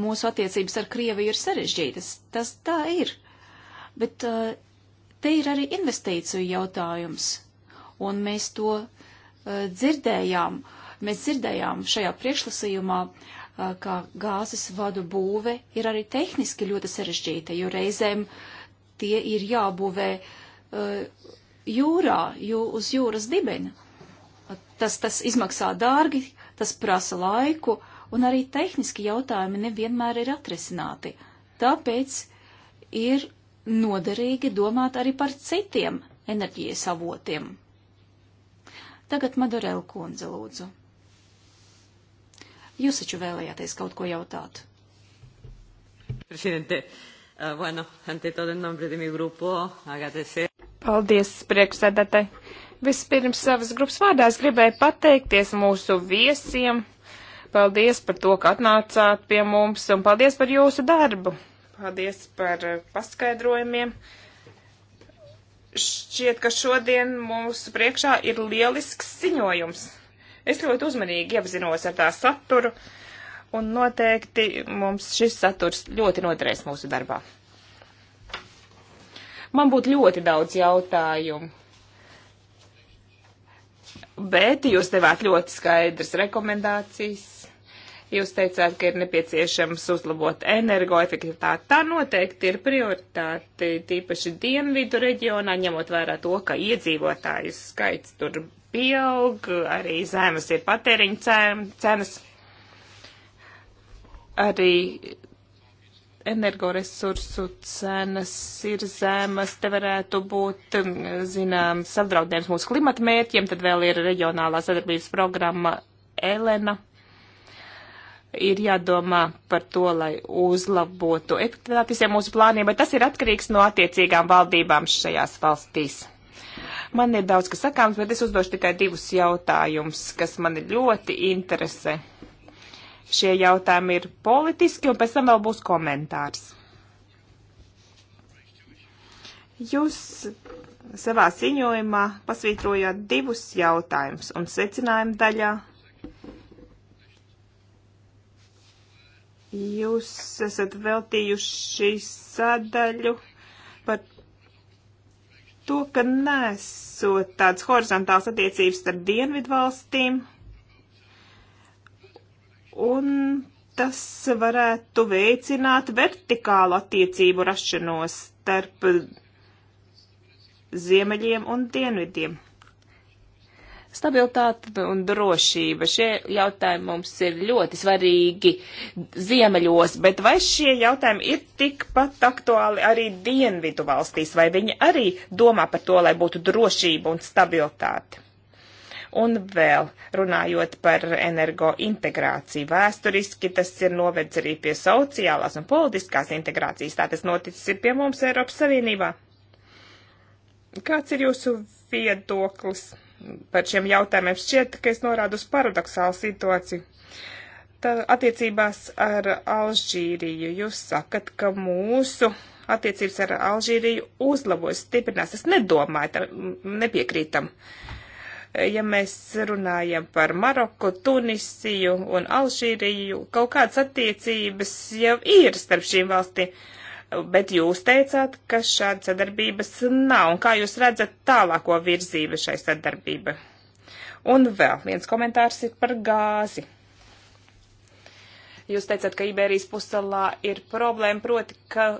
mūsu attiecības ar Krieviju ir sarežģītas. Tas tā ir. Bet te ir arī investīciju jautājums. Un mēs to dzirdējām. Mēs dzirdējām šajā priekšlasījumā, ka gāzes vadu būve ir arī tehniski ļoti sarežģīta, jo reizēm tie ir jābūvē jūrā, jū, uz jūras dibena. Tas, tas izmaksā dārgi, tas prasa laiku, un arī tehniski jautājumi nevienmēr ir atrisināti. Tāpēc ir noderīgi domāt arī par citiem enerģijas avotiem. Tagad Madurēla kundze lūdzu. Jūs taču vēlējāties kaut ko jautāt. Presidente, uh, bueno, ante todo en nombre de mi grupo, agradecer. Paldies, priekšsēdētāji. Vispirms savas grupas vārdā es gribēju pateikties mūsu viesiem. Paldies par to, ka atnācāt pie mums un paldies par jūsu darbu. Paldies par eh, paskaidrojumiem šķiet, ka šodien mūsu priekšā ir lielisks ziņojums. Es ļoti uzmanīgi iepazinos ar tā saturu, un noteikti mums šis saturs ļoti noderēs mūsu darbā. Man būtu ļoti daudz jautājumu. Bet jūs devāt ļoti skaidras rekomendācijas. Jūs teicāt, ka ir nepieciešams uzlabot energoefektivitāti. Tā noteikti ir prioritāte, tīpaši dienvidu reģionā, ņemot vērā to, ka iedzīvotāju skaits tur pieaug, arī zemes ir patēriņa cenas. Arī energoresursu cenas ir zemas, te varētu būt, zinām, apdraudējums mūsu klimata mērķiem, tad vēl ir reģionālā sadarbības programma Elena. Ir jādomā par to, lai uzlabotu efektivitāti visiem mūsu plāniem, bet tas ir atkarīgs no attiecīgām valdībām šajās valstīs. Man ir daudz, kas sakāms, bet es uzdošu tikai divus jautājumus, kas man ļoti interesē šie jautājumi ir politiski, un pēc tam vēl būs komentārs. Jūs savā ziņojumā pasvītrojāt divus jautājumus un secinājumu daļā. Jūs esat veltījuši sadaļu par to, ka nesot tāds horizontāls attiecības starp dienvidu valstīm un tas varētu veicināt vertikālu attiecību rašanos starp ziemeļiem un dienvidiem. Stabilitāte un drošība. Šie jautājumi mums ir ļoti svarīgi ziemeļos, bet vai šie jautājumi ir tikpat aktuāli arī dienvidu valstīs, vai viņi arī domā par to, lai būtu drošība un stabilitāte? Un vēl runājot par energointegrāciju, vēsturiski tas ir novedis arī pie sociālās un politiskās integrācijas. Tā tas noticis ir pie mums Eiropas Savienībā. Kāds ir jūsu viedoklis par šiem jautājumiem? Šķiet, ka es norādu uz paradoxālu situāciju attiecībās ar Alžīriju. Jūs sakat, ka mūsu attiecības ar Alžīriju uzlabojas, stiprinās. Es nedomāju, tam nepiekrītam. Uh, ja mēs runājam par Maroku, Tunisiju un Alžīriju, kaut kādas attiecības jau ir starp šīm valstīm, bet jūs teicāt, ka šāda sadarbības nav, un kā jūs redzat tālāko virzību šai sadarbībai? Un vēl viens komentārs ir par gāzi. Jūs teicat, ka Iberijas pusalā ir problēma, proti, ka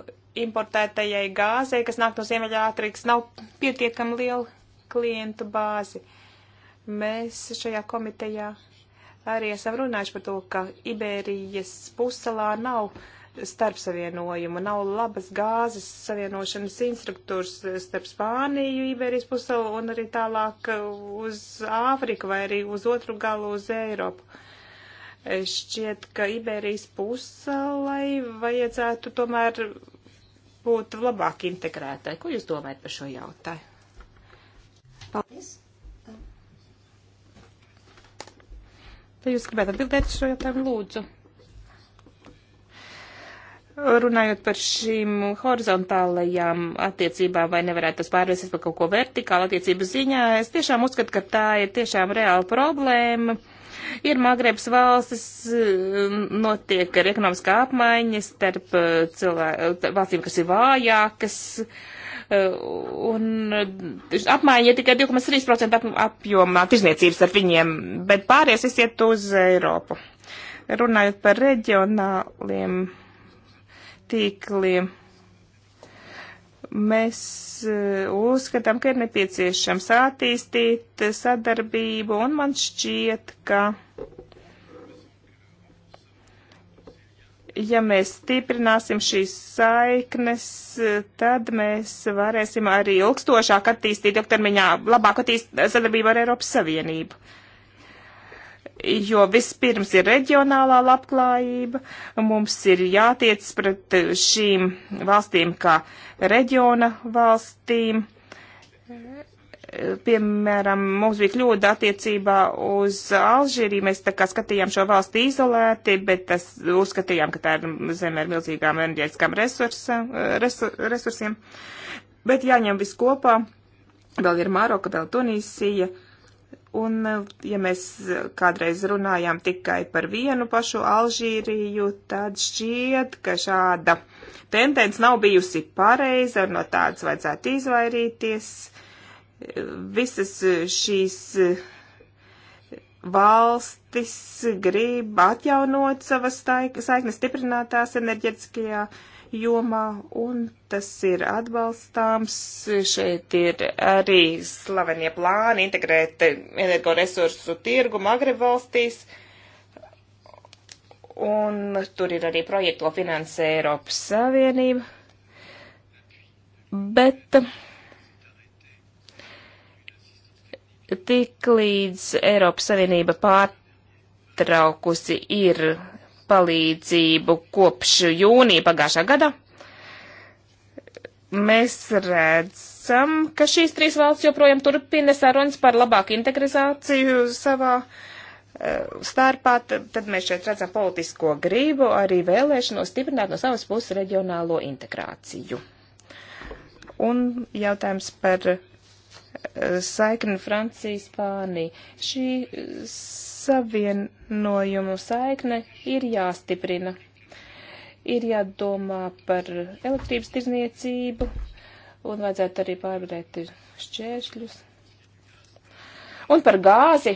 importētajai gāzei, kas nāk no Ziemeļāfrikas, nav pietiekami liela klientu bāzi. Uh, Mēs šajā komitejā arī esam runājuši par to, ka Iberijas puselā nav starpsavienojumu, nav labas gāzes savienošanas instruktūras starp Spāniju, Iberijas puselu un arī tālāk uz Āfriku vai arī uz otru galu uz Eiropu. Šķiet, ka Iberijas puselai vajadzētu tomēr būt labāk integrētai. Ko jūs domājat par šo jautājumu? Paldies! Vai jūs gribētu atbildēt šo jautājumu lūdzu? Runājot par šīm horizontālajām attiecībām, vai nevarētu tas pārvērsties par kaut ko vertikālu attiecību ziņā, es tiešām uzskatu, ka tā ir tiešām reāla problēma. Ir Magrebs valstis, notiek ekonomiskā apmaiņa starp uh, cilvē, valstīm, kas ir vājākas. Uh, Eh, un eh, apmaiņa ir tikai 2,3% apjomā tirzniecības ar viņiem, bet pāries iziet uz Eiropu. Runājot par reģionāliem tīkliem, mēs eh, uzskatām, ka ir nepieciešams attīstīt sadarbību, un man šķiet, ka ja mēs stiprināsim šīs saiknes, tad mēs varēsim arī ilgstošāk attīstīt ilgtermiņā labāk attīstīt sadarbību ar Eiropas Savienību. Jo vispirms ir reģionālā labklājība, mums ir jātiec pret šīm valstīm kā reģiona valstīm Piemēram, mums bija kļūda attiecībā uz Alžīriju. Mēs tā kā skatījām šo valsti izolēti, bet tas uzskatījām, ka tā ir nu, zeme ar milzīgām enerģētiskām resursa, resursiem. Bet jāņem viss kopā. Vēl ir Maroka, vēl Tunīsija. Un, ja mēs kādreiz runājām tikai par vienu pašu Alžīriju, tad šķiet, ka šāda tendence nav bijusi pareiza, no tādas vajadzētu izvairīties. Uh, visas šīs eh, valstis grib atjaunot savas saiknes stiprinātās enerģetiskajā jomā, un tas ir atbalstāms. Šeit ir arī slavenie plāni integrēt energoresursu tirgu Magreb valstīs, un tur ir arī projekto finansē Eiropas Savienība. Bet uh, tik līdz Eiropas Savienība pārtraukusi ir palīdzību kopš jūnija pagājušā gada, mēs redzam, ka šīs trīs valsts joprojām turpina sarunas par labāku integrizāciju savā e, starpā, tad, tad mēs šeit redzam politisko grību, arī vēlēšanos stiprināt no savas puses reģionālo integrāciju. Un jautājums par saikni Francija, Spānija. Šī savienojumu saikne ir jāstiprina. Ir jādomā par elektrības tirzniecību un vajadzētu arī pārvarēt šķēršļus. Un par gāzi.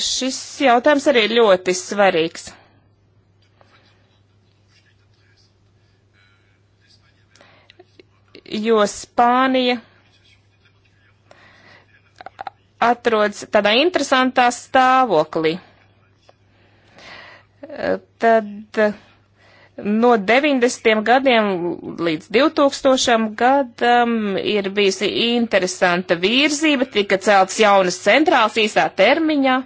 Šis jautājums arī ir ļoti svarīgs. jo Spānija atrodas tādā interesantā stāvoklī. Tad no 90. gadiem līdz 2000. gadam ir bijusi interesanta virzība, tika celtas jaunas centrāls īsā termiņā.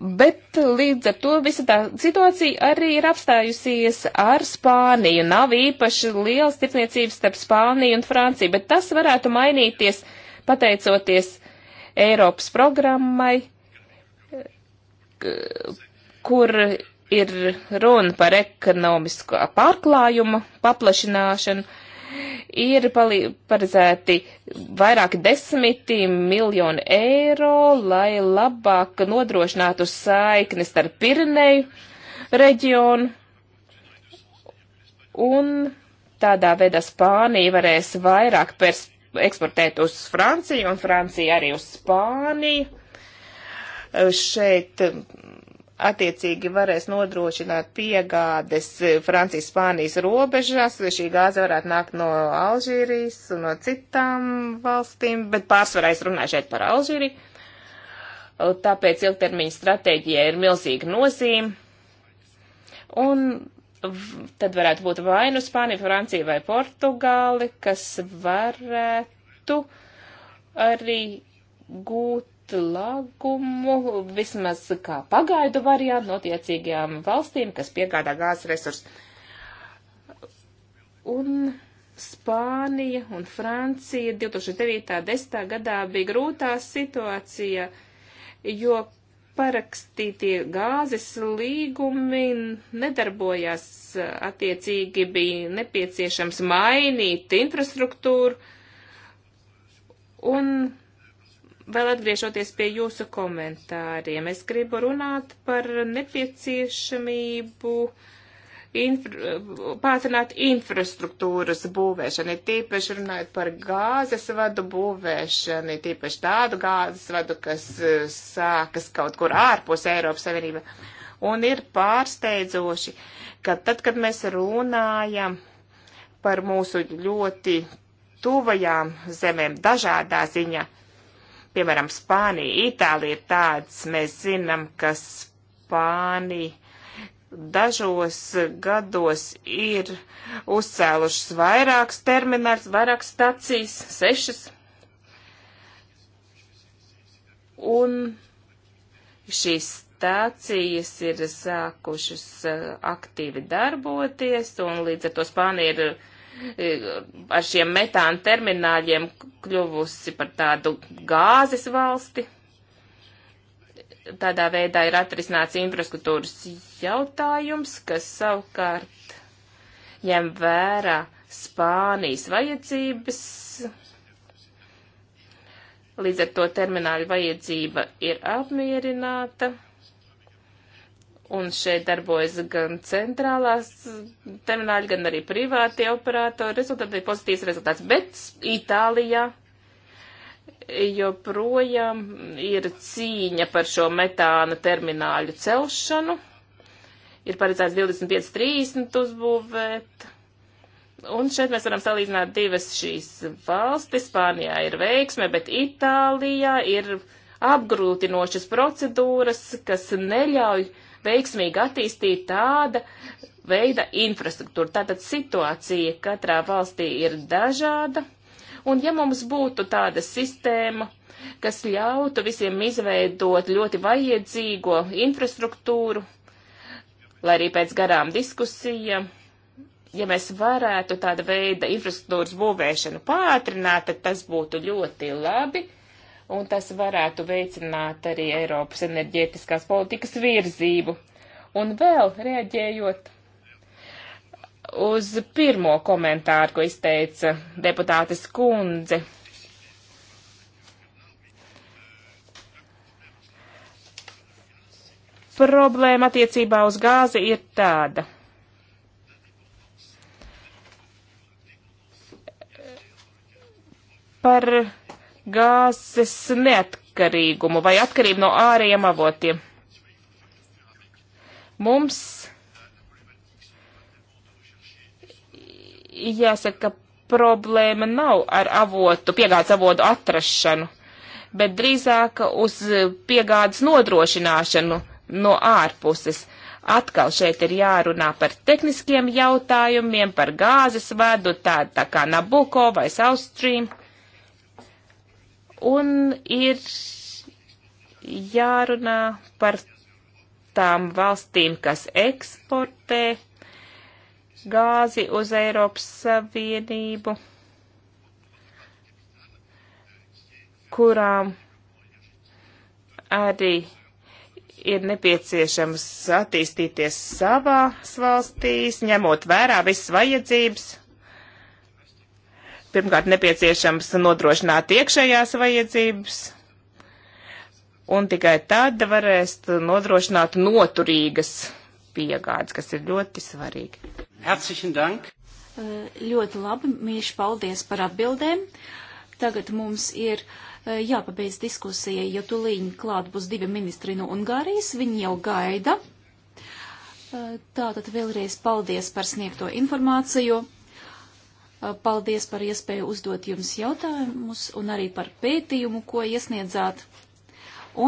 Bet līdz ar to visa tā situācija arī ir apstājusies ar Spāniju. Nav īpaši liels tirdzniecības starp Spāniju un Franciju, bet tas varētu mainīties pateicoties Eiropas programmai, kur ir runa par ekonomisko pārklājumu paplašināšanu ir paredzēti vairāki desmiti miljoni eiro, lai labāk nodrošinātu saikni starp Pirinēju reģionu. Un tādā veidā Spānija varēs vairāk eksportēt uz Franciju un Francija arī uz Spāniju. Šeit attiecīgi varēs nodrošināt piegādes Francijas, Spānijas robežās. Šī gāze varētu nākt no Alžīrijas un no citām valstīm, bet pārsvarā es runāju šeit par Alžīriju. Tāpēc ilgtermiņa stratēģija ir milzīga nozīme. Un tad varētu būt vai nu Spānija, Francija vai Portugāli, kas varētu arī gūt atlagumu vismaz kā pagaidu variantu notiecīgajām valstīm, kas piegādā gāzes resursus. Un Spānija un Francija 2009.10. gadā bija grūtā situācija, jo parakstītie gāzes līgumi nedarbojās, attiecīgi bija nepieciešams mainīt infrastruktūru, un vēl atgriežoties pie jūsu komentāriem, es gribu runāt par nepieciešamību infra, pātrināt infrastruktūras būvēšanu, ir tīpaši runājot par gāzes vadu būvēšanu, ir tīpaši tādu gāzes vadu, kas eh, sākas kaut kur ārpus Eiropas Savienība. Un ir pārsteidzoši, ka tad, kad mēs runājam par mūsu ļoti tuvajām zemēm dažādā ziņā, Piemēram, Spānija, Itālija ir tāds, mēs zinām, ka Spānija dažos gados ir uzcēlušas vairākas termināls, vairākas stacijas, sešas. Un šīs stācijas ir sākušas eh, aktīvi darboties, un līdz ar to Spānija ir ar šiem metāna termināļiem kļuvusi par tādu gāzes valsti. Tādā veidā ir atrisināts infrastruktūras jautājums, kas savukārt ņem vērā Spānijas vajadzības. Līdz ar to termināļu vajadzība ir apmierināta. Un šeit darbojas gan centrālās termināļi, gan arī privātie operatori. Rezultāti ir pozitīvs rezultāts. Bet Itālijā joprojām ir cīņa par šo metāna termināļu celšanu. Ir paredzēts 25-30 uzbūvēt. Un šeit mēs varam salīdzināt divas šīs valstis. Spānijā ir veiksme, bet Itālijā ir apgrūtinošas procedūras, kas neļauj uh, veiksmīgi attīstīt tāda veida infrastruktūru. Tātad situācija katrā valstī ir dažāda, un ja mums būtu tāda sistēma, kas ļautu visiem izveidot ļoti vajadzīgo infrastruktūru, lai arī pēc garām diskusijām, ja mēs varētu tāda veida infrastruktūras būvēšanu pātrināt, tad tas būtu ļoti labi un tas varētu veicināt arī Eiropas enerģētiskās politikas virzību. Un vēl reaģējot uz pirmo komentāru, ko izteica deputātes kundze. Problēma attiecībā uz gāzi ir tāda. Par gāzes neatkarīgumu vai atkarību no ārējiem avotiem. Mums jāsaka, problēma nav ar avotu, piegādes avotu atrašanu, bet drīzāk uz piegādes nodrošināšanu no ārpuses. Atkal šeit ir jārunā par tehniskiem jautājumiem, par gāzes vadu, tā, tā kā Nabuko vai South Stream. Un ir jārunā par tām valstīm, kas eksportē gāzi uz Eiropas Savienību, kurām arī ir nepieciešams attīstīties savās valstīs, ņemot vērā visas vajadzības Pirmkārt, nepieciešams nodrošināt iekšējās vajadzības, un tikai tad varēs nodrošināt noturīgas piegādes, kas ir ļoti svarīgi. Herzlichen Dank! Eh, ļoti labi, mīši paldies par atbildēm. Tagad mums ir eh, jāpabeidz diskusija, jo tulīņi klāt būs divi ministri no Ungārijas, viņi jau gaida. Eh, Tātad vēlreiz paldies par sniegto informāciju. Uh, paldies par iespēju uzdot jums jautājumus un arī par pētījumu, ko iesniedzāt.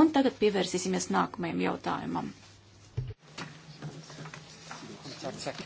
Un tagad pievērsīsimies nākamajam jautājumam. Tak, tak.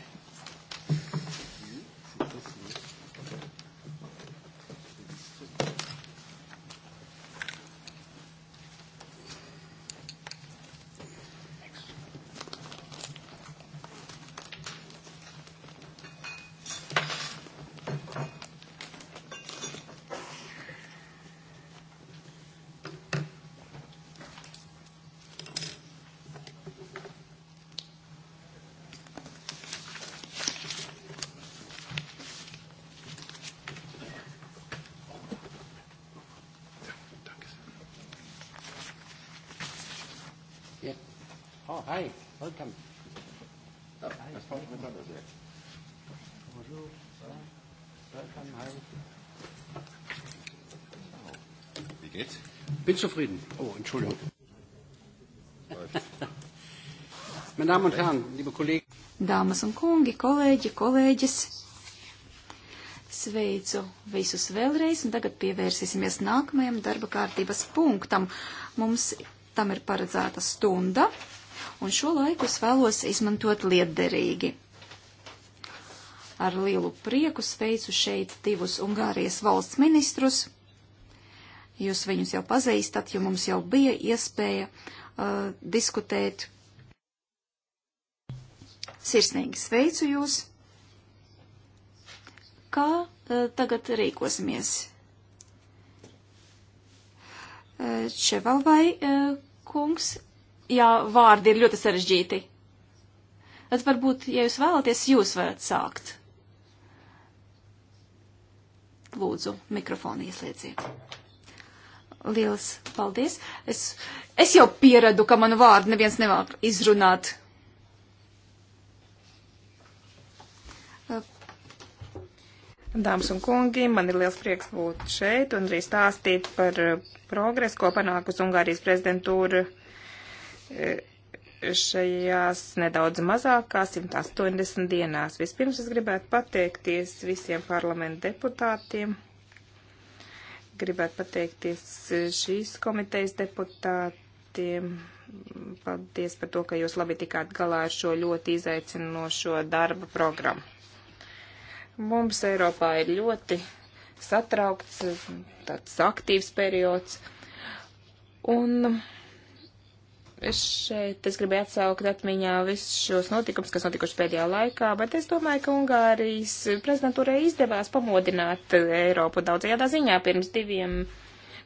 bin zufrieden. Oh, Entschuldigung. *laughs* Meine Damen und Herren, liebe Kollegen. Dāmas un kungi, kolēģi, kolēģis, sveicu visus vēlreiz, un tagad pievērsīsimies nākamajam darba kārtības punktam. Mums tam ir paredzēta stunda, un šo laiku es vēlos izmantot lietderīgi. Ar lielu prieku sveicu šeit divus Ungārijas valsts ministrus, Jūs viņus jau pazīstat, jo mums jau bija iespēja uh, diskutēt. Sirsnīgi sveicu jūs! Kā uh, tagad rīkosimies? Uh, Čevalvai uh, kungs, jā, vārdi ir ļoti sarežģīti. Tad varbūt, ja jūs vēlaties, jūs varat sākt. Lūdzu, mikrofonu ieslēdziet. Liels paldies. Es, es jau pieradu, ka manu vārdu neviens nevar izrunāt. Dāmas un kungi, man ir liels prieks būt šeit un arī stāstīt par eh, progresu, ko panākusi Ungārijas prezidentūra eh, šajās nedaudz mazākās 180 dienās. Vispirms es gribētu pateikties visiem parlamentu deputātiem gribētu pateikties eh, šīs komitejas deputātiem. Paldies par to, ka jūs labi tikāt galā ar šo ļoti izaicinošo darba programmu. Mums Eiropā ir ļoti satraukts, tāds aktīvs periods. Un Šeit es gribēju atsaukt atmiņā visus šos notikumus, kas notikuši pēdējā laikā, bet es domāju, ka Ungārijas prezidentūrai izdevās pamodināt Eiropu daudzajādā ziņā. Pirms diviem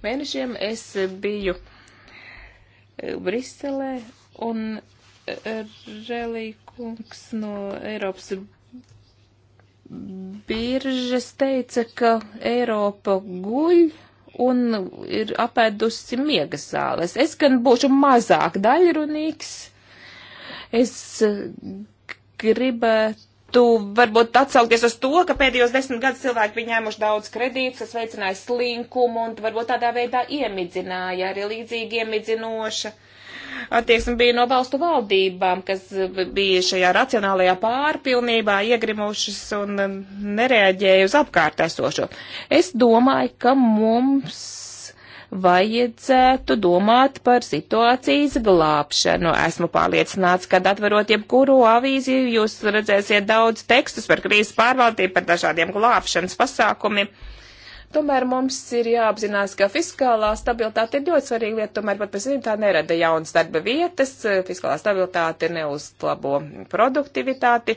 mēnešiem es biju e, Briselē un e, Relīkungs no Eiropas biržas teica, ka Eiropa guļ un ir apēdusi miega zāles. Es gan būšu mazāk daļrunīgs. Es eh, gribētu varbūt atsaukties uz to, ka pēdējos desmit gadus cilvēki bija ņēmuši daudz kredītus, kas veicināja slinkumu un varbūt tādā veidā iemidzināja, arī līdzīgi iemidzinoša. Uh, attieksme bija no valstu valdībām, kas bija šajā racionālajā pārpilnībā iegrimušas un nereaģēja uz apkārt esošo. Es domāju, ka mums vajadzētu domāt par situācijas glābšanu. Esmu pārliecināts, ka atverot jebkuru avīziju, jūs redzēsiet daudz tekstus par krīzes pārvaldību, par dažādiem glābšanas pasākumiem. Tomēr mums ir jāapzinās, ka fiskālā stabilitāte ir ļoti svarīga lieta, tomēr pat pēc tam tā nerada jaunas darba vietas, fiskālā stabilitāte neuzlabo produktivitāti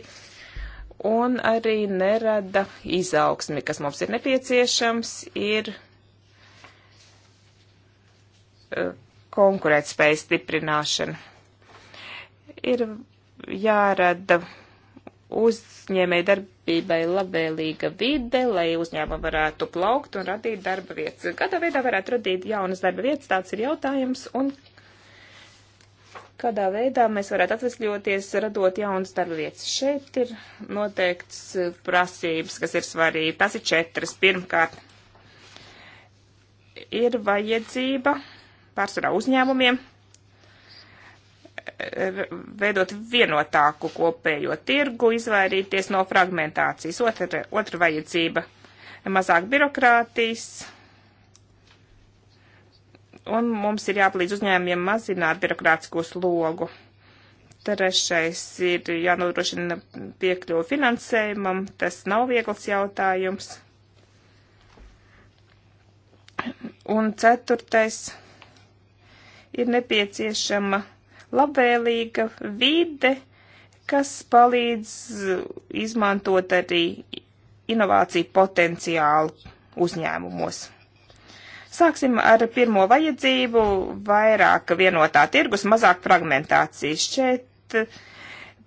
un arī nerada izaugsmi, kas mums ir nepieciešams, ir e, konkurētspējas stiprināšana. Ir jārada uzņēmēja darba darbībai labvēlīga vide, lai uzņēmumi varētu plaukt un radīt darba vietas. Kādā veidā varētu radīt jaunas darba vietas, tāds ir jautājums, un kādā veidā mēs varētu atvesļoties, radot jaunas darba vietas. Šeit ir noteikts prasības, kas ir svarīgi. Tas ir četras. Pirmkārt, ir vajadzība pārsvarā uzņēmumiem veidot vienotāku kopējo tirgu, izvairīties no fragmentācijas. Otra, otra vajadzība - mazāk birokrātijas. Un mums ir jāpalīdz uzņēmumiem mazināt birokrātisko slogu. Trešais ir jānodrošina piekļuvu finansējumam. Tas nav viegls jautājums. Un ceturtais ir nepieciešama labvēlīga vide, kas palīdz izmantot arī inovāciju potenciālu uzņēmumos. Sāksim ar pirmo vajadzību - vairāk vienotā tirgus, mazāk fragmentācijas. Šeit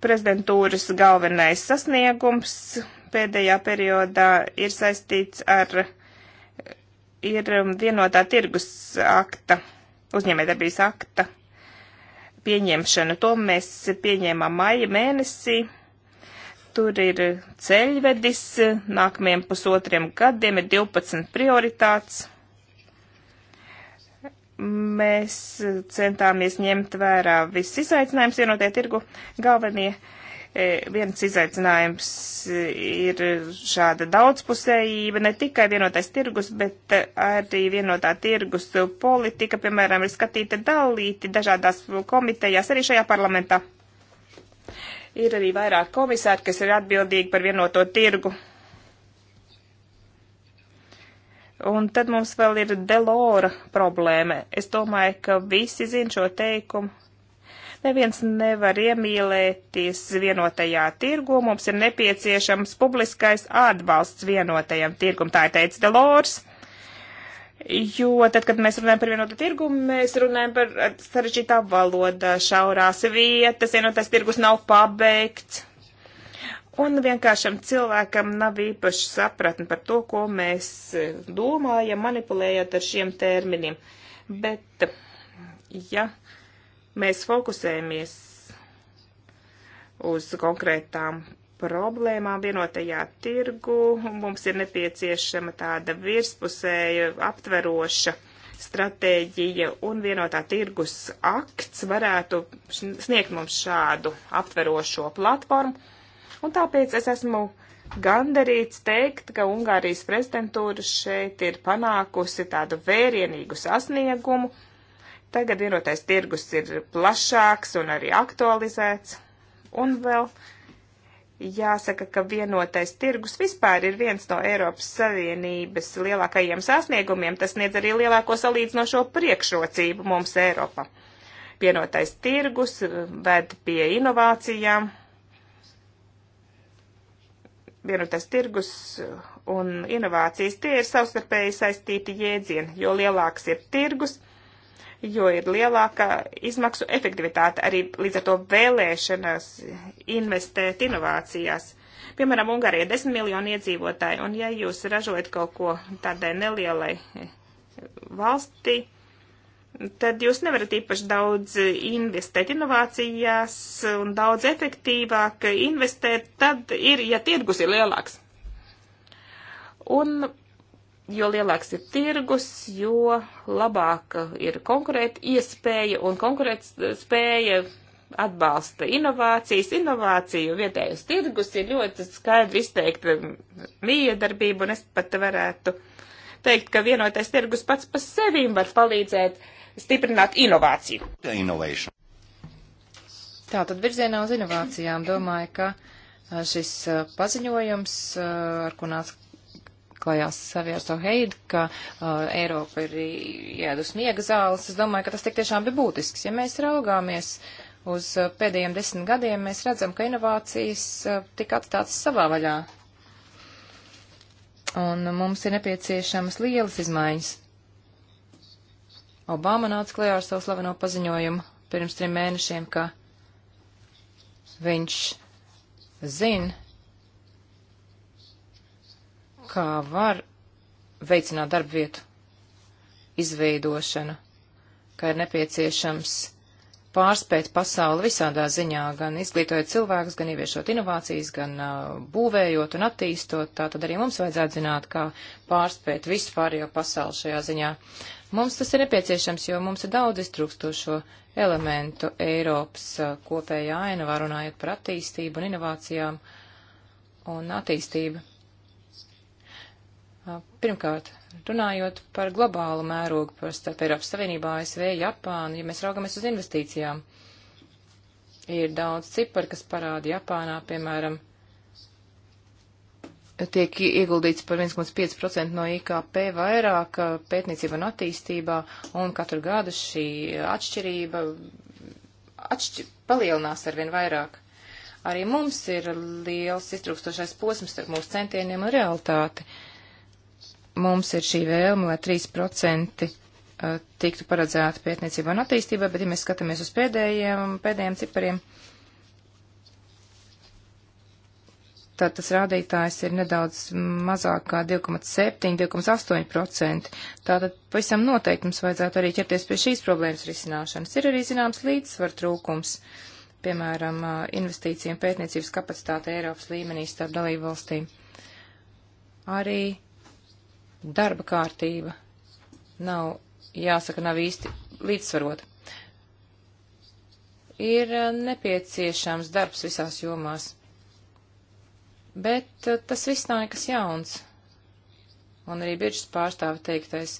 prezidentūras galvenais sasniegums pēdējā periodā ir saistīts ar ir vienotā tirgus akta, uzņēmējdarbības akta pieņemšanu. To mēs pieņēmām maija mēnesī. Tur ir ceļvedis, nākamajiem pusotriem gadiem ir 12 prioritātes. Mēs centāmies ņemt vērā visus izaicinājumus vienotajā tirgu galvenie. Uh, E, viens izaicinājums e, ir šāda daudzpusējība, ne tikai vienotais tirgus, bet e, arī vienotā tirgus politika, piemēram, ir skatīta dalīti dažādās komitejās, arī šajā parlamentā. Ir arī vairāk komisāri, kas ir atbildīgi par vienoto tirgu. Un tad mums vēl ir Delora problēma. Es domāju, ka visi zin šo teikumu Neviens nevar iemīlēties vienotajā tirgu, mums ir nepieciešams publiskais atbalsts vienotajam tirgum, tā ir teica Delors. Jo tad, kad mēs runājam par vienotu tirgu, mēs runājam par sarežģītā valoda, šaurās vietas, vienotais tirgus nav pabeigts. Un vienkāršam cilvēkam nav īpaši sapratni par to, ko mēs domājam, manipulējot ar šiem terminiem. Bet, ja Mēs fokusējamies uz konkrētām problēmām vienotajā tirgu. Mums ir nepieciešama tāda virspusēja aptveroša stratēģija un vienotā tirgus akts varētu sniegt mums šādu aptverošo platformu. Un tāpēc es esmu gandarīts teikt, ka Ungārijas prezidentūra šeit ir panākusi tādu vērienīgu sasniegumu Tagad vienotais tirgus ir plašāks un arī aktualizēts. Un vēl jāsaka, ka vienotais tirgus vispār ir viens no Eiropas Savienības lielākajiem sasniegumiem. Tas sniedz arī lielāko salīdzinošo priekšrocību mums Eiropa. Vienotais tirgus eh, ved pie inovācijām. Vienotais tirgus eh, un inovācijas tie ir savstarpēji saistīti jēdzieni, jo lielāks ir tirgus, jo ir lielāka izmaksu efektivitāte, arī līdz ar to vēlēšanās investēt inovācijās. Piemēram, Ungārija ir 10 miljoni iedzīvotāji, un ja jūs ražojat kaut ko tādai nelielai eh, valstī, tad jūs nevarat īpaši daudz investēt inovācijās un daudz efektīvāk investēt, tad ir, ja tirgus ir lielāks. Un jo lielāks ir tirgus, jo labāka ir konkurēt iespēja un konkurēt spēja atbalsta inovācijas, inovāciju vietējos tirgus ir ļoti skaidri izteikta miedarbība, un es pat varētu teikt, ka vienotais tirgus pats pa sevim var palīdzēt stiprināt inovāciju. Tā tad virzienā uz inovācijām domāju, ka šis paziņojums, ar ko nāca klajās Savjārs Oheid, ka uh, Eiropa ir iedus miega zāles. Es domāju, ka tas tik tiešām bija būtisks. Ja mēs raugāmies uz uh, pēdējiem desmit gadiem, mēs redzam, ka inovācijas uh, tika atstātas savā vaļā. Un mums ir nepieciešamas lielas izmaiņas. Obama nāca klajā ar savu slaveno paziņojumu pirms trim mēnešiem, ka viņš zina, kā var veicināt darbvietu izveidošanu, ka ir nepieciešams pārspēt pasauli visādā ziņā, gan izglītojot cilvēkus, gan ieviešot inovācijas, gan uh, būvējot un attīstot. Tā tad arī mums vajadzētu zināt, kā pārspēt visu pārējo pasauli šajā ziņā. Mums tas ir nepieciešams, jo mums ir daudz iztrūkstošo elementu Eiropas uh, kopējā ainavā, runājot par attīstību un inovācijām un attīstību Pirmkārt, runājot par globālu mērogu, par starp Eiropas Savienībā, ASV, Japānu, ja mēs raugamies uz investīcijām, ir daudz cipari, kas parāda Japānā, piemēram, tiek ieguldīts par 1,5% no IKP vairāk pētniecība un attīstībā, un katru gadu šī atšķirība atšķi palielinās arvien vairāk. Arī mums ir liels iztrūkstošais posms starp mūsu centieniem un realitāti. Uh, mums ir šī vēlme, lai 3% eh, tiktu paredzēta pētniecībā un attīstībā, bet ja mēs skatāmies uz pēdējiem, pēdējiem cipariem, tad tas rādītājs ir nedaudz mazāk kā 2,7-2,8%. Tātad pavisam noteikti mums vajadzētu arī ķerties pie šīs problēmas risināšanas. Ir arī zināms līdzsvar trūkums, piemēram, investīcijiem pētniecības kapacitāte Eiropas līmenī starp dalību valstīm. Arī darba kārtība nav, jāsaka, nav īsti līdzsvarota. Ir eh, nepieciešams darbs visās jomās, bet eh, tas viss nav nekas jauns. Un arī biržas pārstāve teiktais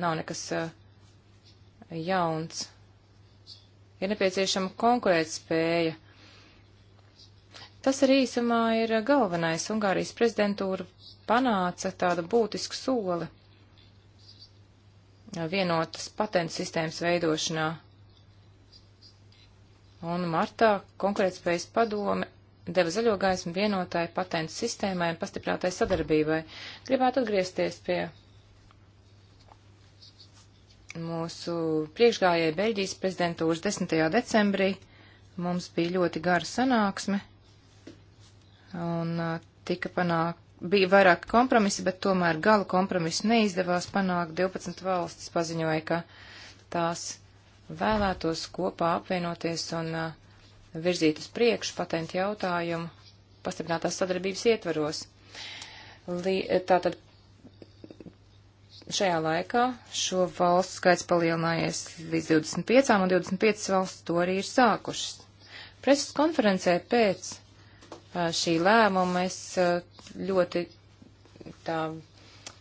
nav nekas eh, jauns. Ir nepieciešama konkurētspēja. Tas arī īsumā ir galvenais Ungārijas prezidentūra panāca tādu būtisku soli vienotas patentu sistēmas veidošanā. Un martā konkurētspējas padome deva zaļo gaismu vienotāju patentu sistēmai un pastiprinātai sadarbībai. Gribētu atgriezties pie mūsu priekšgājēja Beļģijas prezidentūras 10. decembrī. Mums bija ļoti gara sanāksme un tika panākt bija vairāk kompromisi, bet tomēr gala kompromisu neizdevās panākt. 12 valstis paziņoja, ka tās vēlētos kopā apvienoties un uh, virzīt uz priekšu patentu jautājumu pastiprinātās sadarbības ietvaros. Li, tātad šajā laikā šo valstu skaits palielinājies līdz 25, un 25 valsts to arī ir sākušas. Preses konferencē pēc šī lēmuma, es ļoti tā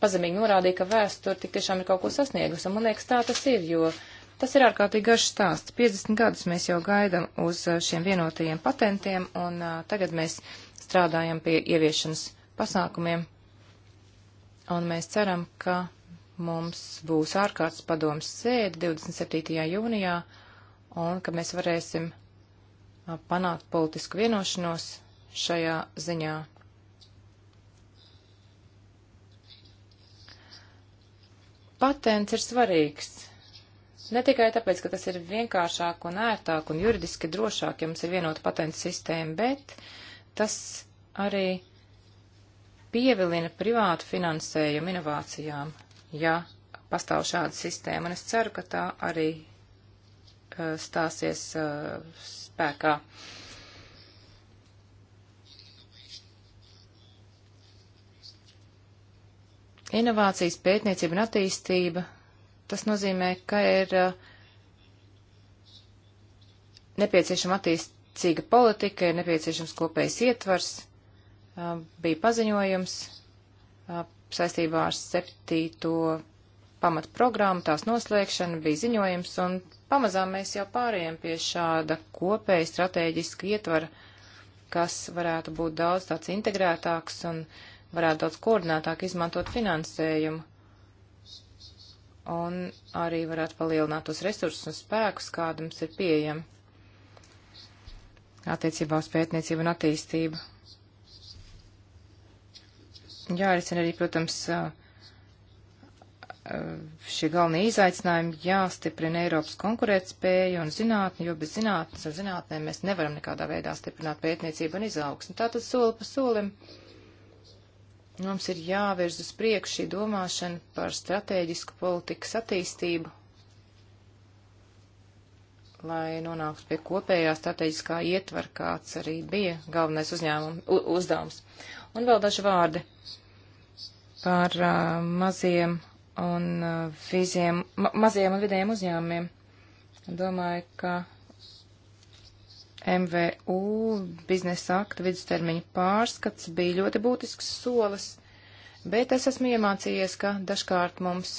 pazemīgi norādīju, ka vēsture tik tiešām ir kaut ko sasniegusi, un man liekas, tā tas ir, jo tas ir ārkārtīgi garš stāsts. 50 gadus mēs jau gaidam uz šiem vienotajiem patentiem, un uh, tagad mēs strādājam pie ieviešanas pasākumiem, un mēs ceram, ka mums būs ārkārtas padomas sēde 27. jūnijā, un ka mēs varēsim uh, panākt politisku vienošanos šajā ziņā. Patents ir svarīgs. Ne tikai tāpēc, ka tas ir vienkāršāk un ērtāk un juridiski drošāk, ja mums ir vienota patents sistēma, bet tas arī pievilina privātu finansējumu inovācijām, ja pastāv šāda sistēma, un es ceru, ka tā arī uh, stāsies uh, spēkā. Uh, Inovācijas pētniecība un attīstība, tas nozīmē, ka ir uh, nepieciešama attīstīga politika, ir nepieciešams kopējs ietvars, uh, bija paziņojums uh, saistībā ar septīto pamatprogrammu, tās noslēgšana bija ziņojums, un pamazām mēs jau pārējām pie šāda kopēja strateģiska ietvara, kas varētu būt daudz tāds integrētāks un uh, varētu daudz koordinētāk izmantot finansējumu un arī varētu palielināt tos resursus un spēkus, kāda mums ir pieejama attiecībā uz pētniecību un attīstību. Jārisina arī, protams, šie galvenie izaicinājumi jāstiprina Eiropas konkurētspēja un zinātni, jo bez zinātnes un zinātnē mēs nevaram nekādā veidā stiprināt pētniecību un izaugsmu. Tātad soli pa solim. Uh, Mums ir jāvirz uz priekšu šī domāšana par strateģisku politikas attīstību, lai nonāktu pie kopējā strateģiskā ietvara, kāds arī bija galvenais uzņēmuma uzdevums. Un vēl daži vārdi par uh, maziem un uh, viziem, ma maziem un vidējiem uzņēmumiem. Domāju, ka MVU biznesa akta vidustermiņa pārskats bija ļoti būtisks solis, bet es esmu iemācījies, ka dažkārt mums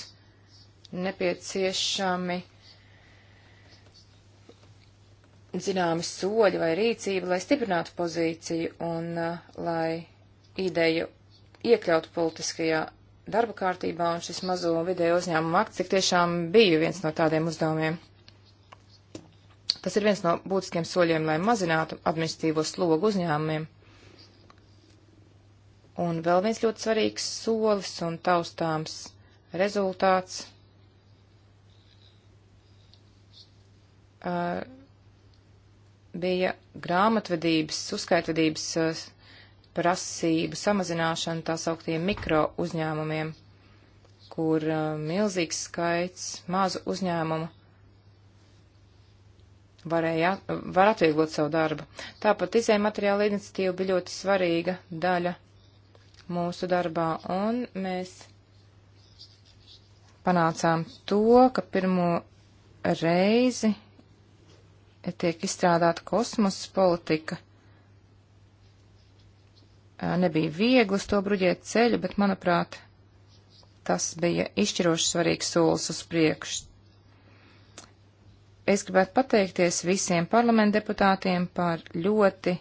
nepieciešami zināmi soļi vai rīcība, lai stiprinātu pozīciju un uh, lai ideju iekļautu politiskajā darba kārtībā, un šis mazo video uzņēmumu akts tik tiešām bija viens no tādiem uzdevumiem. Tas ir viens no būtiskiem soļiem, lai mazinātu administratīvo slogu uzņēmumiem. Un vēl viens ļoti svarīgs solis un taustāms rezultāts. Uh, bija grāmatvedības, uzskaitvedības uh, prasību samazināšana tā sauktiem mikro uzņēmumiem, kur uh, milzīgs skaits mazu uzņēmumu varēja, var atvieglot savu darbu. Tāpat izējai materiāla iniciatīva bija ļoti svarīga daļa mūsu darbā, un mēs panācām to, ka pirmo reizi tiek izstrādāta kosmosa politika. Nebija viegli uz to bruģēt ceļu, bet, manuprāt, tas bija izšķiroši svarīgs solis uz priekšu. Es gribētu pateikties visiem parlamentu deputātiem par ļoti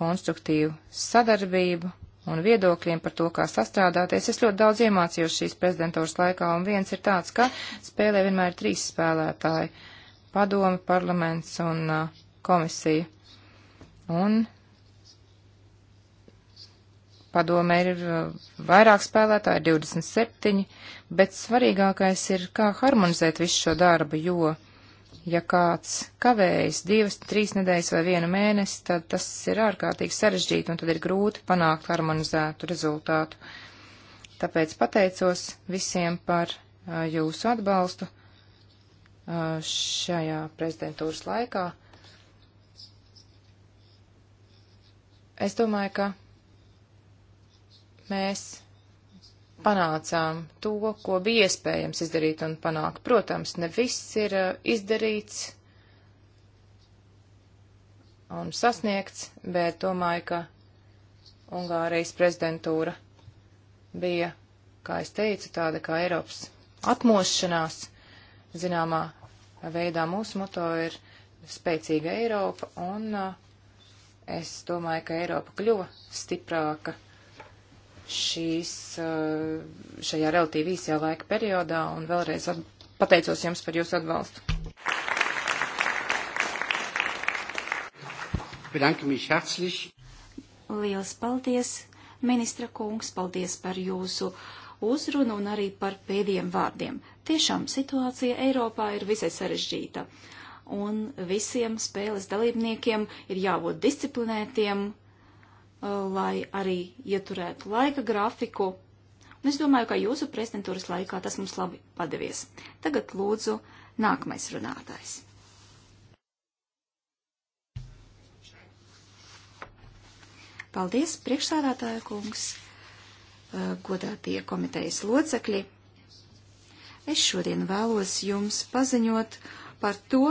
konstruktīvu sadarbību un viedokļiem par to, kā sastrādāties. Es ļoti daudz iemācījos šīs prezidentūras laikā, un viens ir tāds, ka spēlē vienmēr ir trīs spēlētāji - padomi, parlaments un uh, komisija. Un padomē ir uh, vairāk spēlētāji, 27, bet svarīgākais ir, kā harmonizēt visu šo darbu, jo ja kāds kavējas divas, trīs nedēļas vai vienu mēnesi, tad tas ir ārkārtīgi sarežģīti un tad ir grūti panākt harmonizētu rezultātu. Tāpēc pateicos visiem par uh, jūsu atbalstu uh, šajā prezidentūras laikā. Es domāju, ka mēs panācām to, ko bija iespējams izdarīt un panākt. Protams, ne viss ir uh, izdarīts un sasniegts, bet domāju, ka Ungārijas prezidentūra bija, kā es teicu, tāda kā Eiropas atmošanās. Zināmā veidā mūsu moto ir spēcīga Eiropa, un uh, es domāju, ka Eiropa kļuva stiprāka šīs, eh, šajā relatīvi īsajā laika periodā un vēlreiz pateicos jums par jūsu atbalstu. Liels paldies, ministra kungs, paldies par jūsu uzrunu un arī par pēdējiem vārdiem. Tiešām situācija Eiropā ir visai sarežģīta, un visiem spēles dalībniekiem ir jābūt disciplinētiem, Uh, lai arī ieturētu laika grafiku. Un es domāju, ka jūsu prezidentūras laikā tas mums labi padevies. Tagad lūdzu nākamais runātājs. Paldies, priekšsādātāja kungs, uh, godātie komitejas locekļi. Es šodien vēlos jums paziņot par to,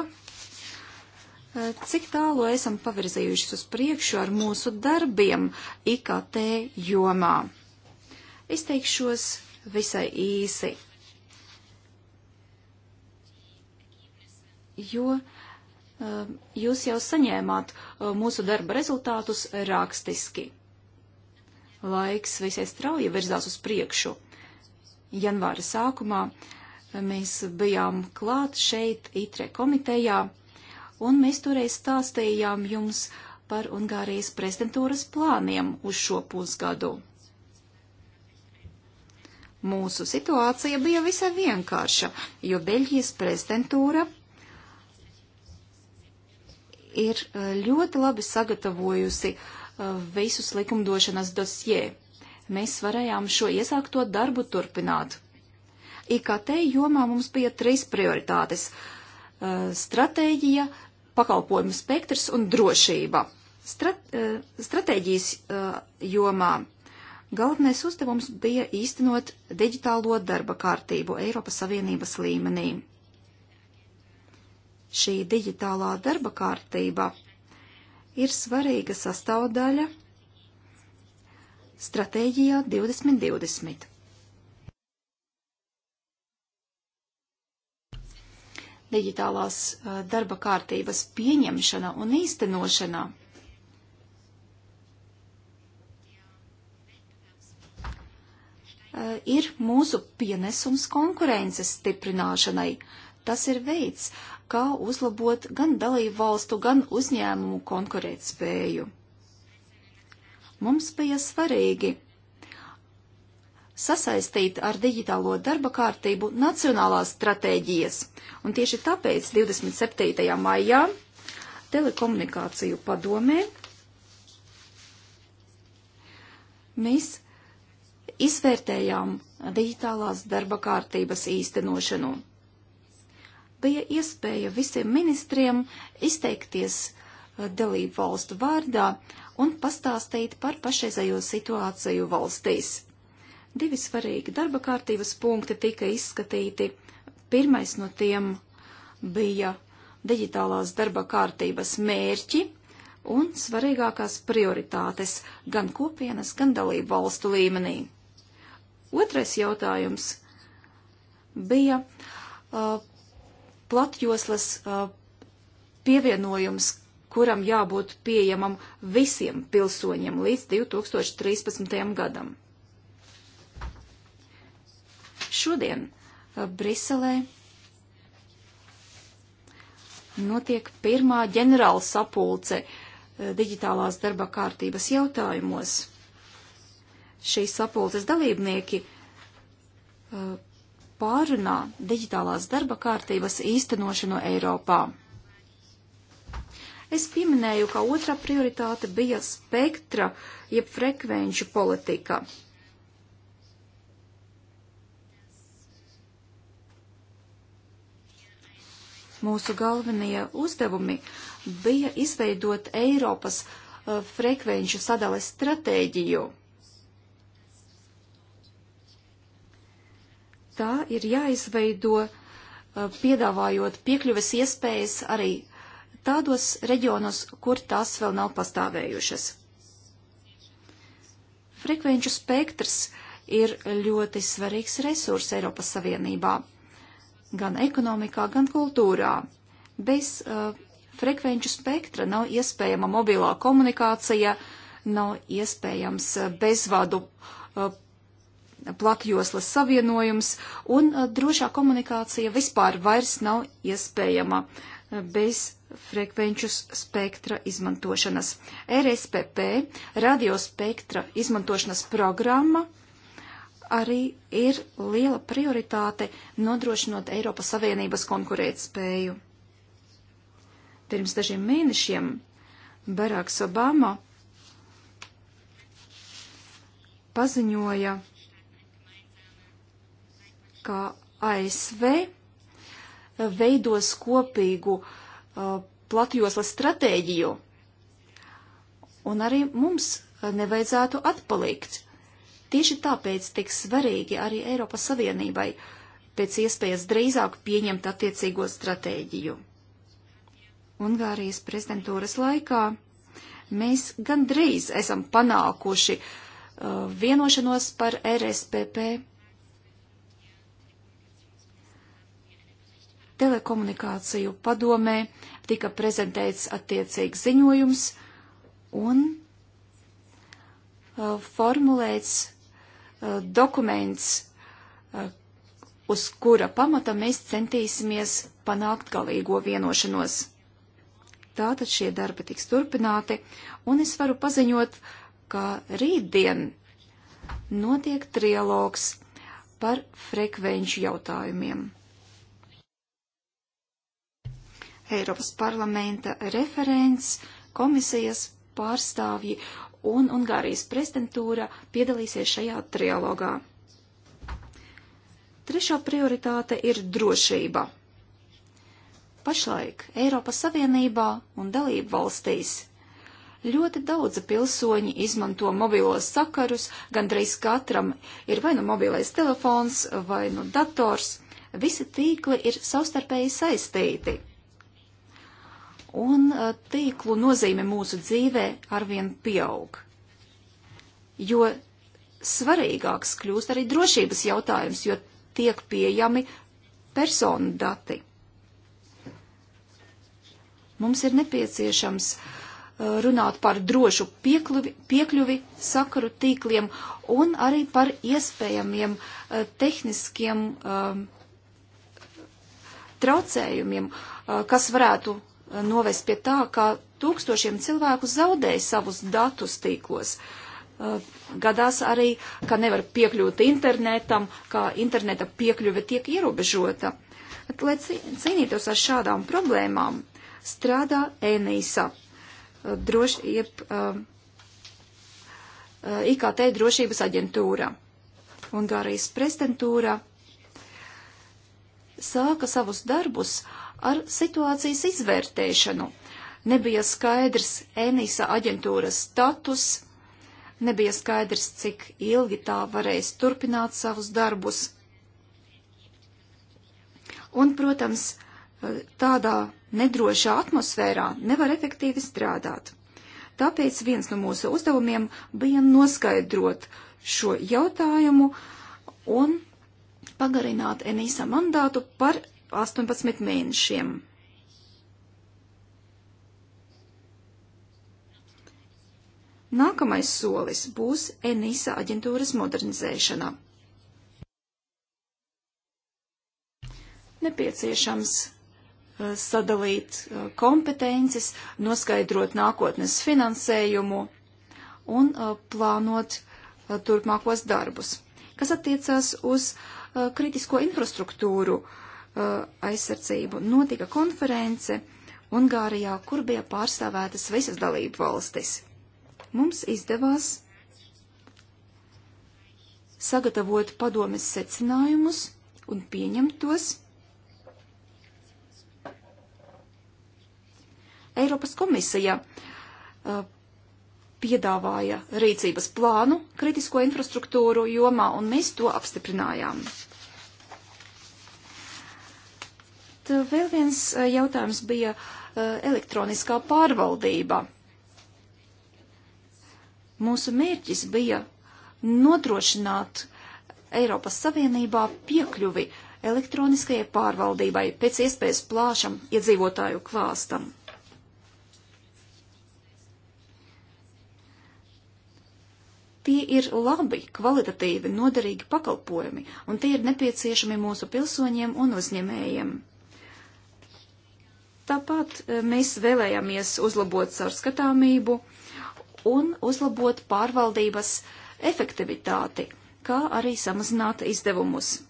cik tālu esam pavirzījušies uz priekšu ar mūsu darbiem IKT jomā. Izteikšos visai īsi, jo um, jūs jau saņēmāt uh, mūsu darba rezultātus rakstiski. Laiks visai strauji virzās uz priekšu. Janvāra sākumā mēs bijām klāt šeit, ITRE komitejā un mēs toreiz stāstījām jums par Ungārijas prezidentūras plāniem uz šo pusgadu. Mūsu situācija bija visai vienkārša, jo Beļģijas prezidentūra ir e, ļoti labi sagatavojusi e, visus likumdošanas dosjē. Mēs varējām šo iesākto darbu turpināt. IKT jomā mums bija trīs prioritātes stratēģija, pakalpojumu spektrs un drošība. Strat, e, stratēģijas e, jomā galvenais uzdevums bija īstenot digitālo darba kārtību Eiropas Savienības līmenī. Šī digitālā darba kārtība ir svarīga sastāvdaļa stratēģijā 2020. digitālās darba kārtības pieņemšana un īstenošana. Ir mūsu pienesums konkurences stiprināšanai. Tas ir veids, kā uzlabot gan dalību valstu, gan uzņēmumu konkurētspēju. Mums bija svarīgi sasaistīt ar digitālo darba kārtību nacionālās stratēģijas. Un tieši tāpēc 27. maijā telekomunikāciju padomē mēs izvērtējām digitālās darba kārtības īstenošanu. Bija iespēja visiem ministriem izteikties uh, dalību valstu vārdā un pastāstīt par pašreizējo situāciju valstīs. Divi svarīgi darba kārtības punkti tika izskatīti. Pirmais no tiem bija digitālās darba kārtības mērķi un svarīgākās prioritātes gan kopienas, gan dalību valstu līmenī. Otrais jautājums bija uh, platjoslas uh, pievienojums, kuram jābūt pieejamam visiem pilsoņiem līdz 2013. gadam. Šodien eh, Briselē notiek pirmā ģenerāla sapulce eh, digitālās darba kārtības jautājumos. Šīs sapulces dalībnieki eh, pārunā digitālās darba kārtības īstenošanu Eiropā. Es pieminēju, ka otrā prioritāte bija spektra, jeb frekvenču politika. mūsu galvenie uzdevumi bija izveidot Eiropas uh, frekvenču sadales stratēģiju. Tā ir jāizveido, uh, piedāvājot piekļuves iespējas arī tādos reģionos, kur tās vēl nav pastāvējušas. Frekvenču spektrs ir ļoti svarīgs resurs Eiropas Savienībā gan ekonomikā, gan kultūrā. Bez uh, frekvenču spektra nav iespējama mobilā komunikācija, nav iespējams uh, bezvadu uh, plakjoslas savienojums, un uh, drošā komunikācija vispār vairs nav iespējama uh, bez frekvenču spektra izmantošanas. RSPP radiospektra izmantošanas programma uh, arī ir liela prioritāte nodrošinot Eiropas Savienības konkurētspēju. Pirms dažiem mēnešiem Baraks Obama paziņoja, ka ASV veidos kopīgu uh, platjoslas stratēģiju, un arī mums nevajadzētu atpalikt Tieši tāpēc tik svarīgi arī Eiropas Savienībai pēc iespējas drīzāk pieņemt attiecīgo stratēģiju. Ungārijas prezidentūras laikā mēs gandrīz esam panākuši uh, vienošanos par RSPP. Telekomunikāciju padomē tika prezentēts attiecīgs ziņojums un uh, formulēts Uh, dokuments, uh, uz kura pamata mēs centīsimies panākt galīgo vienošanos. Tātad šie darbi tiks turpināti, un es varu paziņot, ka rītdien notiek trialogs par frekvenču jautājumiem. Eiropas parlamenta referents, komisijas pārstāvji un Ungārijas prezidentūra piedalīsies šajā trialogā. Trešā prioritāte ir drošība. Pašlaik Eiropas Savienībā un dalību valstīs ļoti daudzi pilsoņi izmanto mobilos sakarus, gandrīz katram ir vai nu mobilais telefons, vai nu dators. Visi tīkli ir savstarpēji saistīti un eh, tīklu nozīme mūsu dzīvē arvien pieaug. Jo svarīgāks kļūst arī drošības jautājums, jo tiek pieejami personu dati. Mums ir nepieciešams eh, runāt par drošu piekļuvi, piekļuvi sakaru tīkliem un arī par iespējamiem eh, tehniskiem um, traucējumiem, kas varētu novest pie tā, ka tūkstošiem cilvēku zaudēja savus datus tīklos. Uh, gadās arī, ka nevar piekļūt internetam, ka interneta piekļuve tiek ierobežota. Lai cīnītos ar šādām problēmām, strādā ENISA, uh, droši, jeb, uh, uh IKT drošības aģentūra. Ungārijas prezidentūra sāka savus darbus uh, ar situācijas izvērtēšanu. Nebija skaidrs Enisa aģentūras status, nebija skaidrs, cik ilgi tā varēs turpināt savus darbus. Un, protams, tādā nedrošā atmosfērā nevar efektīvi strādāt. Tāpēc viens no mūsu uzdevumiem bija noskaidrot šo jautājumu un pagarināt Enisa mandātu par 18 mēnešiem. Nākamais solis būs ENISA aģentūras modernizēšana. Nepieciešams eh, sadalīt eh, kompetences, noskaidrot nākotnes finansējumu un eh, plānot turpmākos darbus. Kas attiecās uz kritisko infrastruktūru, uh, Uh, aizsardzību notika konference Ungārijā, kur bija pārstāvētas visas dalību valstis. Mums izdevās sagatavot padomes secinājumus un pieņemt tos. Eiropas komisija uh, piedāvāja rīcības plānu kritisko infrastruktūru jomā, un mēs to apstiprinājām. Tad eh, vēl viens eh, jautājums bija eh, elektroniskā pārvaldība. Mūsu mērķis bija nodrošināt Eiropas Savienībā piekļuvi elektroniskajai pārvaldībai pēc iespējas plāšam iedzīvotāju klāstam. Tie ir labi, kvalitatīvi, noderīgi pakalpojumi, un tie ir nepieciešami mūsu pilsoņiem un uzņēmējiem. Tāpat eh, mēs vēlējāmies uzlabot caurskatāmību un uzlabot pārvaldības efektivitāti, kā arī samazināt izdevumus. Eh,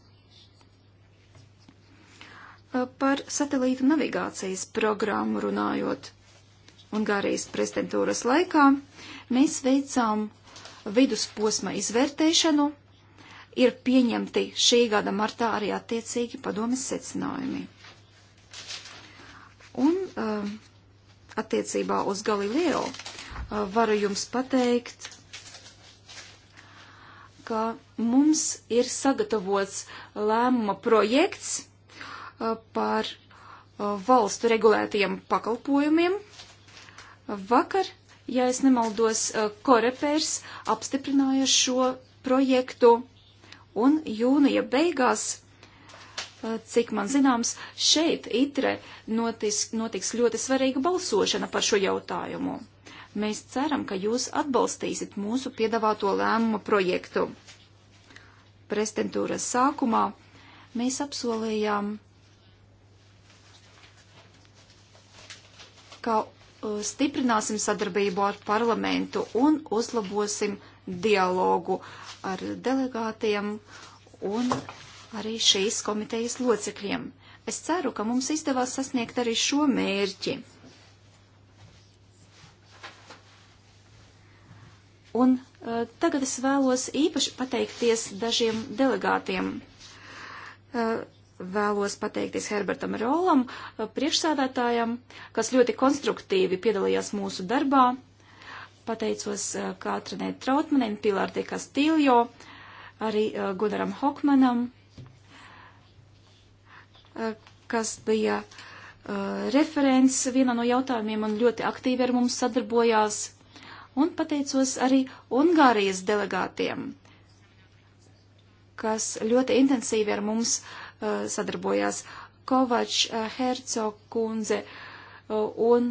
par satelītu navigācijas programmu runājot, Ungārijas prezidentūras laikā mēs veicām vidusposma izvērtēšanu, ir pieņemti šī gada martā arī attiecīgi padomes secinājumi. Un uh, attiecībā uz Galileo uh, varu jums pateikt, ka mums ir sagatavots lēmuma projekts uh, par uh, valstu regulētajiem pakalpojumiem. Vakar, ja es nemaldos, uh, Korepērs apstiprināja šo projektu un jūnija beigās Cik man zināms, šeit itre notis, notiks ļoti svarīga balsošana par šo jautājumu. Mēs ceram, ka jūs atbalstīsiet mūsu piedāvāto lēmumu projektu. Prezidentūras sākumā mēs apsolījām, ka uh, stiprināsim sadarbību ar parlamentu un uzlabosim dialogu ar delegātiem un arī šīs komitejas locekļiem. Es ceru, ka mums izdevās sasniegt arī šo mērķi. Un uh, tagad es vēlos īpaši pateikties dažiem delegātiem. Uh, vēlos pateikties Herbertam Rolam, uh, priekšsādātājam, kas ļoti konstruktīvi piedalījās mūsu darbā. Pateicos uh, Kātrinē Trautmanē, Pilārtē Kastīljo, arī uh, Gudaram Hokmanam, uh, kas bija uh, referents vienā no jautājumiem un ļoti aktīvi ar mums sadarbojās. Un pateicos arī Ungārijas delegātiem, kas ļoti intensīvi ar mums uh, sadarbojās. Kovačs, uh, Herco kundze un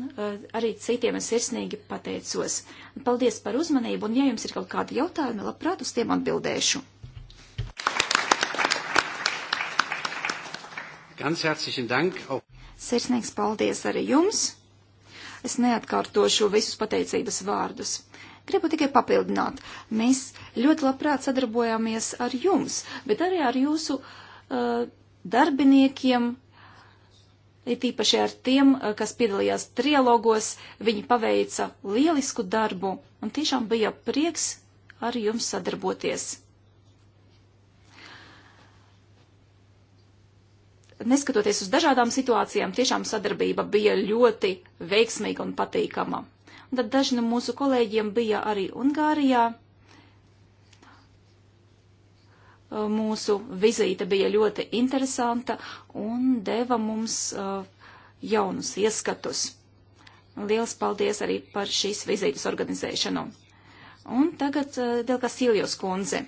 arī citiem es sirsnīgi pateicos. Paldies par uzmanību, un ja jums ir kaut kādi jautājumi, labprāt uz tiem atbildēšu. Ganz herzlichen Dank. Sirsnīgs paldies arī jums. Es neatkārtošu visus pateicības vārdus. Gribu tikai papildināt. Mēs ļoti labprāt sadarbojāmies ar jums, bet arī ar jūsu uh, darbiniekiem, it īpaši ar tiem, uh, kas piedalījās trialogos. Viņi paveica lielisku darbu un tiešām bija prieks ar jums sadarboties. neskatoties uz dažādām situācijām, tiešām sadarbība bija ļoti veiksmīga un patīkama. Un tad daži no mūsu kolēģiem bija arī Ungārijā. Mūsu vizīte bija ļoti interesanta un deva mums jaunus ieskatus. Liels paldies arī par šīs vizītes organizēšanu. Un tagad Delka Siljos kundze.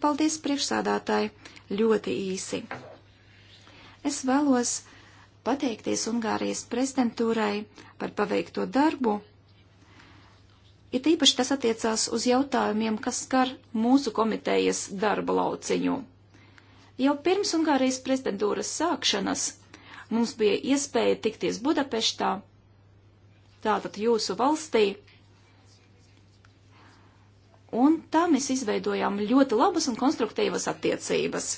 Paldies priekšsādātāji ļoti īsi. Es vēlos pateikties Ungārijas prezidentūrai par paveikto darbu. Ir ja īpaši tas attiecās uz jautājumiem, kas skar mūsu komitejas darba lauciņu. Jau pirms Ungārijas prezidentūras sākšanas mums bija iespēja tikties Budapeštā, tātad jūsu valstī, un tā mēs izveidojām ļoti labas un konstruktīvas attiecības.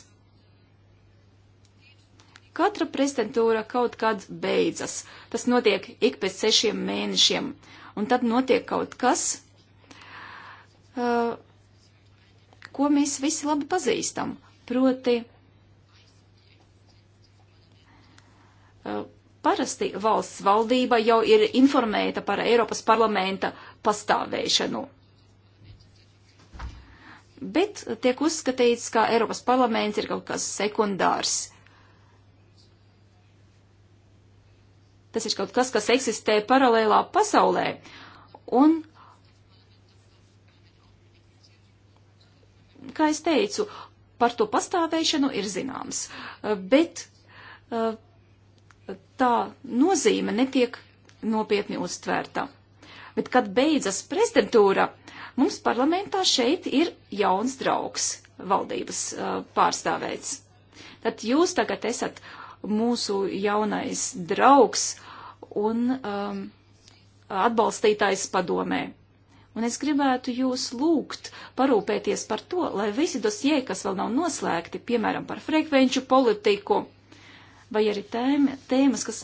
Katra prezidentūra kaut kad beidzas. Tas notiek ik pēc sešiem mēnešiem. Un tad notiek kaut kas, uh, ko mēs visi labi pazīstam. Proti, uh, parasti valsts valdība jau ir informēta par Eiropas parlamenta pastāvēšanu. Bet tiek uzskatīts, ka Eiropas parlaments ir kaut kas sekundārs. Tas ir kaut kas, kas eksistē paralēlā pasaulē. Un, kā es teicu, par to pastāvēšanu ir zināms, bet tā nozīme netiek nopietni uztvērta. Bet, kad beidzas prezidentūra, mums parlamentā šeit ir jauns draugs valdības pārstāvēts. Tad jūs tagad esat mūsu jaunais draugs un um, atbalstītājs padomē. Un es gribētu jūs lūgt parūpēties par to, lai visi dosie, kas vēl nav noslēgti, piemēram, par frekvenču politiku, vai arī tēma, tēmas, kas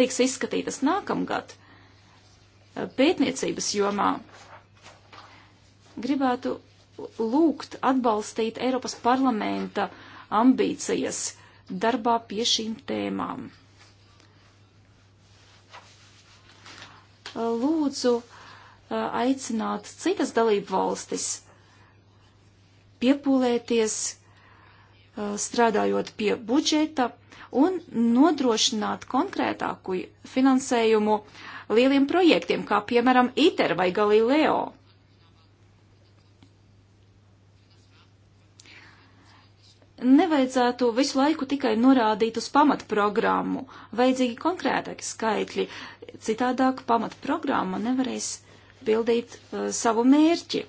tiks izskatītas nākamgad uh, pētniecības jomā, gribētu lūgt atbalstīt Eiropas parlamenta ambīcijas darbā pie šīm tēmām. Lūdzu eh, aicināt citas dalību valstis piepūlēties, eh, strādājot pie budžeta un nodrošināt konkrētāku finansējumu lieliem projektiem, kā piemēram ITER vai Galileo nevajadzētu visu laiku tikai norādīt uz pamatprogrammu. Vajadzīgi konkrētāki skaitļi, citādāk pamatprogramma nevarēs pildīt uh, savu mērķi.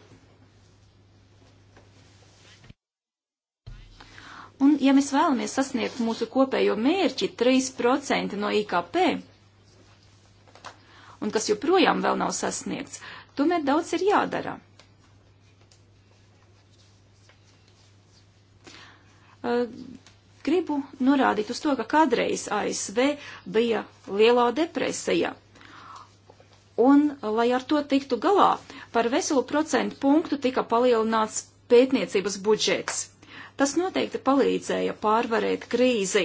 Un, ja mēs vēlamies sasniegt mūsu kopējo mērķi 3% no IKP, un kas joprojām vēl nav sasniegts, tomēr daudz ir jādara. Eh, gribu norādīt uz to, ka kādreiz ASV bija lielā depresija. Un, lai ar to tiktu galā, par veselu procentu punktu tika palielināts pētniecības budžets. Tas noteikti palīdzēja pārvarēt krīzi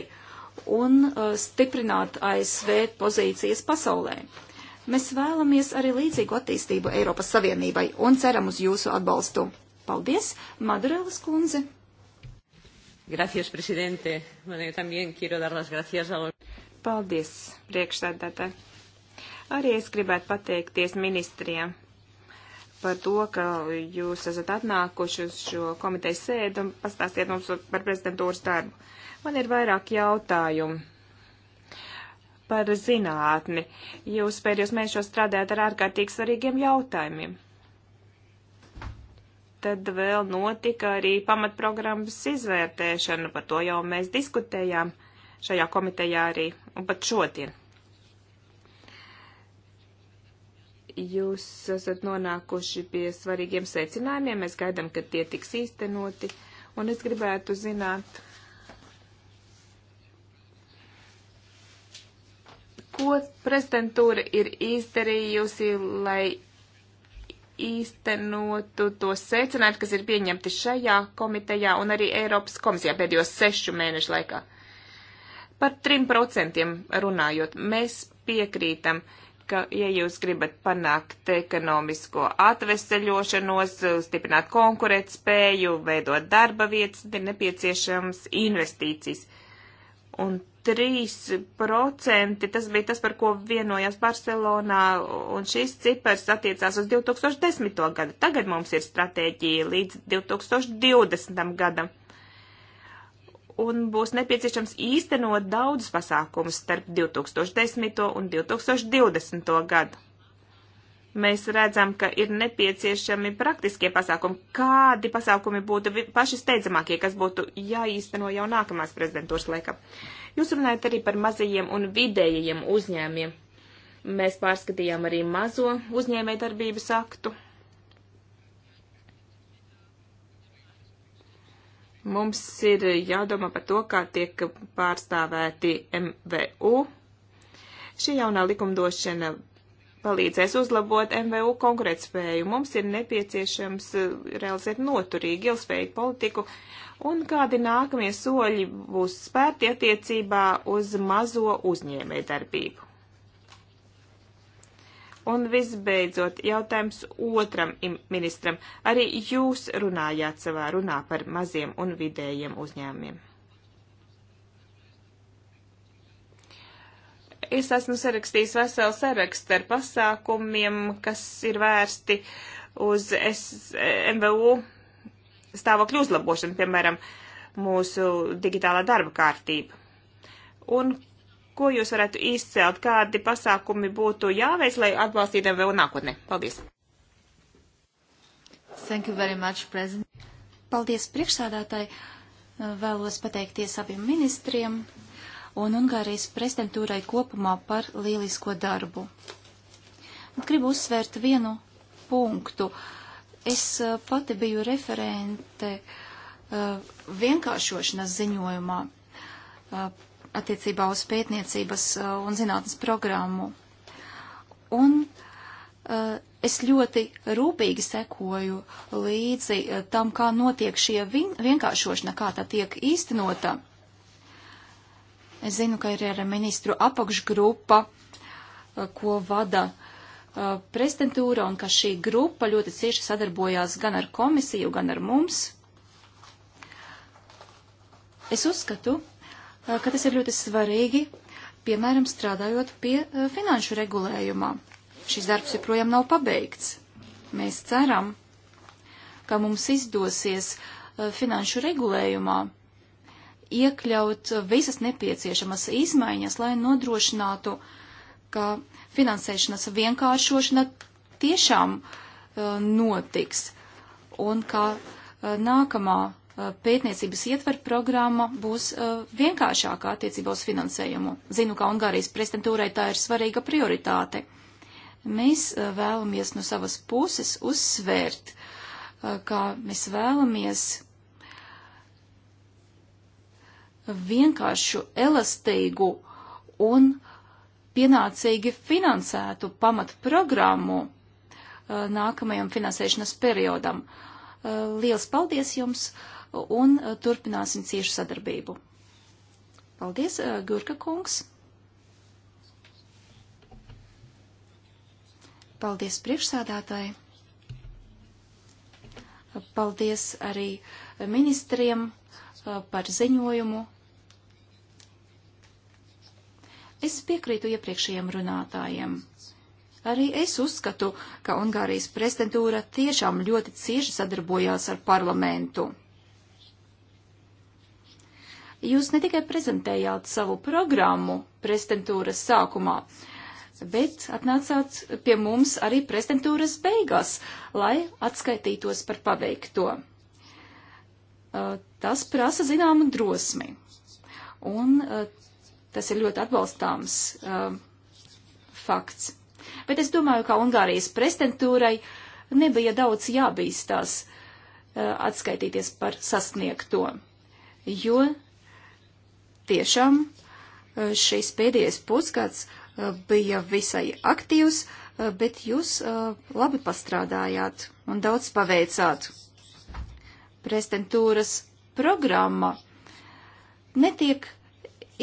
un uh, stiprināt ASV pozīcijas pasaulē. Mēs vēlamies arī līdzīgu attīstību Eiropas Savienībai un ceram uz jūsu atbalstu. Paldies, Madurelas kundze! Gracias, presidente. Man también quiero dar las gracias a los. Paldies, priekšsēdētāji. Arī es gribētu pateikties ministriem par to, ka jūs esat atnākuši uz šo komitejas sēdu un pastāstiet mums par prezidentūras darbu. Man ir vairāk jautājumu par zinātni. Jūs pēdējos mēnešos strādājat ar ārkārtīgi svarīgiem jautājumiem tad vēl notika arī pamatprogrammas izvērtēšana, par to jau mēs diskutējām šajā komitejā arī, un pat šodien. Jūs esat nonākuši pie svarīgiem secinājumiem, mēs gaidām, ka tie tiks īstenoti, un es gribētu zināt, ko prezidentūra ir izdarījusi, lai īstenotu tos secinājumus, kas ir pieņemti šajā komitejā un arī Eiropas komisijā pēdējos sešu mēnešu laikā. Par trim procentiem runājot, mēs piekrītam, ka, ja jūs gribat panākt ekonomisko atveseļošanos, stiprināt konkurētspēju, veidot darba vietas, ir nepieciešams investīcijas. Un 3%, tas bija tas, par ko vienojās Barcelonā, un šis cipars attiecās uz 2010. gadu. Tagad mums ir stratēģija līdz 2020. gadam. Un būs nepieciešams īstenot daudz pasākumus starp 2010. un 2020. gadu. Mēs redzam, ka ir nepieciešami praktiskie pasākumi. Kādi pasākumi būtu paši steidzamākie, kas būtu jāīsteno jau nākamās prezidentūras laikam? Uh, Jūs runājat arī par mazajiem un vidējiem uzņēmiem. Mēs pārskatījām arī mazo uzņēmē darbības aktu. Mums ir jādomā par to, kā tiek pārstāvēti MVU. Šī jaunā likumdošana palīdzēs uzlabot MVU konkurētspēju. Mums ir nepieciešams eh, realizēt noturīgi, ilgspējīgu politiku. Un kādi nākamie soļi būs spērti attiecībā uz mazo uzņēmē darbību? Un visbeidzot, jautājums otram ministram. Arī jūs runājāt savā runā par maziem un vidējiem uzņēmumiem. Es esmu sarakstījis veselu sarakstu ar pasākumiem, kas ir vērsti uz S MVU stāvokļu uzlabošanu, piemēram, mūsu digitālā darba kārtība. Un ko jūs varētu izcelt, kādi pasākumi būtu jāveic, lai atbalstītu MVU nākotnē? Paldies! Thank you very much, President. Paldies priekšsādātāji. Vēlos pateikties abiem ministriem un Ungārijas prezidentūrai kopumā par lielisko darbu. Gribu uzsvērt vienu punktu. Es eh, pati biju referente uh, vienkāršošanas ziņojumā uh, attiecībā uz pētniecības uh, un zinātnes programmu. Un es ļoti rūpīgi sekoju līdzi tam, kā notiek šie vienkāršošana, kā tā tiek īstenota. Es zinu, ka ir ar ministru apakšgrupa, eh, ko vada eh, prezidentūra, un ka šī grupa ļoti cieši sadarbojās gan ar komisiju, gan ar mums. Es uzskatu, eh, ka tas ir ļoti svarīgi, piemēram, strādājot pie finanšu regulējumā. Šis darbs joprojām nav pabeigts. Mēs ceram, ka mums izdosies finanšu regulējumā iekļaut visas nepieciešamas izmaiņas, lai nodrošinātu, ka finansēšanas vienkāršošana tiešām uh, notiks un ka uh, nākamā uh, pētniecības ietver programma būs uh, vienkāršākā attiecībā uz finansējumu. Zinu, ka Ungārijas prezidentūrai tā ir svarīga prioritāte. Mēs uh, vēlamies no savas puses uzsvērt, uh, ka mēs vēlamies vienkāršu, elastīgu un pienācīgi finansētu pamatprogrammu uh, nākamajam finansēšanas periodam. Uh, liels paldies jums un uh, turpināsim ciešu sadarbību. Paldies, Gurka kungs. Paldies priekšsādātāji. Paldies arī ministriem par ziņojumu Es piekrītu iepriekšējiem runātājiem. Arī es uzskatu, ka Ungārijas prezidentūra tiešām ļoti cieši sadarbojās ar parlamentu. Jūs ne tikai prezentējāt savu programmu prezidentūras sākumā, bet atnācāt pie mums arī prezidentūras beigās, lai atskaitītos par paveikto. Tas prasa zināmu drosmi. Un Tas ir ļoti atbalstāms um, fakts. Bet es domāju, ka Ungārijas prezidentūrai nebija daudz jābīstās uh, atskaitīties par sasniegto, jo tiešām uh, šis pēdējais pusgads uh, bija visai aktīvs, uh, bet jūs uh, labi pastrādājāt un daudz paveicāt. Prezidentūras programma netiek uh,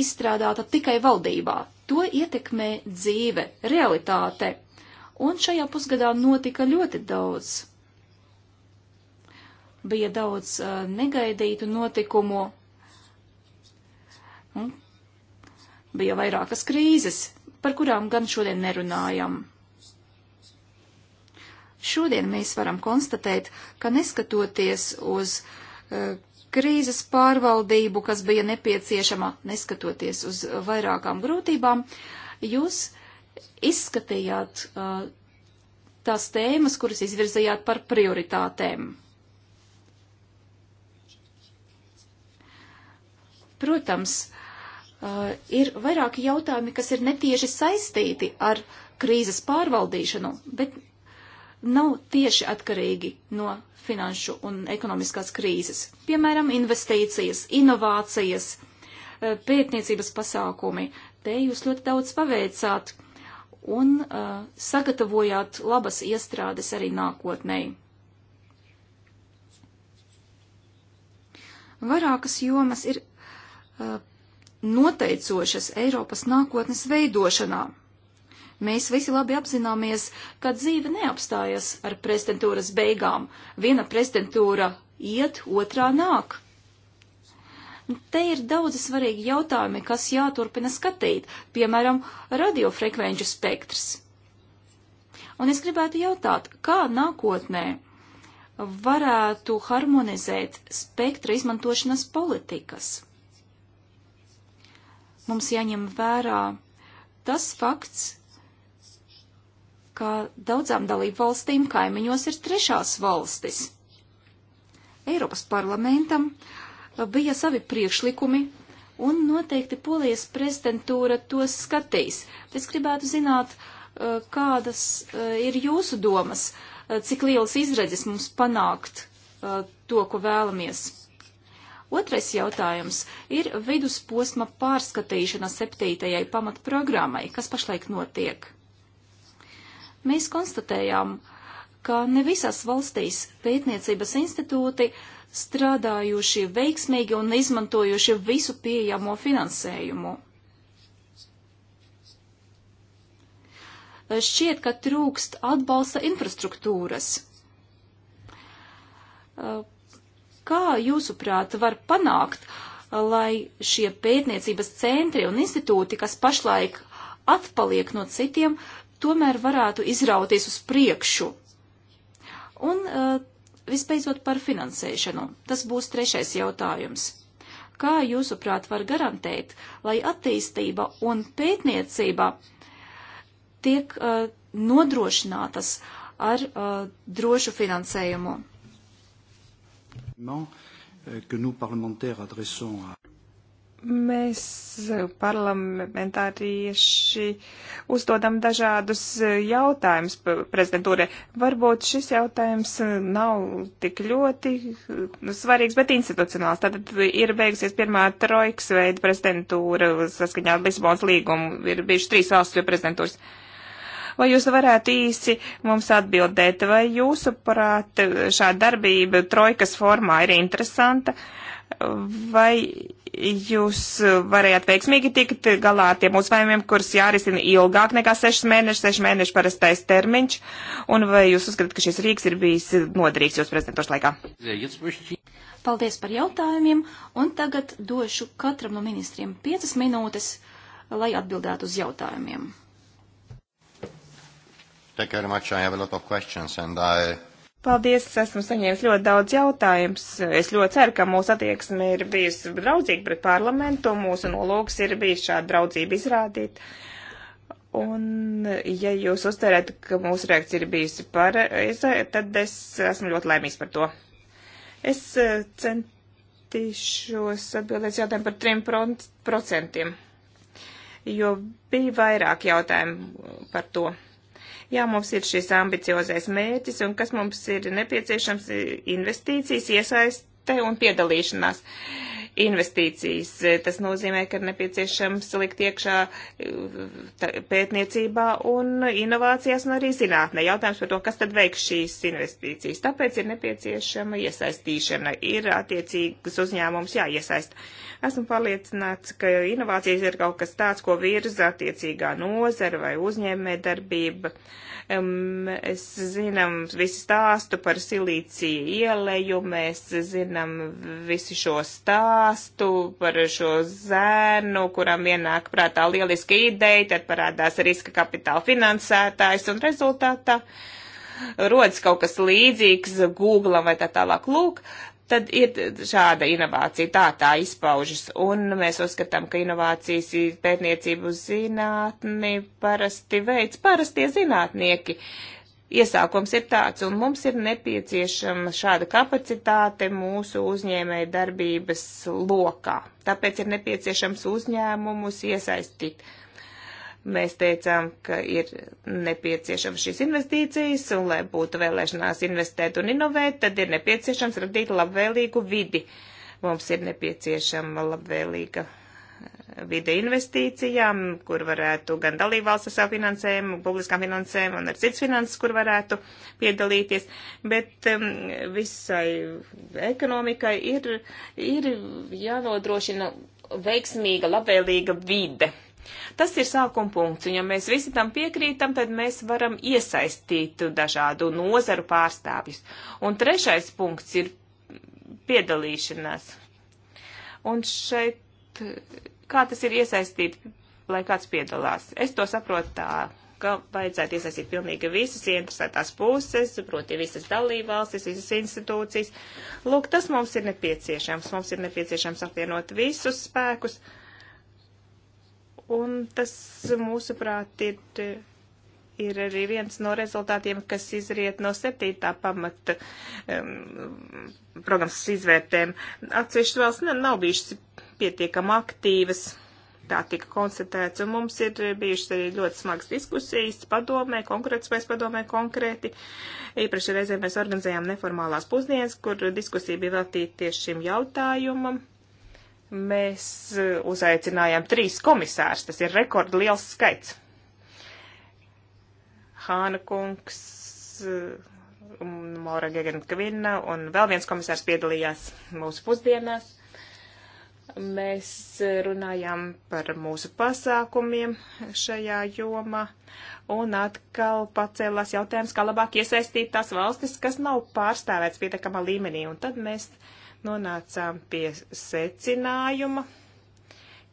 izstrādāta tikai valdībā. To ietekmē dzīve, realitāte. Un šajā pusgadā notika ļoti daudz. Bija daudz uh, negaidītu notikumu. Un bija vairākas krīzes, par kurām gan šodien nerunājam. Šodien mēs varam konstatēt, ka neskatoties uz uh, krīzes pārvaldību, kas bija nepieciešama, neskatoties uz vairākām grūtībām, jūs izskatījāt uh, tās tēmas, kuras izvirzījāt par prioritātēm. Protams, uh, ir vairāki jautājumi, kas ir netieši saistīti ar krīzes pārvaldīšanu, bet nav tieši atkarīgi no finanšu un ekonomiskās krīzes. Piemēram, investīcijas, inovācijas, eh, pētniecības pasākumi. Te jūs ļoti daudz paveicāt un uh, sagatavojāt labas iestrādes arī nākotnēji. Vairākas jomas ir uh, noteicošas Eiropas nākotnes veidošanā. Mēs visi labi apzināmies, ka dzīve neapstājas ar prezidentūras beigām. Viena prezidentūra iet, otrā nāk. Te ir daudzi svarīgi jautājumi, kas jāturpina skatīt, piemēram, radiofrekvenču spektrs. Un es gribētu jautāt, kā nākotnē varētu harmonizēt spektra izmantošanas politikas? Mums jāņem vērā tas fakts, ka daudzām dalību valstīm kaimiņos ir trešās valstis. Eiropas parlamentam bija savi priekšlikumi, un noteikti polijas prezidentūra tos skatīs. Es gribētu zināt, e, kādas e, ir jūsu domas, e, cik liels izredzes mums panākt to, ko vēlamies. Otrais jautājums ir vidusposma pārskatīšana septītajai pamatprogrammai, kas pašlaik notiek. Mēs konstatējām, ka ne visās valstīs pētniecības institūti strādājuši veiksmīgi un izmantojuši visu pieejamo finansējumu. Šķiet, ka trūkst atbalsta infrastruktūras. Kā jūsuprāt var panākt, lai šie pētniecības centri un institūti, kas pašlaik atpaliek no citiem, tomēr varētu izrauties uz priekšu. Un eh, visbeidzot par finansēšanu. Tas būs trešais jautājums. Kā jūsuprāt var garantēt, lai attīstība un pētniecība tiek uh, nodrošinātas ar uh, drošu finansējumu? Non, Mēs eh, parlamentārieši uzdodam dažādus eh, jautājumus prezidentūrē. Varbūt šis jautājums eh, nav tik ļoti svarīgs, bet institucionāls. Tātad ir beigusies pirmā trojkas veida prezidentūra saskaņā ar Lisbonas līgumu. Ir bijuši trīs valsts pie prezidentūras. Uh, Vai jūs varētu īsi mums atbildēt, vai jūsuprāt šāda darbība trojkas formā ir interesanta, vai jūs varējāt veiksmīgi tikt galā ar tiem uzvājumiem, kurus jārisina ilgāk nekā 6 mēneši, 6 mēneši parastais termiņš, un vai jūs uzskatāt, ka šis rīks ir bijis noderīgs jūsu prezidentošu laikā? Paldies par jautājumiem, un tagad došu katram no ministriem 5 minūtes, lai atbildētu uz jautājumiem. Thank you very much. I have a lot of questions and I Paldies, es esmu saņēmis ļoti daudz jautājumus. Es ļoti ceru, ka mūsu attieksme ir bijusi draudzīga pret parlamentu, mūsu nolūks ir bijis šādu draudzību izrādīt. Un, ja jūs uztverat, ka mūsu reakcija ir bijusi pareiza, tad es esmu ļoti laimīgs par to. Es eh, centīšos atbildēt jautājumu par trim procentiem, jo bija vairāk jautājumu par to. Jā, mums ir šis ambiciozais mērķis, un kas mums ir nepieciešams - investīcijas, iesaiste un piedalīšanās. Uh, investīcijas. Tas nozīmē, ka ir nepieciešams likt iekšā eh, pētniecībā un inovācijās un arī zinātnē. Jautājums par to, kas tad veiks šīs investīcijas. Tāpēc ir nepieciešama iesaistīšana. Ir attiecīgas uzņēmums jāiesaist. Esmu pārliecināts, ka inovācijas ir kaut kas tāds, ko virza attiecīgā nozara vai uzņēmē darbība. Um, es zinām visu stāstu par silīciju ieleju, mēs zinām visu šo stāstu stāstu par šo zēnu, kuram ienāk prātā lieliska ideja, tad parādās riska kapitāla finansētājs un rezultātā rodas kaut kas līdzīgs Google vai tā tālāk. Lūk, tad ir šāda inovācija, tā tā izpaužas, un mēs uzskatām, ka inovācijas pētniecību zinātni parasti veids parastie zinātnieki. Uh, iesākums ir tāds, un mums ir nepieciešama šāda kapacitāte mūsu uzņēmēja darbības lokā. Tāpēc ir nepieciešams uzņēmumus iesaistīt. Mēs teicām, ka ir nepieciešams šīs investīcijas, un lai būtu vēlēšanās investēt un inovēt, tad ir nepieciešams radīt labvēlīgu vidi. Mums ir nepieciešama labvēlīga vide investīcijām, kur varētu gan dalībvalsts ar savu finansējumu, publiskām finansēm un ar cits finanses, kur varētu piedalīties, bet um, visai ekonomikai ir, ir jānodrošina veiksmīga, labvēlīga vide. Tas ir sākuma punkts, un ja mēs visi tam piekrītam, tad mēs varam iesaistīt dažādu nozaru pārstāvjus. Un trešais punkts ir piedalīšanās. Un šeit kā tas ir iesaistīt, lai kāds piedalās. Es to saprotu tā, ka vajadzētu iesaistīt pilnīgi visas interesētās puses, proti visas dalībvalstis, visas institūcijas. Lūk, tas mums ir nepieciešams. Mums ir nepieciešams apvienot visus spēkus. Un tas, mūsuprāt, ir, ir arī viens no rezultātiem, kas izriet no septītā pamata um, programmas izvērtēm. Atsevišķi valsts nav bijušas pietiekam aktīvas. Tā tika konstatēts, un mums ir bijušas arī ļoti smagas diskusijas padomē, konkurētspējas padomē konkrēti. Īpaši reizē mēs organizējām neformālās pusdienas, kur diskusija bija veltīta tieši šim jautājumam. Mēs e, uzaicinājām trīs komisārs, tas ir rekordliels skaits. Hāna kungs, e, Mora Gegena Kvina un vēl viens komisārs piedalījās mūsu pusdienās Mēs runājam par mūsu pasākumiem šajā jomā, un atkal pacēlās jautājums, kā labāk iesaistīt tās valstis, kas nav pārstāvēts pietiekamā līmenī, un tad mēs nonācām pie secinājuma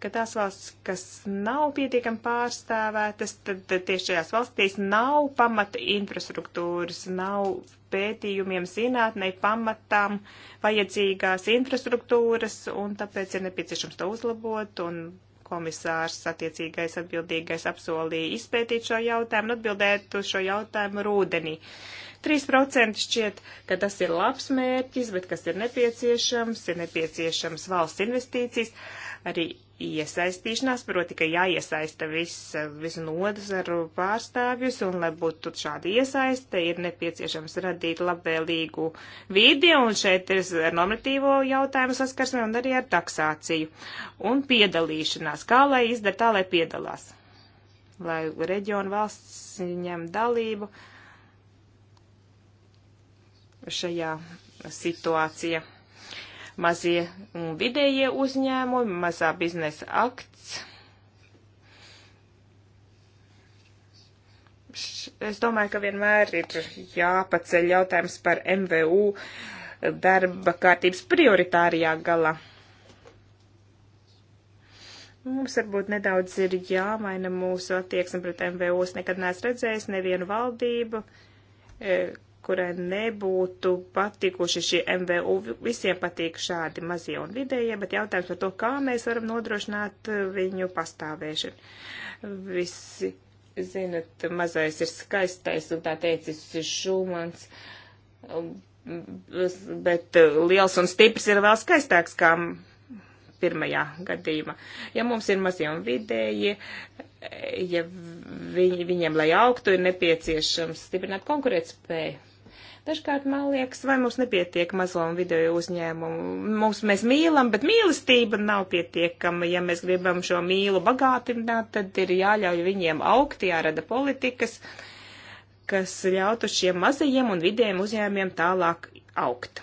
ka tās valsts, kas nav pietiekami pārstāvētas, tad, tad tieši šajās valstīs nav pamata infrastruktūras, nav pētījumiem zinātnei pamatām vajadzīgās infrastruktūras, un tāpēc ir nepieciešams to uzlabot, un komisārs attiecīgais atbildīgais apsolīja izpētīt šo jautājumu un atbildēt uz šo jautājumu rudenī. 3% šķiet, ka tas ir labs mērķis, bet kas ir nepieciešams, ir nepieciešams valsts investīcijas. Uh, arī iesaistīšanās, proti, ka jāiesaista visa, visa nodazaru pārstāvjus, un lai būtu šāda iesaista, ir nepieciešams radīt labvēlīgu vidi, un šeit ir ar normatīvo jautājumu saskarsme un arī ar taksāciju un piedalīšanās. Kā lai izdara tā, lai piedalās? Lai reģionu valsts ņem dalību šajā situācijā mazie un vidējie uzņēmumi, mazā biznesa akts. Es domāju, ka vienmēr ir jāpaceļ jautājums par MVU darba kārtības prioritārijā galā. Mums varbūt nedaudz ir jāmaina mūsu attieksme pret MVOs. Nekad neesmu redzējis nevienu valdību, e, kurai nebūtu patikuši šie MVU. Visiem patīk šādi mazie un vidējie, bet jautājums par to, kā mēs varam nodrošināt uh, viņu pastāvēšanu. Visi, zinat, mazais ir skaistais un tā teicis Šumans, um, bet uh, liels un stiprs ir vēl skaistāks kā pirmajā gadījumā. Ja mums ir mazie un vidējie, ja viņi, viņiem, lai augtu, ir nepieciešams stiprināt konkurētspēju. Dažkārt man liekas, vai mums nepietiek mazo un vidēju uzņēmumu. Mums mēs mīlam, bet mīlestība nav pietiekama. Ja mēs gribam šo mīlu bagātināt, tad ir jāļauj viņiem augt, jārada politikas, kas ļautu šiem mazajiem un vidējiem uzņēmumiem tālāk augt.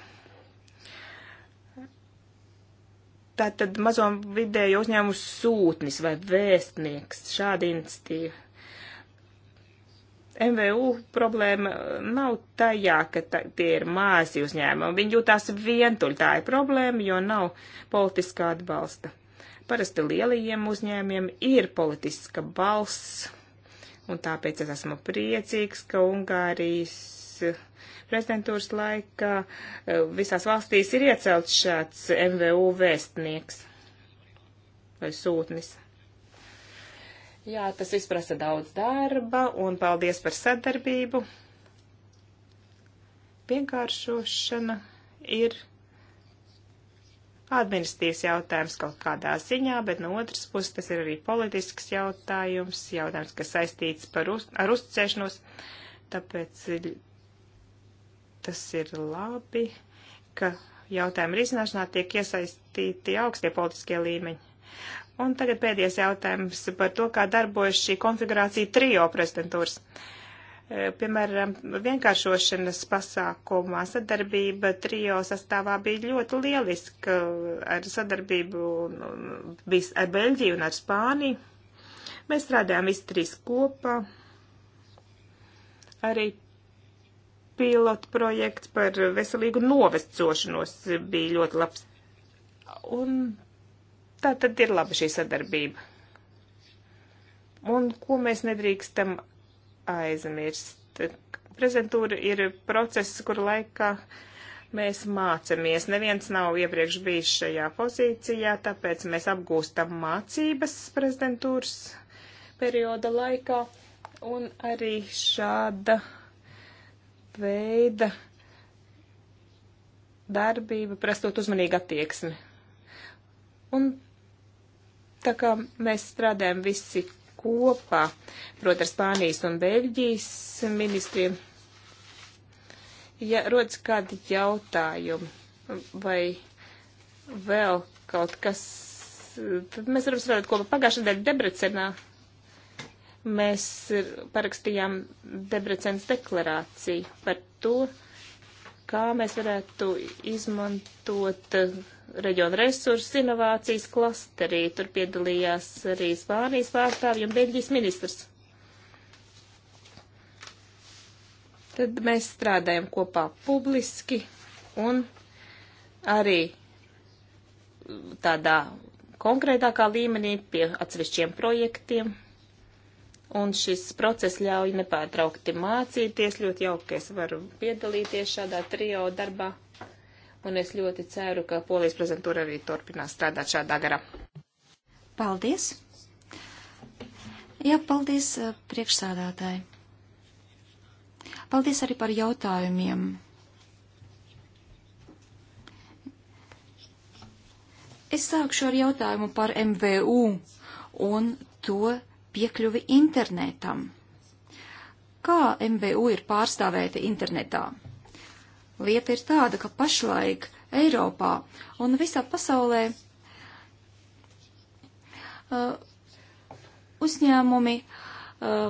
Tātad mazo un vidēju uzņēmumu sūtnis vai vēstnieks šāda institīva MVU problēma eh, nav tajā, ka tā, tie ir mazi uzņēmumi. Viņi jūtās vientuļi. Tā ir problēma, jo nav politiskā atbalsta. Parasti lielajiem uzņēmiem ir politiska balss, un tāpēc es esmu priecīgs, ka Ungārijas eh, prezidentūras laikā eh, visās valstīs ir iecelts šāds MVU vēstnieks vai sūtnis. Jā, tas viss prasa daudz darba, un paldies par sadarbību. Vienkāršošana ir administratīvs jautājums kaut kādā ziņā, bet no otras puses tas ir arī politisks jautājums, jautājums, kas saistīts par uz, ar uzticēšanos, tāpēc tas ir labi, ka jautājumu risināšanā tiek iesaistīti augstie politiskie līmeņi. Un tagad pēdējais jautājums par to, kā darbojas šī konfigurācija trijo prezidentūras. E, piemēram, vienkāršošanas pasākumā sadarbība trijo sastāvā bija ļoti lieliska ar sadarbību ar Beļģiju un ar Spāniju. Mēs strādājām visi trīs kopā. Arī pilotu projekts par veselīgu novecošanos bija ļoti labs. Un Tā tad ir laba šī sadarbība. Un ko mēs nedrīkstam aizmirst? Prezentūra ir process, kur laikā mēs mācamies. Neviens nav iepriekš bijis šajā pozīcijā, tāpēc mēs apgūstam mācības prezidentūras perioda laikā. Un arī šāda veida darbība prasot uzmanīgu attieksmi. Un Tā kā mēs strādājam visi kopā, protams, ar Spānijas un Beļģijas ministriem, ja rodas kādi jautājumi vai vēl kaut kas, tad mēs varam strādāt kopā. Pagājušajā nedēļā Debrecenā mēs parakstījām Debrecenas deklarāciju par to, kā mēs varētu izmantot eh, reģionu resursu inovācijas klasterī. Tur piedalījās arī Spānijas pārstāvji un Beļģijas ministrs. Tad mēs strādājam kopā publiski un arī eh, tādā konkrētākā līmenī pie atsevišķiem projektiem. Un šis process ļauj nepārtraukti mācīties. Ļoti jauki, ka es varu piedalīties šādā trio darbā. Un es ļoti ceru, ka polijas prezentūra arī turpinās strādāt šādā garā. Paldies! Jā, paldies eh, priekšsādātāji. Paldies arī par jautājumiem. Es sākšu ar jautājumu par MVU un to, piekļuvi internetam. Kā MBU ir pārstāvēti internetā? Lieta ir tāda, ka pašlaik Eiropā un visā pasaulē uh, uzņēmumi, uh,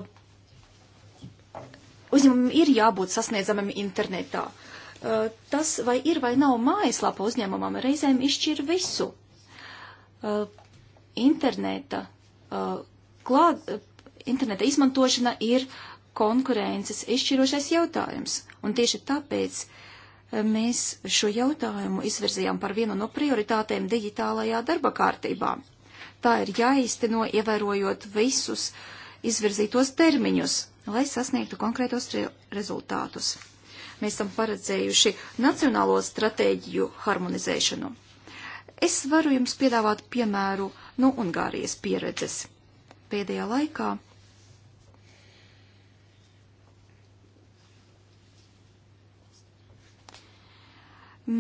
uzņēmumi ir jābūt sasniedzamiem internetā. Uh, tas, vai ir vai nav mājaslapa uzņēmumam, reizēm izšķir visu. Uh, interneta uh, klāt, interneta izmantošana ir konkurences izšķirošais jautājums, un tieši tāpēc eh, mēs šo jautājumu izvirzījām par vienu no prioritātēm digitālajā darba kārtībā. Tā ir jāizteno ievērojot visus izvirzītos termiņus, lai sasniegtu konkrētos rezultātus. Mēs esam paredzējuši nacionālo stratēģiju harmonizēšanu. Es varu jums piedāvāt piemēru no Ungārijas pieredzes pēdējā laikā.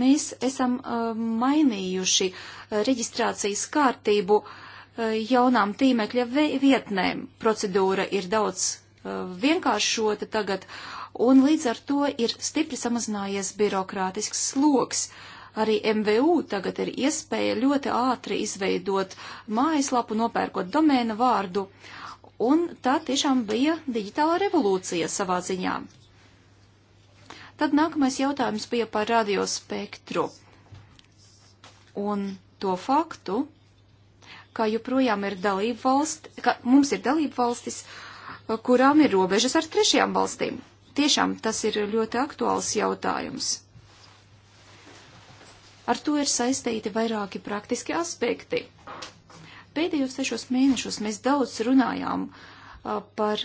Mēs esam uh, mainījuši uh, reģistrācijas kārtību uh, jaunām tīmekļa vietnēm. Procedūra ir daudz vienkāršota tagad, un līdz ar to ir stipri samazinājies birokrātisks sloks. Uh, Arī MVU tagad ir iespēja ļoti ātri izveidot mājaslapu, nopērkot domēna vārdu, un tā tiešām bija digitāla revolūcija savā ziņā. Tad nākamais jautājums bija par radiospektru un to faktu, ka joprojām ir dalība valsts, ka mums ir dalība valstis, kurām ir robežas ar trešajām valstīm. Tiešām tas ir ļoti aktuāls jautājums. Ar to ir saistīti vairāki praktiski aspekti. Pēdējos sešos mēnešos mēs daudz runājām a, par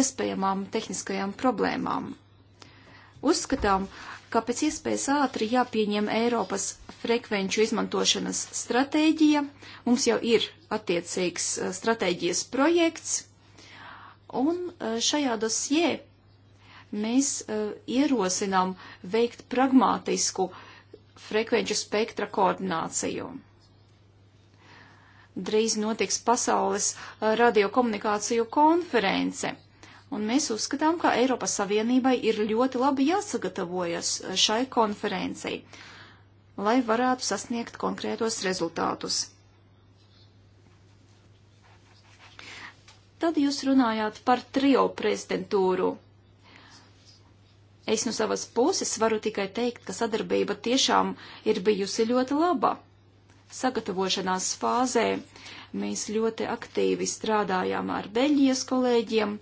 iespējamām tehniskajām problēmām. Uzskatām, ka pēc iespējas ātri jāpieņem Eiropas frekvenču izmantošanas stratēģija. Mums jau ir attiecīgs stratēģijas projekts, un šajā dosjē mēs uh, ierosinām veikt pragmātisku uh, frekvenču spektra koordināciju. Drīz notiks pasaules eh, radiokomunikāciju konference, un mēs uzskatām, ka Eiropas Savienībai ir ļoti labi jāsagatavojas eh, šai konferencei, lai varētu sasniegt konkrētos rezultātus. Tad jūs runājāt par trio prezidentūru Es no savas puses varu tikai teikt, ka sadarbība tiešām ir bijusi ļoti laba. Sagatavošanās fāzē mēs ļoti aktīvi strādājām ar Beļģijas kolēģiem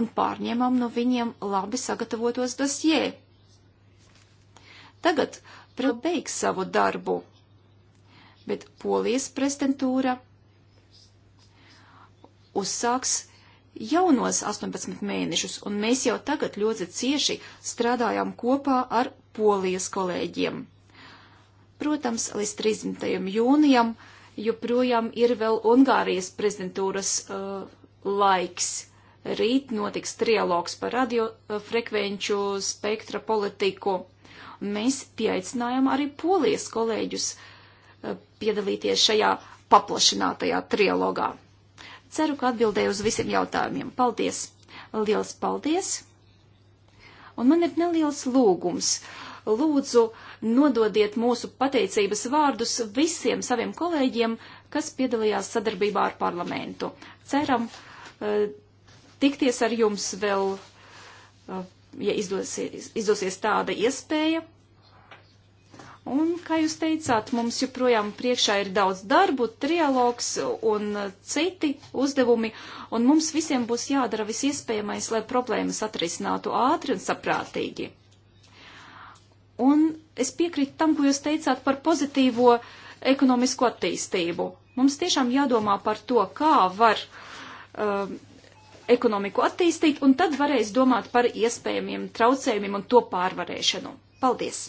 un pārņēmām no viņiem labi sagatavotos dosjē. Tagad beigs savu darbu, bet Polijas prezidentūra uzsāks jaunos 18 mēnešus, un mēs jau tagad ļoti cieši strādājām kopā ar polijas kolēģiem. Protams, līdz 30. jūnijam joprojām ir vēl Ungārijas prezidentūras uh, laiks. Rīt notiks trialogs par radiofrekvenču uh, spektra politiku. Mēs pieaicinājām arī polijas kolēģus uh, piedalīties šajā paplašinātajā trialogā. Ceru, ka atbildēju uz visiem jautājumiem. Paldies! Liels paldies! Un man ir neliels lūgums. Lūdzu, nododiet mūsu pateicības vārdus visiem saviem kolēģiem, kas piedalījās sadarbībā ar parlamentu. Ceram uh, tikties ar jums vēl, uh, ja izdosies, izdosies tāda iespēja. Un, kā jūs teicāt, mums joprojām priekšā ir daudz darbu, trialogs un citi uzdevumi, un mums visiem būs jādara viss iespējamais, lai problēmas atrisinātu ātri un saprātīgi. Un es piekrītu tam, ko jūs teicāt par pozitīvo ekonomisko attīstību. Mums tiešām jādomā par to, kā var um, ekonomiku attīstīt, un tad varēs domāt par iespējamiem traucējumiem un to pārvarēšanu. Paldies!